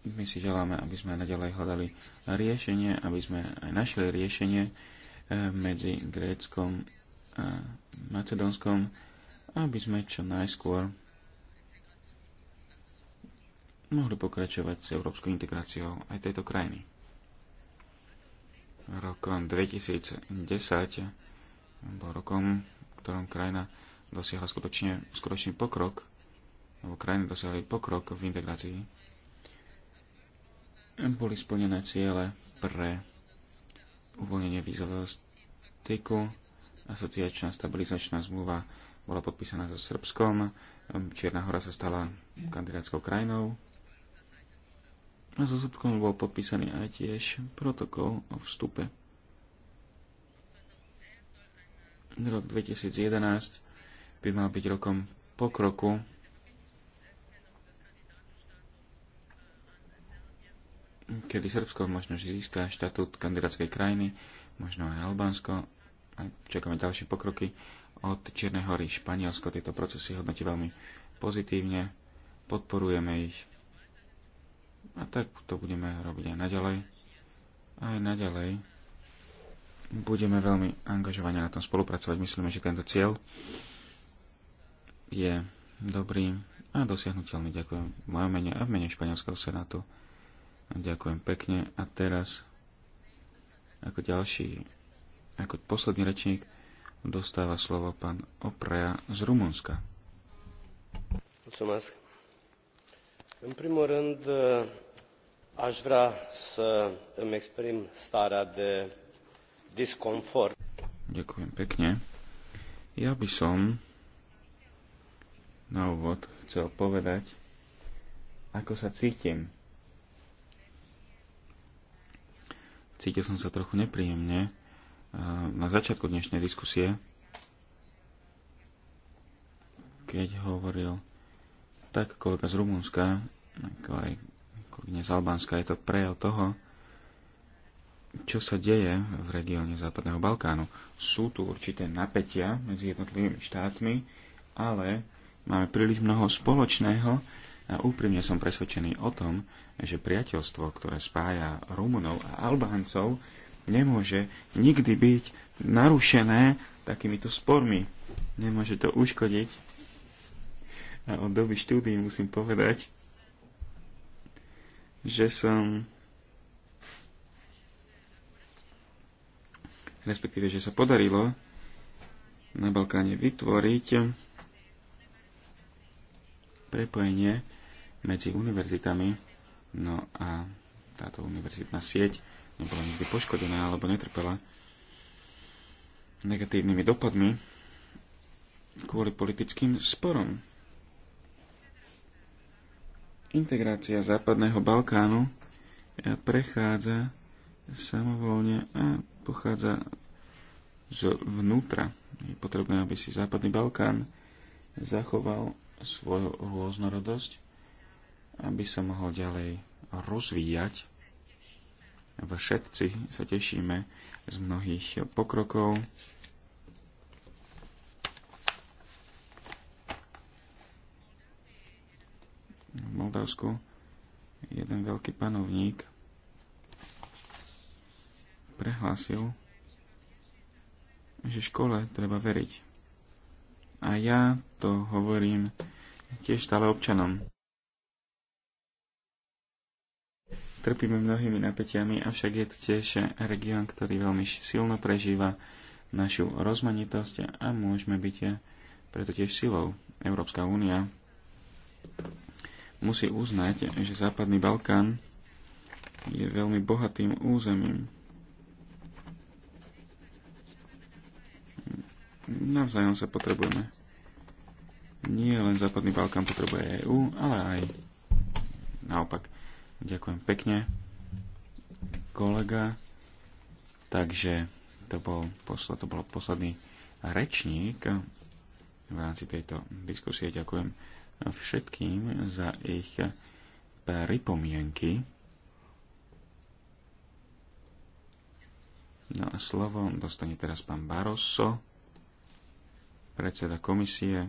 My si želáme, aby sme naďalej hľadali riešenie, aby sme aj našli riešenie eh, medzi Gréckom a Macedónskom, aby sme čo najskôr mohli pokračovať s európskou integráciou aj tejto krajiny. Rokom 2010 bol rokom, v ktorom krajina dosiahla skutočne, skutočný pokrok, alebo krajiny dosiahli pokrok v integrácii. Boli splnené ciele pre uvoľnenie vízového styku, asociačná stabilizačná zmluva bola podpísaná so Srbskom, Čierna hora sa stala kandidátskou krajinou, so ústupkom bol podpísaný aj tiež protokol o vstupe. Rok 2011 by mal byť rokom pokroku kedy Srbsko možno získa štatút kandidátskej krajiny, možno aj Albánsko, a čakáme ďalšie pokroky od Čiernej hory Španielsko. Tieto procesy hodnotí veľmi pozitívne, podporujeme ich. A tak to budeme robiť aj naďalej. Aj naďalej budeme veľmi angažovane na tom spolupracovať. Myslíme, že tento cieľ je dobrý a dosiahnutelný. Ďakujem v mojom mene a v mene Španielského senátu. Ďakujem pekne. A teraz ako ďalší, ako posledný rečník dostáva slovo pán Oprea z Rumunska. Mulțumesc. În primul rând, Aș vrea să îmi exprim starea de diskomfort. Ďakujem pekne. Ja by som na úvod chcel povedať, ako sa cítim. Cítil som sa trochu nepríjemne eh, na začiatku dnešnej diskusie, keď hovoril tak kolega z Rumunska, ako aj kolegyne z Albánska, je to prejav toho, čo sa deje v regióne Západného Balkánu. Sú tu určité napätia medzi jednotlivými štátmi, ale máme príliš mnoho spoločného a úprimne som presvedčený o tom, že priateľstvo, ktoré spája Rumunov a Albáncov, nemôže nikdy byť narušené takýmito spormi. Nemôže to uškodiť. A od doby štúdií musím povedať, že som respektíve, že sa podarilo na Balkáne vytvoriť prepojenie medzi univerzitami, no a táto univerzitná sieť nebola nikdy poškodená alebo netrpela negatívnymi dopadmi kvôli politickým sporom. Integrácia Západného Balkánu e, prechádza samovolne a pochádza z vnútra. Je potrebné, aby si Západný Balkán zachoval svoju rôznorodosť, aby sa mohol ďalej rozvíjať. Všetci sa tešíme z mnohých pokrokov, v Moldavsku jeden veľký panovník prehlásil, že škole treba veriť. A ja to hovorím tiež stále občanom. Trpíme mnohými napätiami, avšak je to tiež región, ktorý veľmi silno prežíva našu rozmanitosť a môžeme byť preto tiež silou. Európska únia musí uznať, že Západný Balkán je veľmi bohatým územím. Navzájom sa potrebujeme. Nie len Západný Balkán potrebuje EÚ, ale aj naopak. Ďakujem pekne, kolega. Takže to, bol posled, to bol posledný rečník v rámci tejto diskusie. Ďakujem všetkým za ich pripomienky. No a slovo dostane teraz pán Barroso, predseda komisie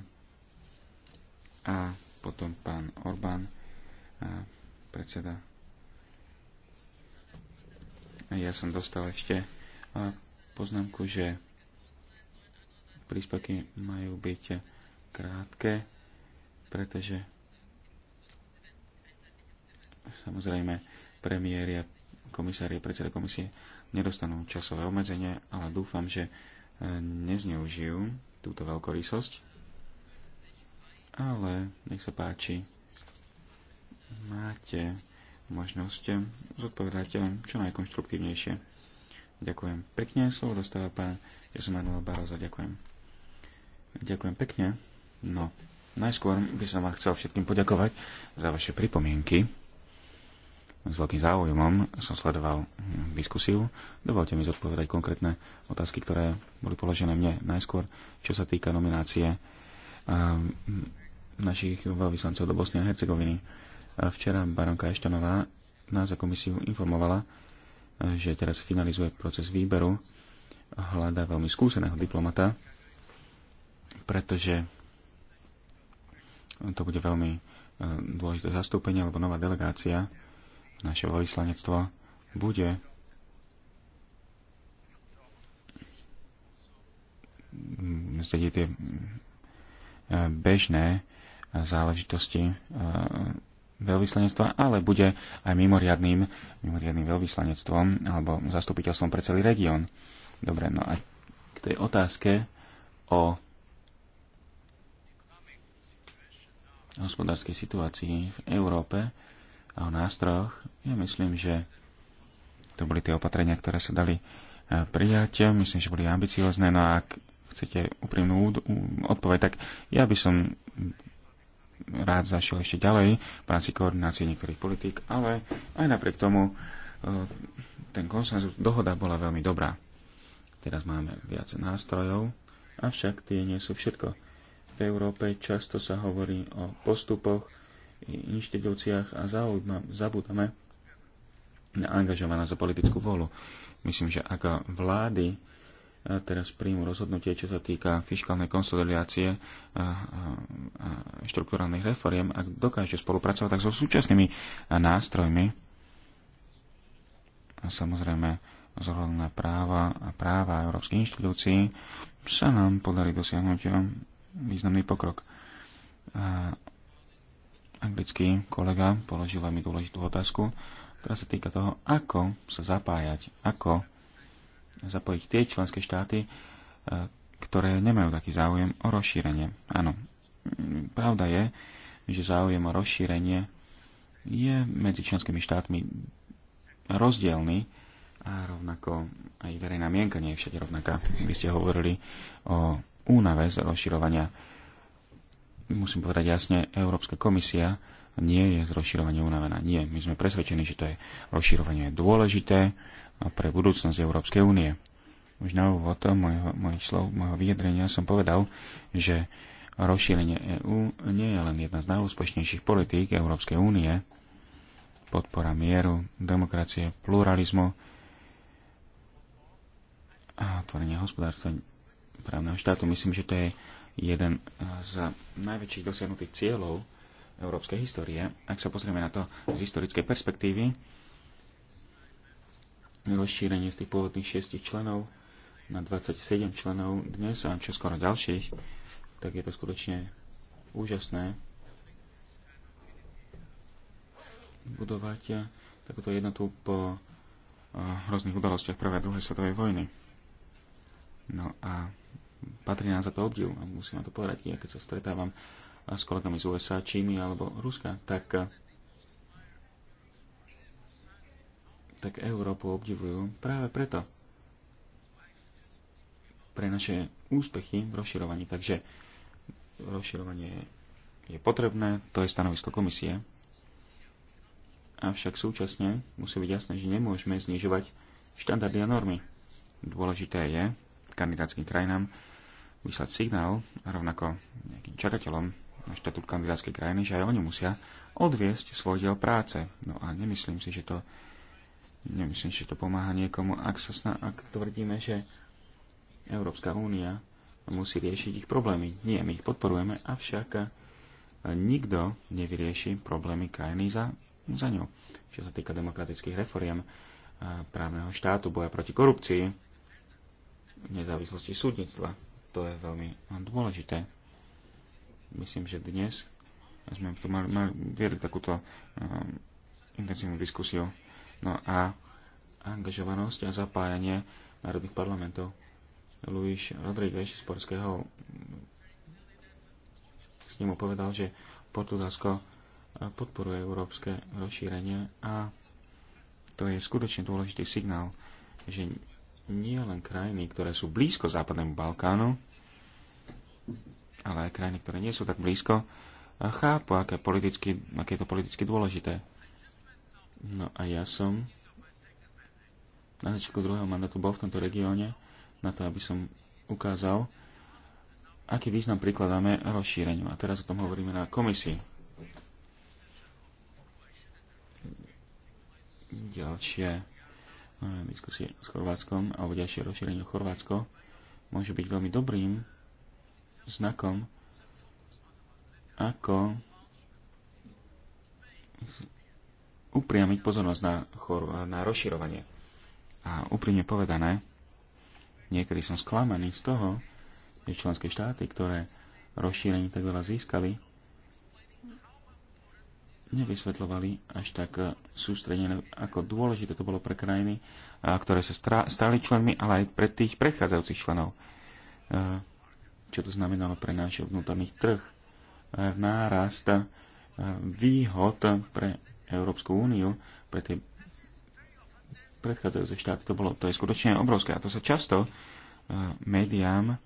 a potom pán Orbán, predseda. Ja som dostal ešte poznámku, že príspevky majú byť krátke pretože samozrejme premiéry a komisári a predseda komisie nedostanú časové obmedzenie, ale dúfam, že e, nezneužijú túto veľkorysosť. Ale nech sa páči, máte možnosť zodpovedať čo najkonštruktívnejšie. Ďakujem pekne, slovo dostáva pán José Manuel Baroza, ďakujem. Ďakujem pekne. No, Najskôr by som vám chcel všetkým poďakovať za vaše pripomienky. S veľkým záujmom som sledoval diskusiu. Dovolte mi zodpovedať konkrétne otázky, ktoré boli položené mne najskôr, čo sa týka nominácie ehm, našich veľvyslancov do Bosny a Hercegoviny. Včera baronka Eštanová nás za komisiu informovala, že teraz finalizuje proces výberu, hľada veľmi skúseného diplomata, pretože to bude veľmi e, dôležité zastúpenie, alebo nová delegácia, naše veľvyslanectvo, bude zdedí tie e, bežné záležitosti e, veľvyslanectva, ale bude aj mimoriadným, mimoriadným veľvyslanectvom alebo zastupiteľstvom pre celý región. Dobre, no a k tej otázke o hospodárskej situácii v Európe a o nástrojoch, ja myslím, že to boli tie opatrenia, ktoré sa dali e, prijať. Myslím, že boli ambiciozne, no a ak chcete úprimnú odpoveď, tak ja by som rád zašiel ešte ďalej v rámci koordinácie niektorých politík, ale aj napriek tomu e, ten konsenzus, dohoda bola veľmi dobrá. Teraz máme viac nástrojov, avšak tie nie sú všetko Európe často sa hovorí o postupoch, inštitúciách a zabudame na angažovanosť za politickú volu. Myslím, že ak vlády teraz príjmu rozhodnutie, čo sa týka fiskálnej konsolidácie a, a, a štruktúrálnych reforiem, ak dokáže spolupracovať tak so súčasnými nástrojmi, a samozrejme zohľadom na práva a práva európskych inštitúcií, sa nám podarí dosiahnuť významný pokrok. A anglický kolega položil veľmi dôležitú otázku, ktorá sa týka toho, ako sa zapájať, ako zapojiť tie členské štáty, ktoré nemajú taký záujem o rozšírenie. Áno, pravda je, že záujem o rozšírenie je medzi členskými štátmi rozdielny a rovnako aj verejná mienka nie je všade rovnaká. Vy ste hovorili o únave z rozširovania. Musím povedať jasne, Európska komisia nie je z rozširovania unavená. Nie, my sme presvedčení, že to je rozširovanie dôležité pre budúcnosť Európskej únie. Už na úvod mojho, mojich slov, mojho vyjadrenia som povedal, že rozšírenie EÚ nie je len jedna z najúspešnejších politík Európskej únie. Podpora mieru, demokracie, pluralizmu a otvorenie hospodárstva právneho štátu. Myslím, že to je jeden z najväčších dosiahnutých cieľov európskej histórie. Ak sa pozrieme na to z historickej perspektívy, rozšírenie z tých pôvodných šiestich členov na 27 členov dnes a čo skoro ďalších, tak je to skutočne úžasné budovať takúto jednotu po eh, hrozných udalostiach prvé a druhej svetovej vojny. No a patrí nám za to obdiv a musím to povedať, ja keď sa stretávam s kolegami z USA, Číny alebo Ruska, tak eh, tak Európu obdivujú práve preto. Pre naše úspechy v rozširovaní. Takže rozširovanie je potrebné, to je stanovisko komisie. Avšak súčasne musí byť jasné, že nemôžeme znižovať štandardy a normy. Dôležité je kandidátským krajinám vyslať signál rovnako nejakým čakateľom na štatút kandidátskej krajiny, že aj oni musia odviesť svoj diel práce. No a nemyslím si, že to, nemyslím, že to pomáha niekomu, ak, sa sná, ak tvrdíme, že Európska únia musí riešiť ich problémy. Nie, my ich podporujeme, avšak nikto nevyrieši problémy krajiny za, za ňou. Čo sa týka demokratických reforiem, právneho štátu, boja proti korupcii, nezávislosti súdnictva, to je veľmi dôležité. Myslím, že dnes sme tu mali, mali, viedli takúto um, intenzívnu diskusiu. No a angažovanosť a zapájanie národných parlamentov. Luis Rodríguez z Polského mm, s ním povedal, že Portugalsko uh, podporuje európske rozšírenie a to je skutočne dôležitý signál, že nie len krajiny, ktoré sú blízko Západnému Balkánu, ale aj krajiny, ktoré nie sú tak blízko, chápu, aké, politicky, aké je to politicky dôležité. No a ja som na začiatku druhého mandátu bol v tomto regióne na to, aby som ukázal, aký význam prikladáme rozšíreniu. A teraz o tom hovoríme na komisii. Ďalšie diskusie s Chorvátskom alebo ďalšie rozšírenie Chorvátsko môže byť veľmi dobrým znakom, ako upriamiť pozornosť na, chor- na rozširovanie. A úprimne povedané, niekedy som sklamaný z toho, že členské štáty, ktoré rozšírenie tak veľa získali, nevysvetľovali až tak eh, sústredené, ako dôležité to bolo pre krajiny, eh, ktoré sa stali členmi, ale aj pre tých predchádzajúcich členov. Eh, čo to znamenalo pre náš vnútorný trh? Nárast výhod pre Európsku úniu, pre tie predchádzajúce štáty, to, bolo, to je skutočne obrovské. A to sa často médiám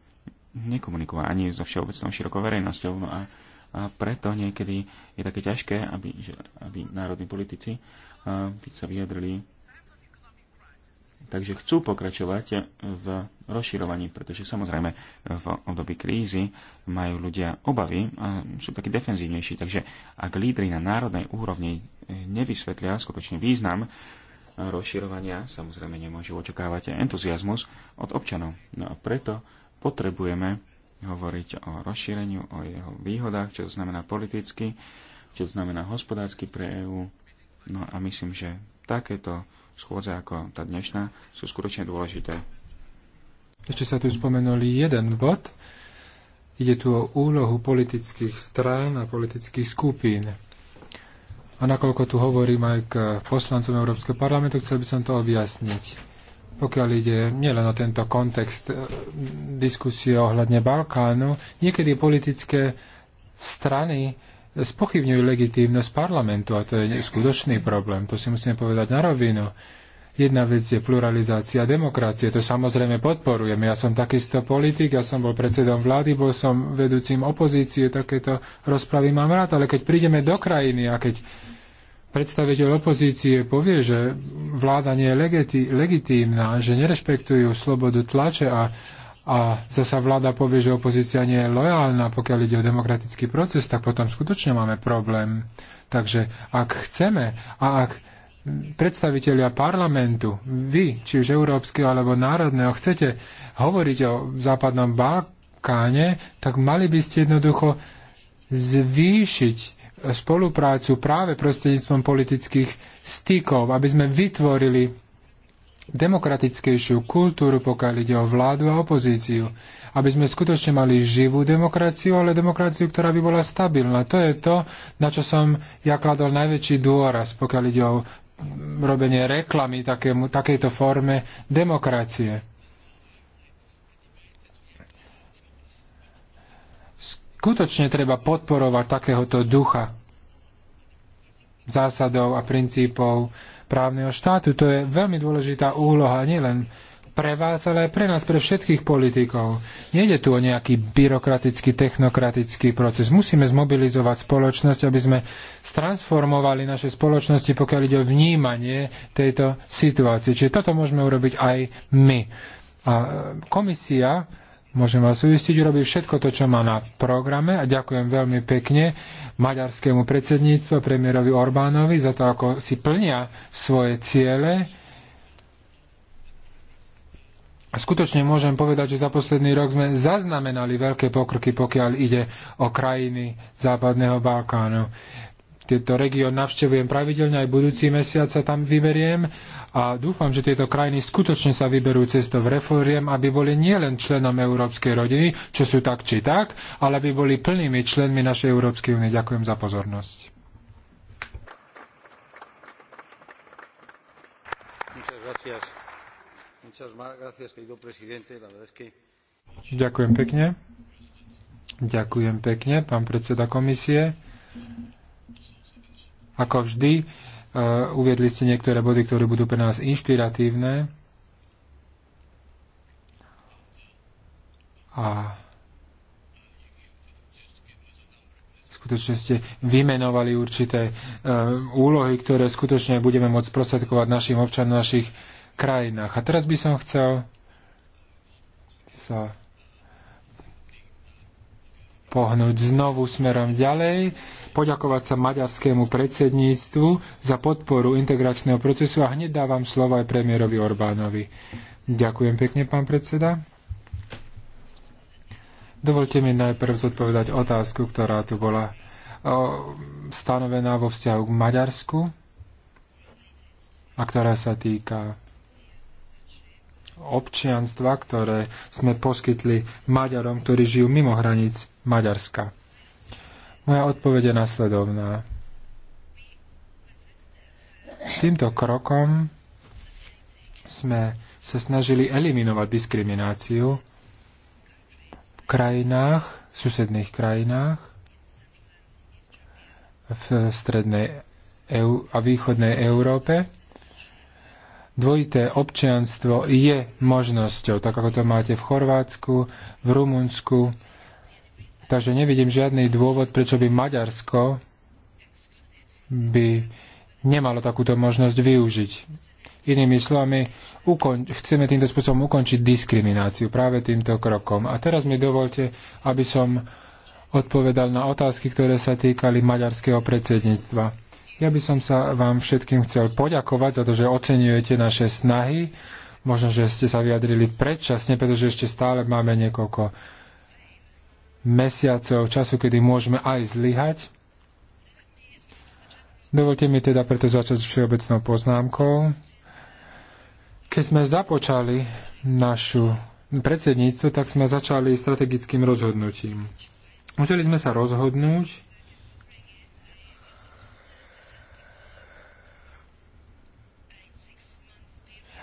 nekomunikuje ani so všeobecnou širokou verejnosťou. No a a preto niekedy je také ťažké, aby, aby národní politici by sa vyjadrili. Takže chcú pokračovať v rozširovaní, pretože samozrejme v období krízy majú ľudia obavy a sú takí defenzívnejší. Takže ak lídry na národnej úrovni e, nevysvetlia skutočný význam rozširovania, samozrejme nemôžu očakávať entuziasmus od občanov. No a preto potrebujeme hovoriť o rozšíreniu, o jeho výhodách, čo to znamená politicky, čo to znamená hospodársky pre EÚ. No a myslím, že takéto schôdze ako tá dnešná sú skutočne dôležité. Ešte sa tu spomenuli jeden bod. Ide tu o úlohu politických strán a politických skupín. A nakoľko tu hovorím aj k poslancom Európskeho parlamentu, chcel by som to objasniť pokiaľ ide nielen o tento kontext e, diskusie ohľadne Balkánu, niekedy politické strany spochybňujú legitímnosť parlamentu a to je skutočný problém. To si musíme povedať na rovinu. Jedna vec je pluralizácia demokracie, to samozrejme podporujem. Ja som takisto politik, ja som bol predsedom vlády, bol som vedúcim opozície, takéto rozpravy mám rád, ale keď prídeme do krajiny a keď predstaviteľ opozície povie, že vláda nie je legití, legitímna, že nerešpektujú slobodu tlače a, a zasa vláda povie, že opozícia nie je lojálna, pokiaľ ide o demokratický proces, tak potom skutočne máme problém. Takže ak chceme a ak predstavitelia parlamentu, vy, či už európskeho alebo národného, chcete hovoriť o západnom Balkáne, tak mali by ste jednoducho zvýšiť spoluprácu práve prostredníctvom politických stykov, aby sme vytvorili demokratickejšiu kultúru, pokiaľ ide o vládu a opozíciu. Aby sme skutočne mali živú demokraciu, ale demokraciu, ktorá by bola stabilná. To je to, na čo som ja kladol najväčší dôraz, pokiaľ ide o robenie reklamy takému, takejto forme demokracie. skutočne treba podporovať takéhoto ducha zásadov a princípov právneho štátu. To je veľmi dôležitá úloha nielen pre vás, ale aj pre nás, pre všetkých politikov. Nejde tu o nejaký byrokratický, technokratický proces. Musíme zmobilizovať spoločnosť, aby sme stransformovali naše spoločnosti, pokiaľ ide o vnímanie tejto situácie. Čiže toto môžeme urobiť aj my. A e, komisia Môžem vás uistiť, urobí všetko to, čo má na programe a ďakujem veľmi pekne maďarskému predsedníctvu, premiérovi Orbánovi za to, ako si plnia svoje ciele. Skutočne môžem povedať, že za posledný rok sme zaznamenali veľké pokroky, pokiaľ ide o krajiny Západného Balkánu tieto región navštevujem pravidelne, aj budúci mesiac sa tam vyberiem a dúfam, že tieto krajiny skutočne sa vyberú cestou reforiem, aby boli nielen členom európskej rodiny, čo sú tak či tak, ale aby boli plnými členmi našej Európskej únie. Ďakujem za pozornosť. Ďakujem pekne. Ďakujem pekne, pán predseda komisie. Ako vždy, uh, uviedli ste niektoré body, ktoré budú pre nás inšpiratívne. A skutočne ste vymenovali určité e, úlohy, ktoré skutočne budeme môcť prosvedkovať našim občanom v našich krajinách. A teraz by som chcel sa pohnúť znovu smerom ďalej, poďakovať sa maďarskému predsedníctvu za podporu integračného procesu a hneď dávam slovo aj premiérovi Orbánovi. Ďakujem pekne, pán predseda. Dovolte mi najprv zodpovedať otázku, ktorá tu bola stanovená vo vzťahu k Maďarsku a ktorá sa týka občianstva, ktoré sme poskytli Maďarom, ktorí žijú mimo hraníc Maďarska. Moja odpoveď je nasledovná. Týmto krokom sme sa snažili eliminovať diskrimináciu v krajinách, v susedných krajinách, v strednej EU a východnej Európe dvojité občianstvo je možnosťou, tak ako to máte v Chorvátsku, v Rumunsku. Takže nevidím žiadny dôvod, prečo by Maďarsko by nemalo takúto možnosť využiť. Inými slovami, ukon- chceme týmto spôsobom ukončiť diskrimináciu práve týmto krokom. A teraz mi dovolte, aby som odpovedal na otázky, ktoré sa týkali maďarského predsedníctva. Ja by som sa vám všetkým chcel poďakovať za to, že oceňujete naše snahy. Možno, že ste sa vyjadrili predčasne, pretože ešte stále máme niekoľko mesiacov času, kedy môžeme aj zlyhať. Dovolte mi teda preto začať s všeobecnou poznámkou. Keď sme započali našu predsedníctvo, tak sme začali strategickým rozhodnutím. Museli sme sa rozhodnúť,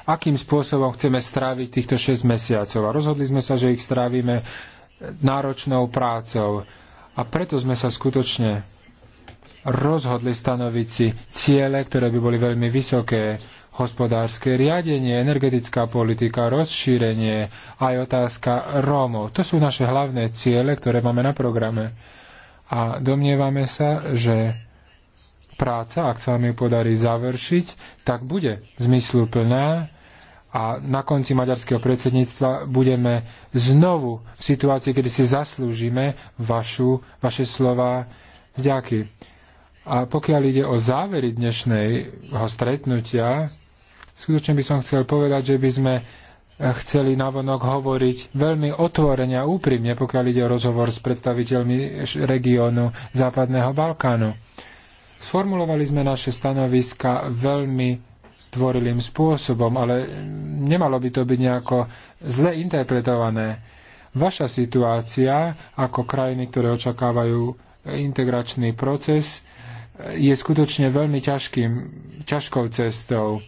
akým spôsobom chceme stráviť týchto 6 mesiacov. A rozhodli sme sa, že ich strávime náročnou prácou. A preto sme sa skutočne rozhodli stanoviť si ciele, ktoré by boli veľmi vysoké. Hospodárske riadenie, energetická politika, rozšírenie, aj otázka Rómov. To sú naše hlavné ciele, ktoré máme na programe. A domnievame sa, že práca, ak sa nám ju podarí završiť, tak bude zmysluplná a na konci maďarského predsedníctva budeme znovu v situácii, kedy si zaslúžime vašu, vaše slova Ďakujem. A pokiaľ ide o závery dnešného stretnutia, skutočne by som chcel povedať, že by sme chceli navonok hovoriť veľmi otvorene a úprimne, pokiaľ ide o rozhovor s predstaviteľmi regiónu Západného Balkánu. Sformulovali sme naše stanoviska veľmi stvorilým spôsobom, ale nemalo by to byť nejako zle interpretované. Vaša situácia ako krajiny, ktoré očakávajú integračný proces, je skutočne veľmi ťažkým, ťažkou cestou.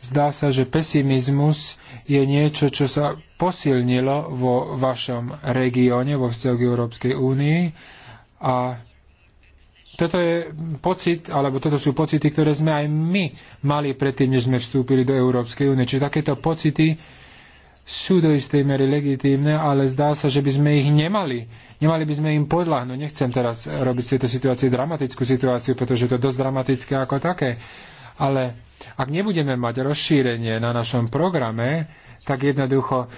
Zdá sa, že pesimizmus je niečo, čo sa posilnilo vo vašom regióne, vo vzťahu k Európskej únii. A toto je pocit, alebo toto sú pocity, ktoré sme aj my mali predtým, než sme vstúpili do Európskej únie. Čiže takéto pocity sú do istej mery legitímne, ale zdá sa, že by sme ich nemali. Nemali by sme im podľahnuť. Nechcem teraz robiť z tejto situácie dramatickú situáciu, pretože to je dosť dramatické ako také. Ale ak nebudeme mať rozšírenie na našom programe, tak jednoducho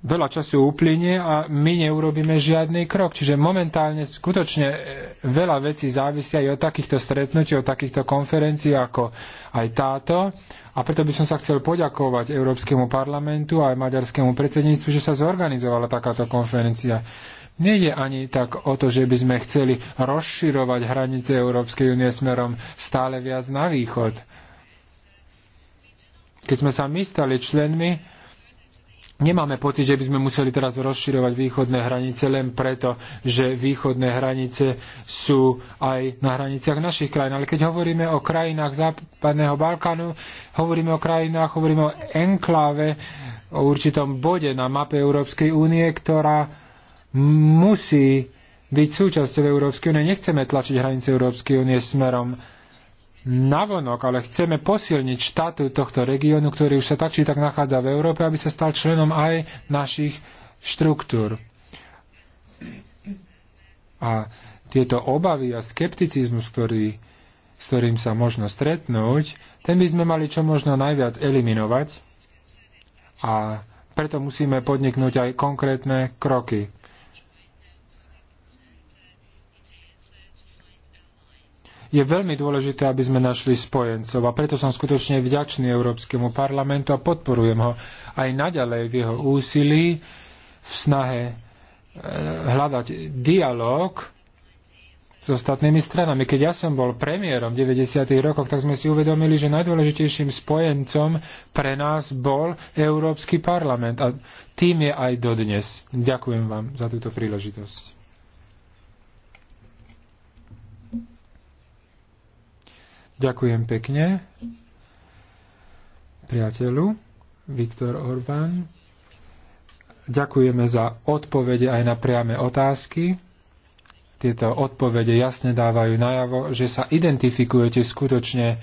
veľa času uplynie a my neurobíme žiadny krok. Čiže momentálne skutočne e, veľa vecí závisia aj od takýchto stretnutí, od takýchto konferencií ako aj táto. A preto by som sa chcel poďakovať Európskemu parlamentu a aj maďarskému predsedníctvu, že sa zorganizovala takáto konferencia. Nejde ani tak o to, že by sme chceli rozširovať hranice Európskej únie smerom stále viac na východ. Keď sme sa my stali členmi, nemáme pocit, že by sme museli teraz rozširovať východné hranice len preto, že východné hranice sú aj na hraniciach našich krajín. Ale keď hovoríme o krajinách západného Balkánu, hovoríme o krajinách, hovoríme o enkláve, o určitom bode na mape Európskej únie, ktorá musí byť súčasťou Európskej únie. Nechceme tlačiť hranice Európskej únie smerom navonok, ale chceme posilniť štátu tohto regiónu, ktorý už sa tak či tak nachádza v Európe, aby sa stal členom aj našich štruktúr. A tieto obavy a skepticizmus, ktorý, s ktorým sa možno stretnúť, ten by sme mali čo možno najviac eliminovať a preto musíme podniknúť aj konkrétne kroky. je veľmi dôležité, aby sme našli spojencov a preto som skutočne vďačný Európskemu parlamentu a podporujem ho aj naďalej v jeho úsilí v snahe e, hľadať dialog s ostatnými stranami. Keď ja som bol premiérom v 90. rokoch, tak sme si uvedomili, že najdôležitejším spojencom pre nás bol Európsky parlament. A tým je aj dodnes. Ďakujem vám za túto príležitosť. Ďakujem pekne priateľu Viktor Orbán. Ďakujeme za odpovede aj na priame otázky. Tieto odpovede jasne dávajú najavo, že sa identifikujete skutočne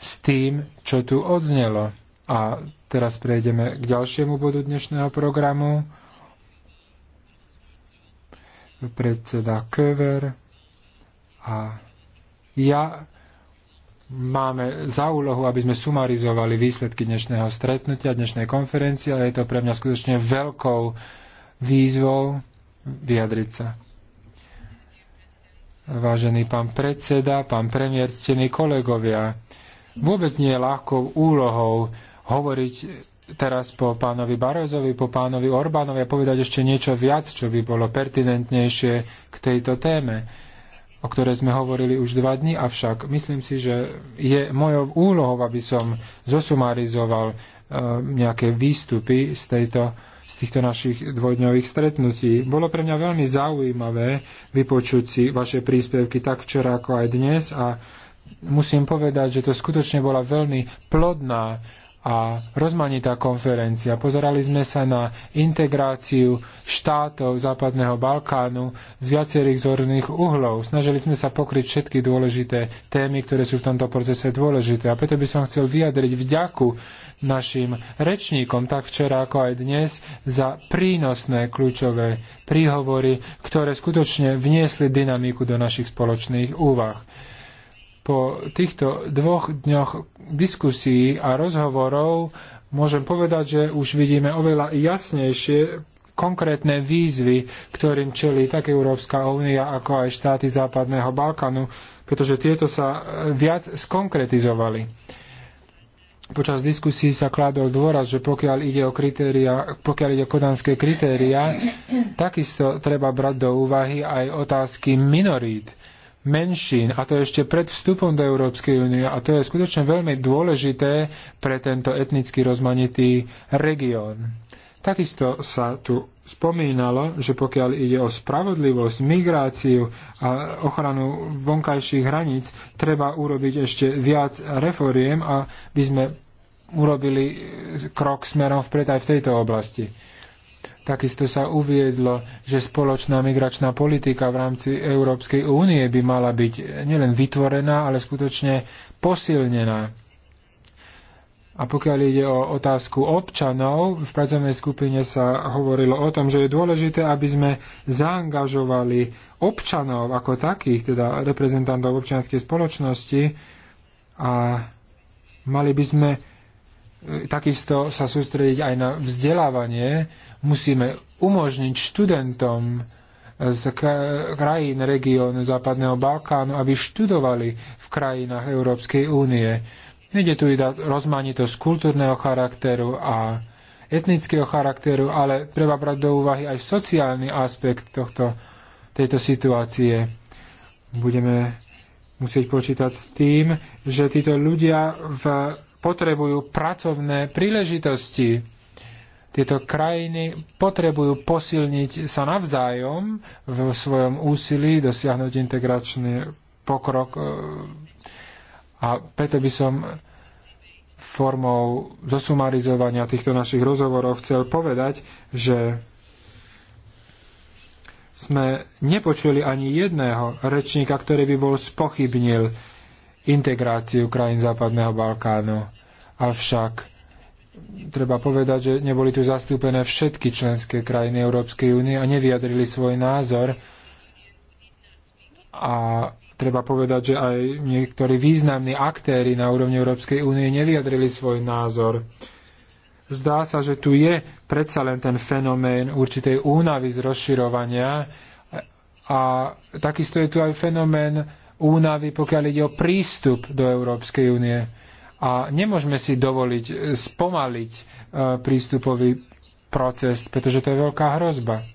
s tým, čo tu odznelo. A teraz prejdeme k ďalšiemu bodu dnešného programu. Predseda Köver a ja máme za úlohu, aby sme sumarizovali výsledky dnešného stretnutia, dnešnej konferencie ale je to pre mňa skutočne veľkou výzvou vyjadriť sa. Vážený pán predseda, pán premiér, ctení kolegovia, vôbec nie je ľahkou úlohou hovoriť teraz po pánovi Barozovi, po pánovi Orbánovi a povedať ešte niečo viac, čo by bolo pertinentnejšie k tejto téme o ktorej sme hovorili už dva dni, avšak myslím si, že je mojou úlohou, aby som zosumarizoval e, nejaké výstupy z, tejto, z týchto našich dvojdňových stretnutí. Bolo pre mňa veľmi zaujímavé vypočuť si vaše príspevky tak včera ako aj dnes a musím povedať, že to skutočne bola veľmi plodná a rozmanitá konferencia. Pozerali sme sa na integráciu štátov Západného Balkánu z viacerých zorných uhlov. Snažili sme sa pokryť všetky dôležité témy, ktoré sú v tomto procese dôležité. A preto by som chcel vyjadriť vďaku našim rečníkom, tak včera ako aj dnes, za prínosné kľúčové príhovory, ktoré skutočne vniesli dynamiku do našich spoločných úvah. Po týchto dvoch dňoch diskusí a rozhovorov môžem povedať, že už vidíme oveľa jasnejšie konkrétne výzvy, ktorým čelí tak Európska únia, ako aj štáty Západného Balkánu, pretože tieto sa viac skonkretizovali. Počas diskusí sa kládol dôraz, že pokiaľ ide o, kritéria, pokiaľ ide o kodanské kritéria, takisto treba brať do úvahy aj otázky minorít menšín, a to ešte pred vstupom do Európskej únie. A to je skutočne veľmi dôležité pre tento etnicky rozmanitý región. Takisto sa tu spomínalo, že pokiaľ ide o spravodlivosť, migráciu a ochranu vonkajších hraníc, treba urobiť ešte viac reforiem a by sme urobili krok smerom vpred aj v tejto oblasti. Takisto sa uviedlo, že spoločná migračná politika v rámci Európskej únie by mala byť nielen vytvorená, ale skutočne posilnená. A pokiaľ ide o otázku občanov, v pracovnej skupine sa hovorilo o tom, že je dôležité, aby sme zaangažovali občanov ako takých, teda reprezentantov občianskej spoločnosti a mali by sme E, takisto sa sústrediť aj na vzdelávanie. Musíme umožniť študentom z krajín regiónu Západného Balkánu, aby študovali v krajinách Európskej únie. Nede tu iba rozmanitosť kultúrneho charakteru a etnického charakteru, ale treba brať do úvahy aj sociálny aspekt tohto, tejto situácie. Budeme musieť počítať s tým, že títo ľudia v potrebujú pracovné príležitosti. Tieto krajiny potrebujú posilniť sa navzájom v svojom úsilí dosiahnuť integračný pokrok. E, a preto by som formou zosumarizovania týchto našich rozhovorov chcel povedať, že sme nepočuli ani jedného rečníka, ktorý by bol spochybnil integráciu krajín Západného Balkánu avšak treba povedať, že neboli tu zastúpené všetky členské krajiny Európskej únie a nevyjadrili svoj názor. A treba povedať, že aj niektorí významní aktéry na úrovni Európskej únie nevyjadrili svoj názor. Zdá sa, že tu je predsa len ten fenomén určitej únavy z rozširovania a takisto je tu aj fenomén únavy, pokiaľ ide o prístup do Európskej únie a nemôžeme si dovoliť e, spomaliť e, prístupový proces, pretože to je veľká hrozba.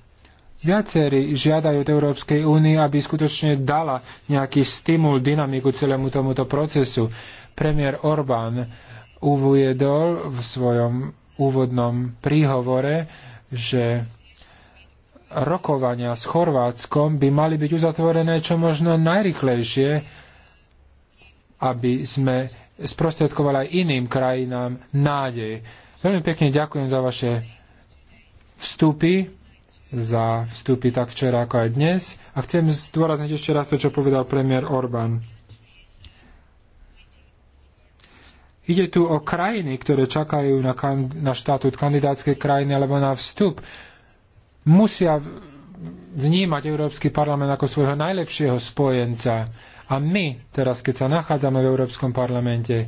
Viacerí žiadajú od Európskej únie, aby skutočne dala nejaký stimul, dynamiku celému tomuto procesu. Premiér Orbán uviedol v svojom úvodnom príhovore, že rokovania s Chorvátskom by mali byť uzatvorené čo možno najrychlejšie, aby sme sprostredkoval aj iným krajinám nádej. Veľmi pekne ďakujem za vaše vstupy, za vstupy tak včera ako aj dnes. A chcem zdôrazniť ešte raz to, čo povedal premiér Orbán. Ide tu o krajiny, ktoré čakajú na, kan- na štatút kandidátskej krajiny alebo na vstup. Musia vnímať Európsky parlament ako svojho najlepšieho spojenca a my, teraz keď sa nachádzame v Európskom parlamente,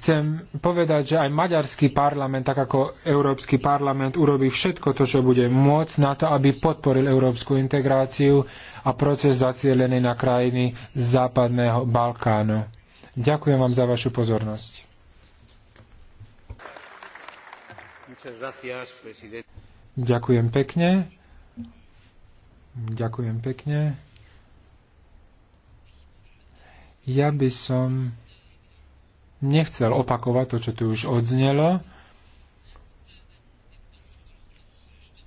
chcem povedať, že aj maďarský parlament, tak ako Európsky parlament, urobí všetko to, čo bude môcť na to, aby podporil európsku integráciu a proces zacielený na krajiny západného Balkánu. Ďakujem vám za vašu pozornosť. Ďakujem pekne. Ďakujem pekne. Ja by som nechcel opakovať to, čo tu už odznelo,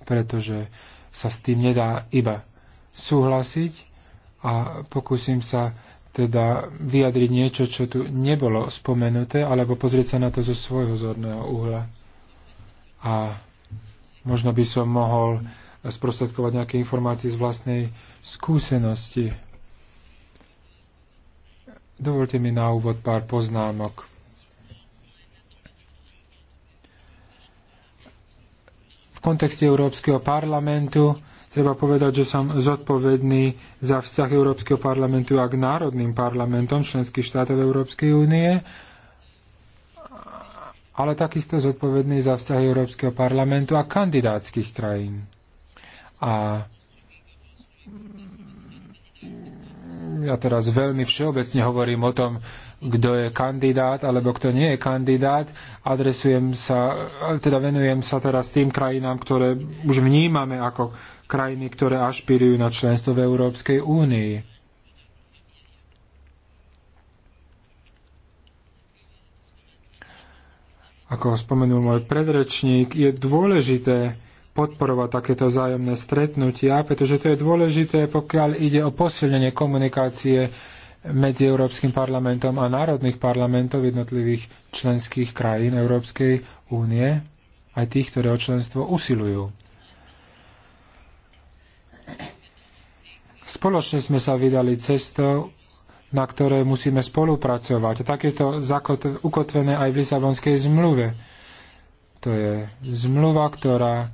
pretože sa s tým nedá iba súhlasiť a pokúsim sa teda vyjadriť niečo, čo tu nebolo spomenuté, alebo pozrieť sa na to zo svojho zorného uhla. A možno by som mohol sprostredkovať nejaké informácie z vlastnej skúsenosti. Dovolte mi na úvod pár poznámok. V kontexte Európskeho parlamentu treba povedať, že som zodpovedný za vzťah Európskeho parlamentu a k národným parlamentom členských štátov Európskej únie, ale takisto zodpovedný za vzťah Európskeho parlamentu a kandidátskych krajín. A ja teraz veľmi všeobecne hovorím o tom, kto je kandidát alebo kto nie je kandidát. Adresujem sa, teda venujem sa teraz tým krajinám, ktoré už vnímame ako krajiny, ktoré ašpirujú na členstvo v Európskej únii. Ako spomenul môj predrečník, je dôležité podporovať takéto vzájomné stretnutia, pretože to je dôležité, pokiaľ ide o posilnenie komunikácie medzi Európskym parlamentom a národných parlamentov jednotlivých členských krajín Európskej únie, aj tých, ktoré o členstvo usilujú. Spoločne sme sa vydali cestou, na ktoré musíme spolupracovať. tak je to ukotvené aj v Lisabonskej zmluve. To je zmluva, ktorá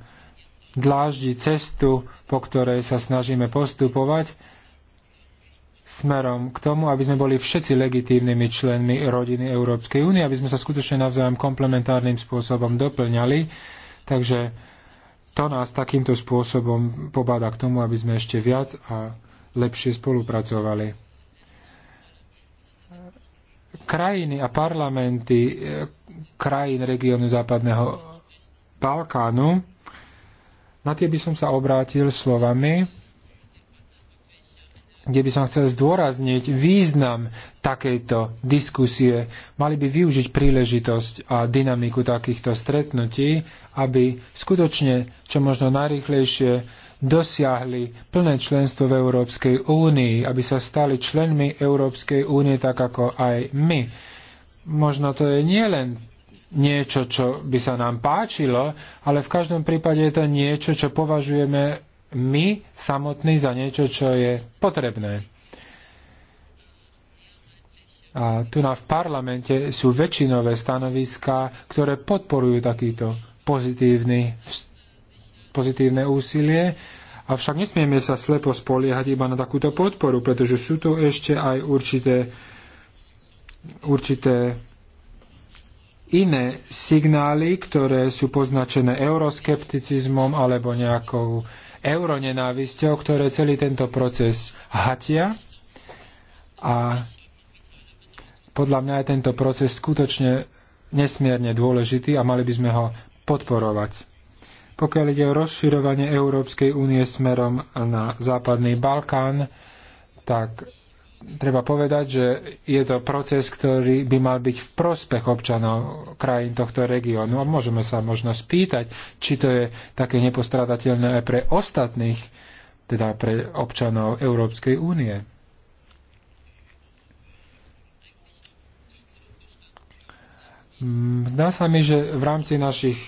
dláždi cestu, po ktorej sa snažíme postupovať smerom k tomu, aby sme boli všetci legitívnymi členmi rodiny Európskej únie, aby sme sa skutočne navzájom komplementárnym spôsobom doplňali. Takže to nás takýmto spôsobom pobáda k tomu, aby sme ešte viac a lepšie spolupracovali. Krajiny a parlamenty eh, krajín regiónu Západného Balkánu na tie by som sa obrátil slovami, kde by som chcel zdôrazniť význam takejto diskusie. Mali by využiť príležitosť a dynamiku takýchto stretnutí, aby skutočne čo možno najrýchlejšie, dosiahli plné členstvo v Európskej únii, aby sa stali členmi Európskej únie tak ako aj my. Možno to je nielen niečo, čo by sa nám páčilo, ale v každom prípade je to niečo, čo považujeme my samotní za niečo, čo je potrebné. A tu na v parlamente sú väčšinové stanoviská, ktoré podporujú takýto pozitívny, pozitívne úsilie, avšak nesmieme sa slepo spoliehať iba na takúto podporu, pretože sú tu ešte aj určité, určité iné signály, ktoré sú poznačené euroskepticizmom alebo nejakou euronenávisťou, ktoré celý tento proces hatia. A podľa mňa je tento proces skutočne nesmierne dôležitý a mali by sme ho podporovať. Pokiaľ ide o rozširovanie Európskej únie smerom na Západný Balkán, tak treba povedať, že je to proces, ktorý by mal byť v prospech občanov krajín tohto regiónu. A môžeme sa možno spýtať, či to je také nepostradateľné aj pre ostatných, teda pre občanov Európskej únie. Mm, zdá sa mi, že v rámci našich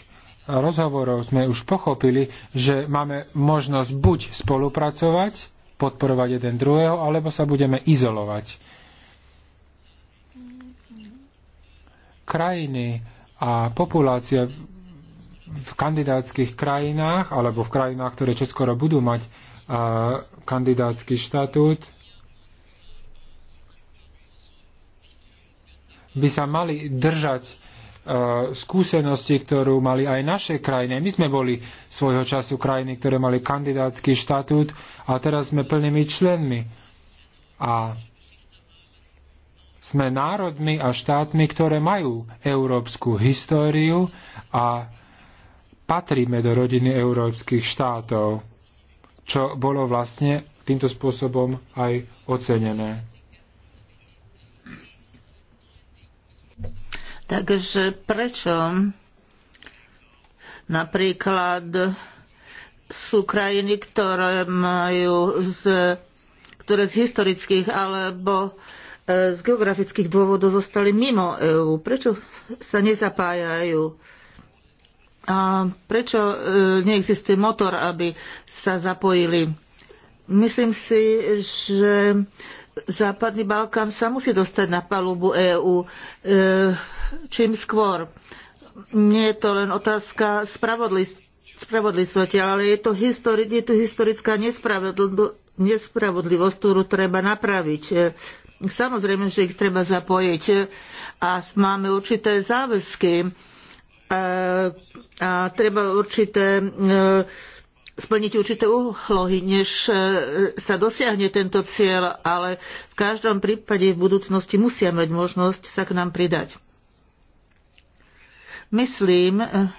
rozhovorov sme už pochopili, že máme možnosť buď spolupracovať, podporovať jeden druhého, alebo sa budeme izolovať. Krajiny a populácia v kandidátskych krajinách alebo v krajinách, ktoré čoskoro budú mať a, kandidátsky štatút, by sa mali držať E, skúsenosti, ktorú mali aj naše krajiny. My sme boli svojho času krajiny, ktoré mali kandidátsky štatút a teraz sme plnými členmi. A sme národmi a štátmi, ktoré majú európsku históriu a patríme do rodiny európskych štátov, čo bolo vlastne týmto spôsobom aj ocenené. Takže prečo napríklad sú krajiny, ktoré majú z, ktoré z historických alebo e, z geografických dôvodov zostali mimo EÚ? Prečo sa nezapájajú? A prečo e, neexistuje motor, aby sa zapojili? Myslím si, že Západný Balkán sa musí dostať na palubu EÚ e, čím skôr. Nie je to len otázka spravodlivosti, ale je to, histori- je to historická nespravodlivosť, ktorú treba napraviť. Samozrejme, že ich treba zapojiť a máme určité záväzky e, a, treba určité e, splniť určité úlohy, než e, sa dosiahne tento cieľ, ale v každom prípade v budúcnosti musia mať možnosť sa k nám pridať. Myslím, e,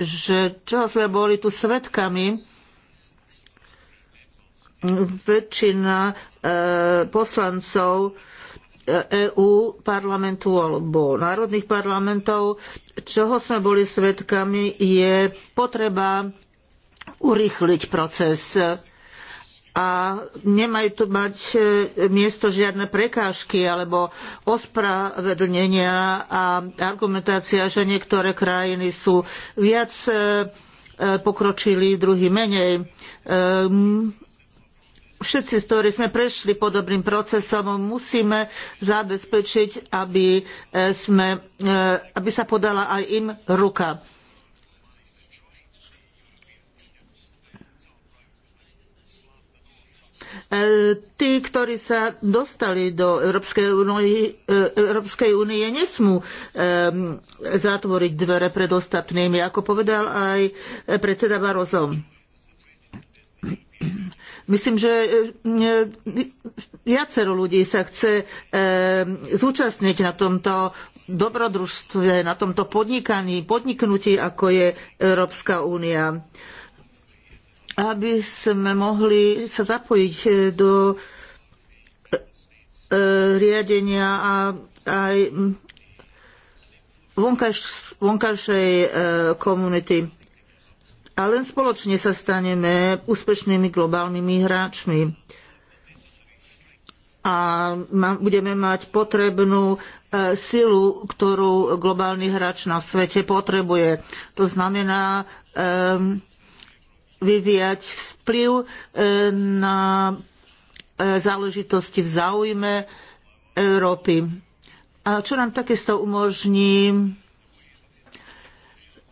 že čo sme boli tu svetkami, väčšina e, poslancov EÚ parlamentu alebo národných parlamentov, čoho sme boli svedkami, je potreba urýchliť proces a nemajú tu mať e, miesto žiadne prekážky alebo ospravedlnenia a argumentácia, že niektoré krajiny sú viac e, e, pokročili, druhý menej. Všetci, z ktorí sme prešli podobným procesom, musíme zabezpečiť, aby, sme, aby sa podala aj im ruka E, tí, ktorí sa dostali do Európskej únie, Európskej únie nesmú zatvoriť dvere pred ostatnými, ako povedal aj predseda Barroso. Myslím, že e, viacero ľudí sa chce e, zúčastniť na tomto dobrodružstve, na tomto podnikaní, podniknutí, ako je Európska únia aby sme mohli sa zapojiť eh, do eh, riadenia a aj mm, vonkajšej eh, komunity. A len spoločne sa staneme úspešnými globálnymi hráčmi. A budeme mať potrebnú silu, ktorú globálny hráč na svete potrebuje. To znamená ehm, vyvíjať vplyv e, na e, záležitosti v záujme Európy. A čo nám takisto umožní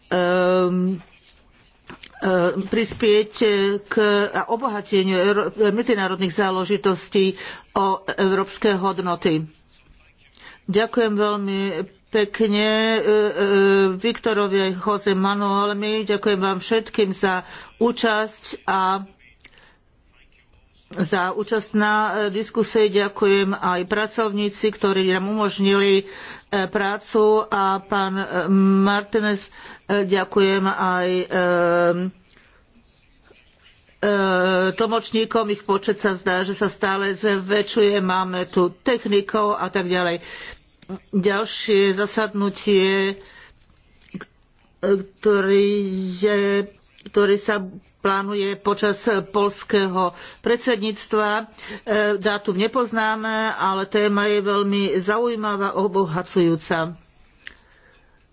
ehm, e, prispieť k obohateniu medzinárodných záležitostí o európske hodnoty. Ďakujem veľmi pekne e, e, Viktorovi a Jose Manuelmi. Ďakujem vám všetkým za účasť a za účasť na e, diskusie. Ďakujem aj pracovníci, ktorí nám umožnili prácu a pán Martinez, ďakujem aj tomočníkom. ich počet sa zdá, že sa stále zväčšuje, máme tu technikov a tak ďalej ďalšie zasadnutie, ktorý, je, ktorý sa plánuje počas polského predsedníctva. E, dátum nepoznáme, ale téma je veľmi zaujímavá, obohacujúca.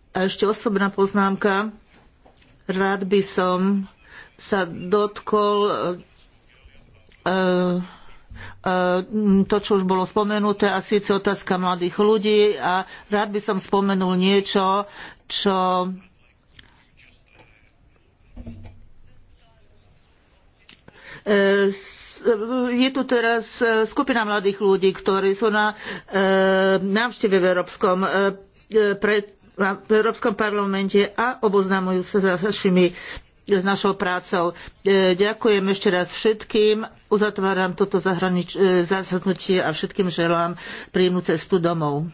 A ešte osobná poznámka. Rád by som sa dotkol uh, Ehm, to, čo už bolo spomenuté, a síce otázka mladých ľudí. A rád by som spomenul niečo, čo ehm, je tu teraz eh, skupina mladých ľudí, ktorí sú na ehm, návšteve v Európskom, eh, eh, pre, v Európskom parlamente a oboznamujú sa s našimi s našou prácou. E, ďakujem ešte raz všetkým. Uzatváram toto zahranič- e, zasadnutie a všetkým želám príjemnú cestu domov.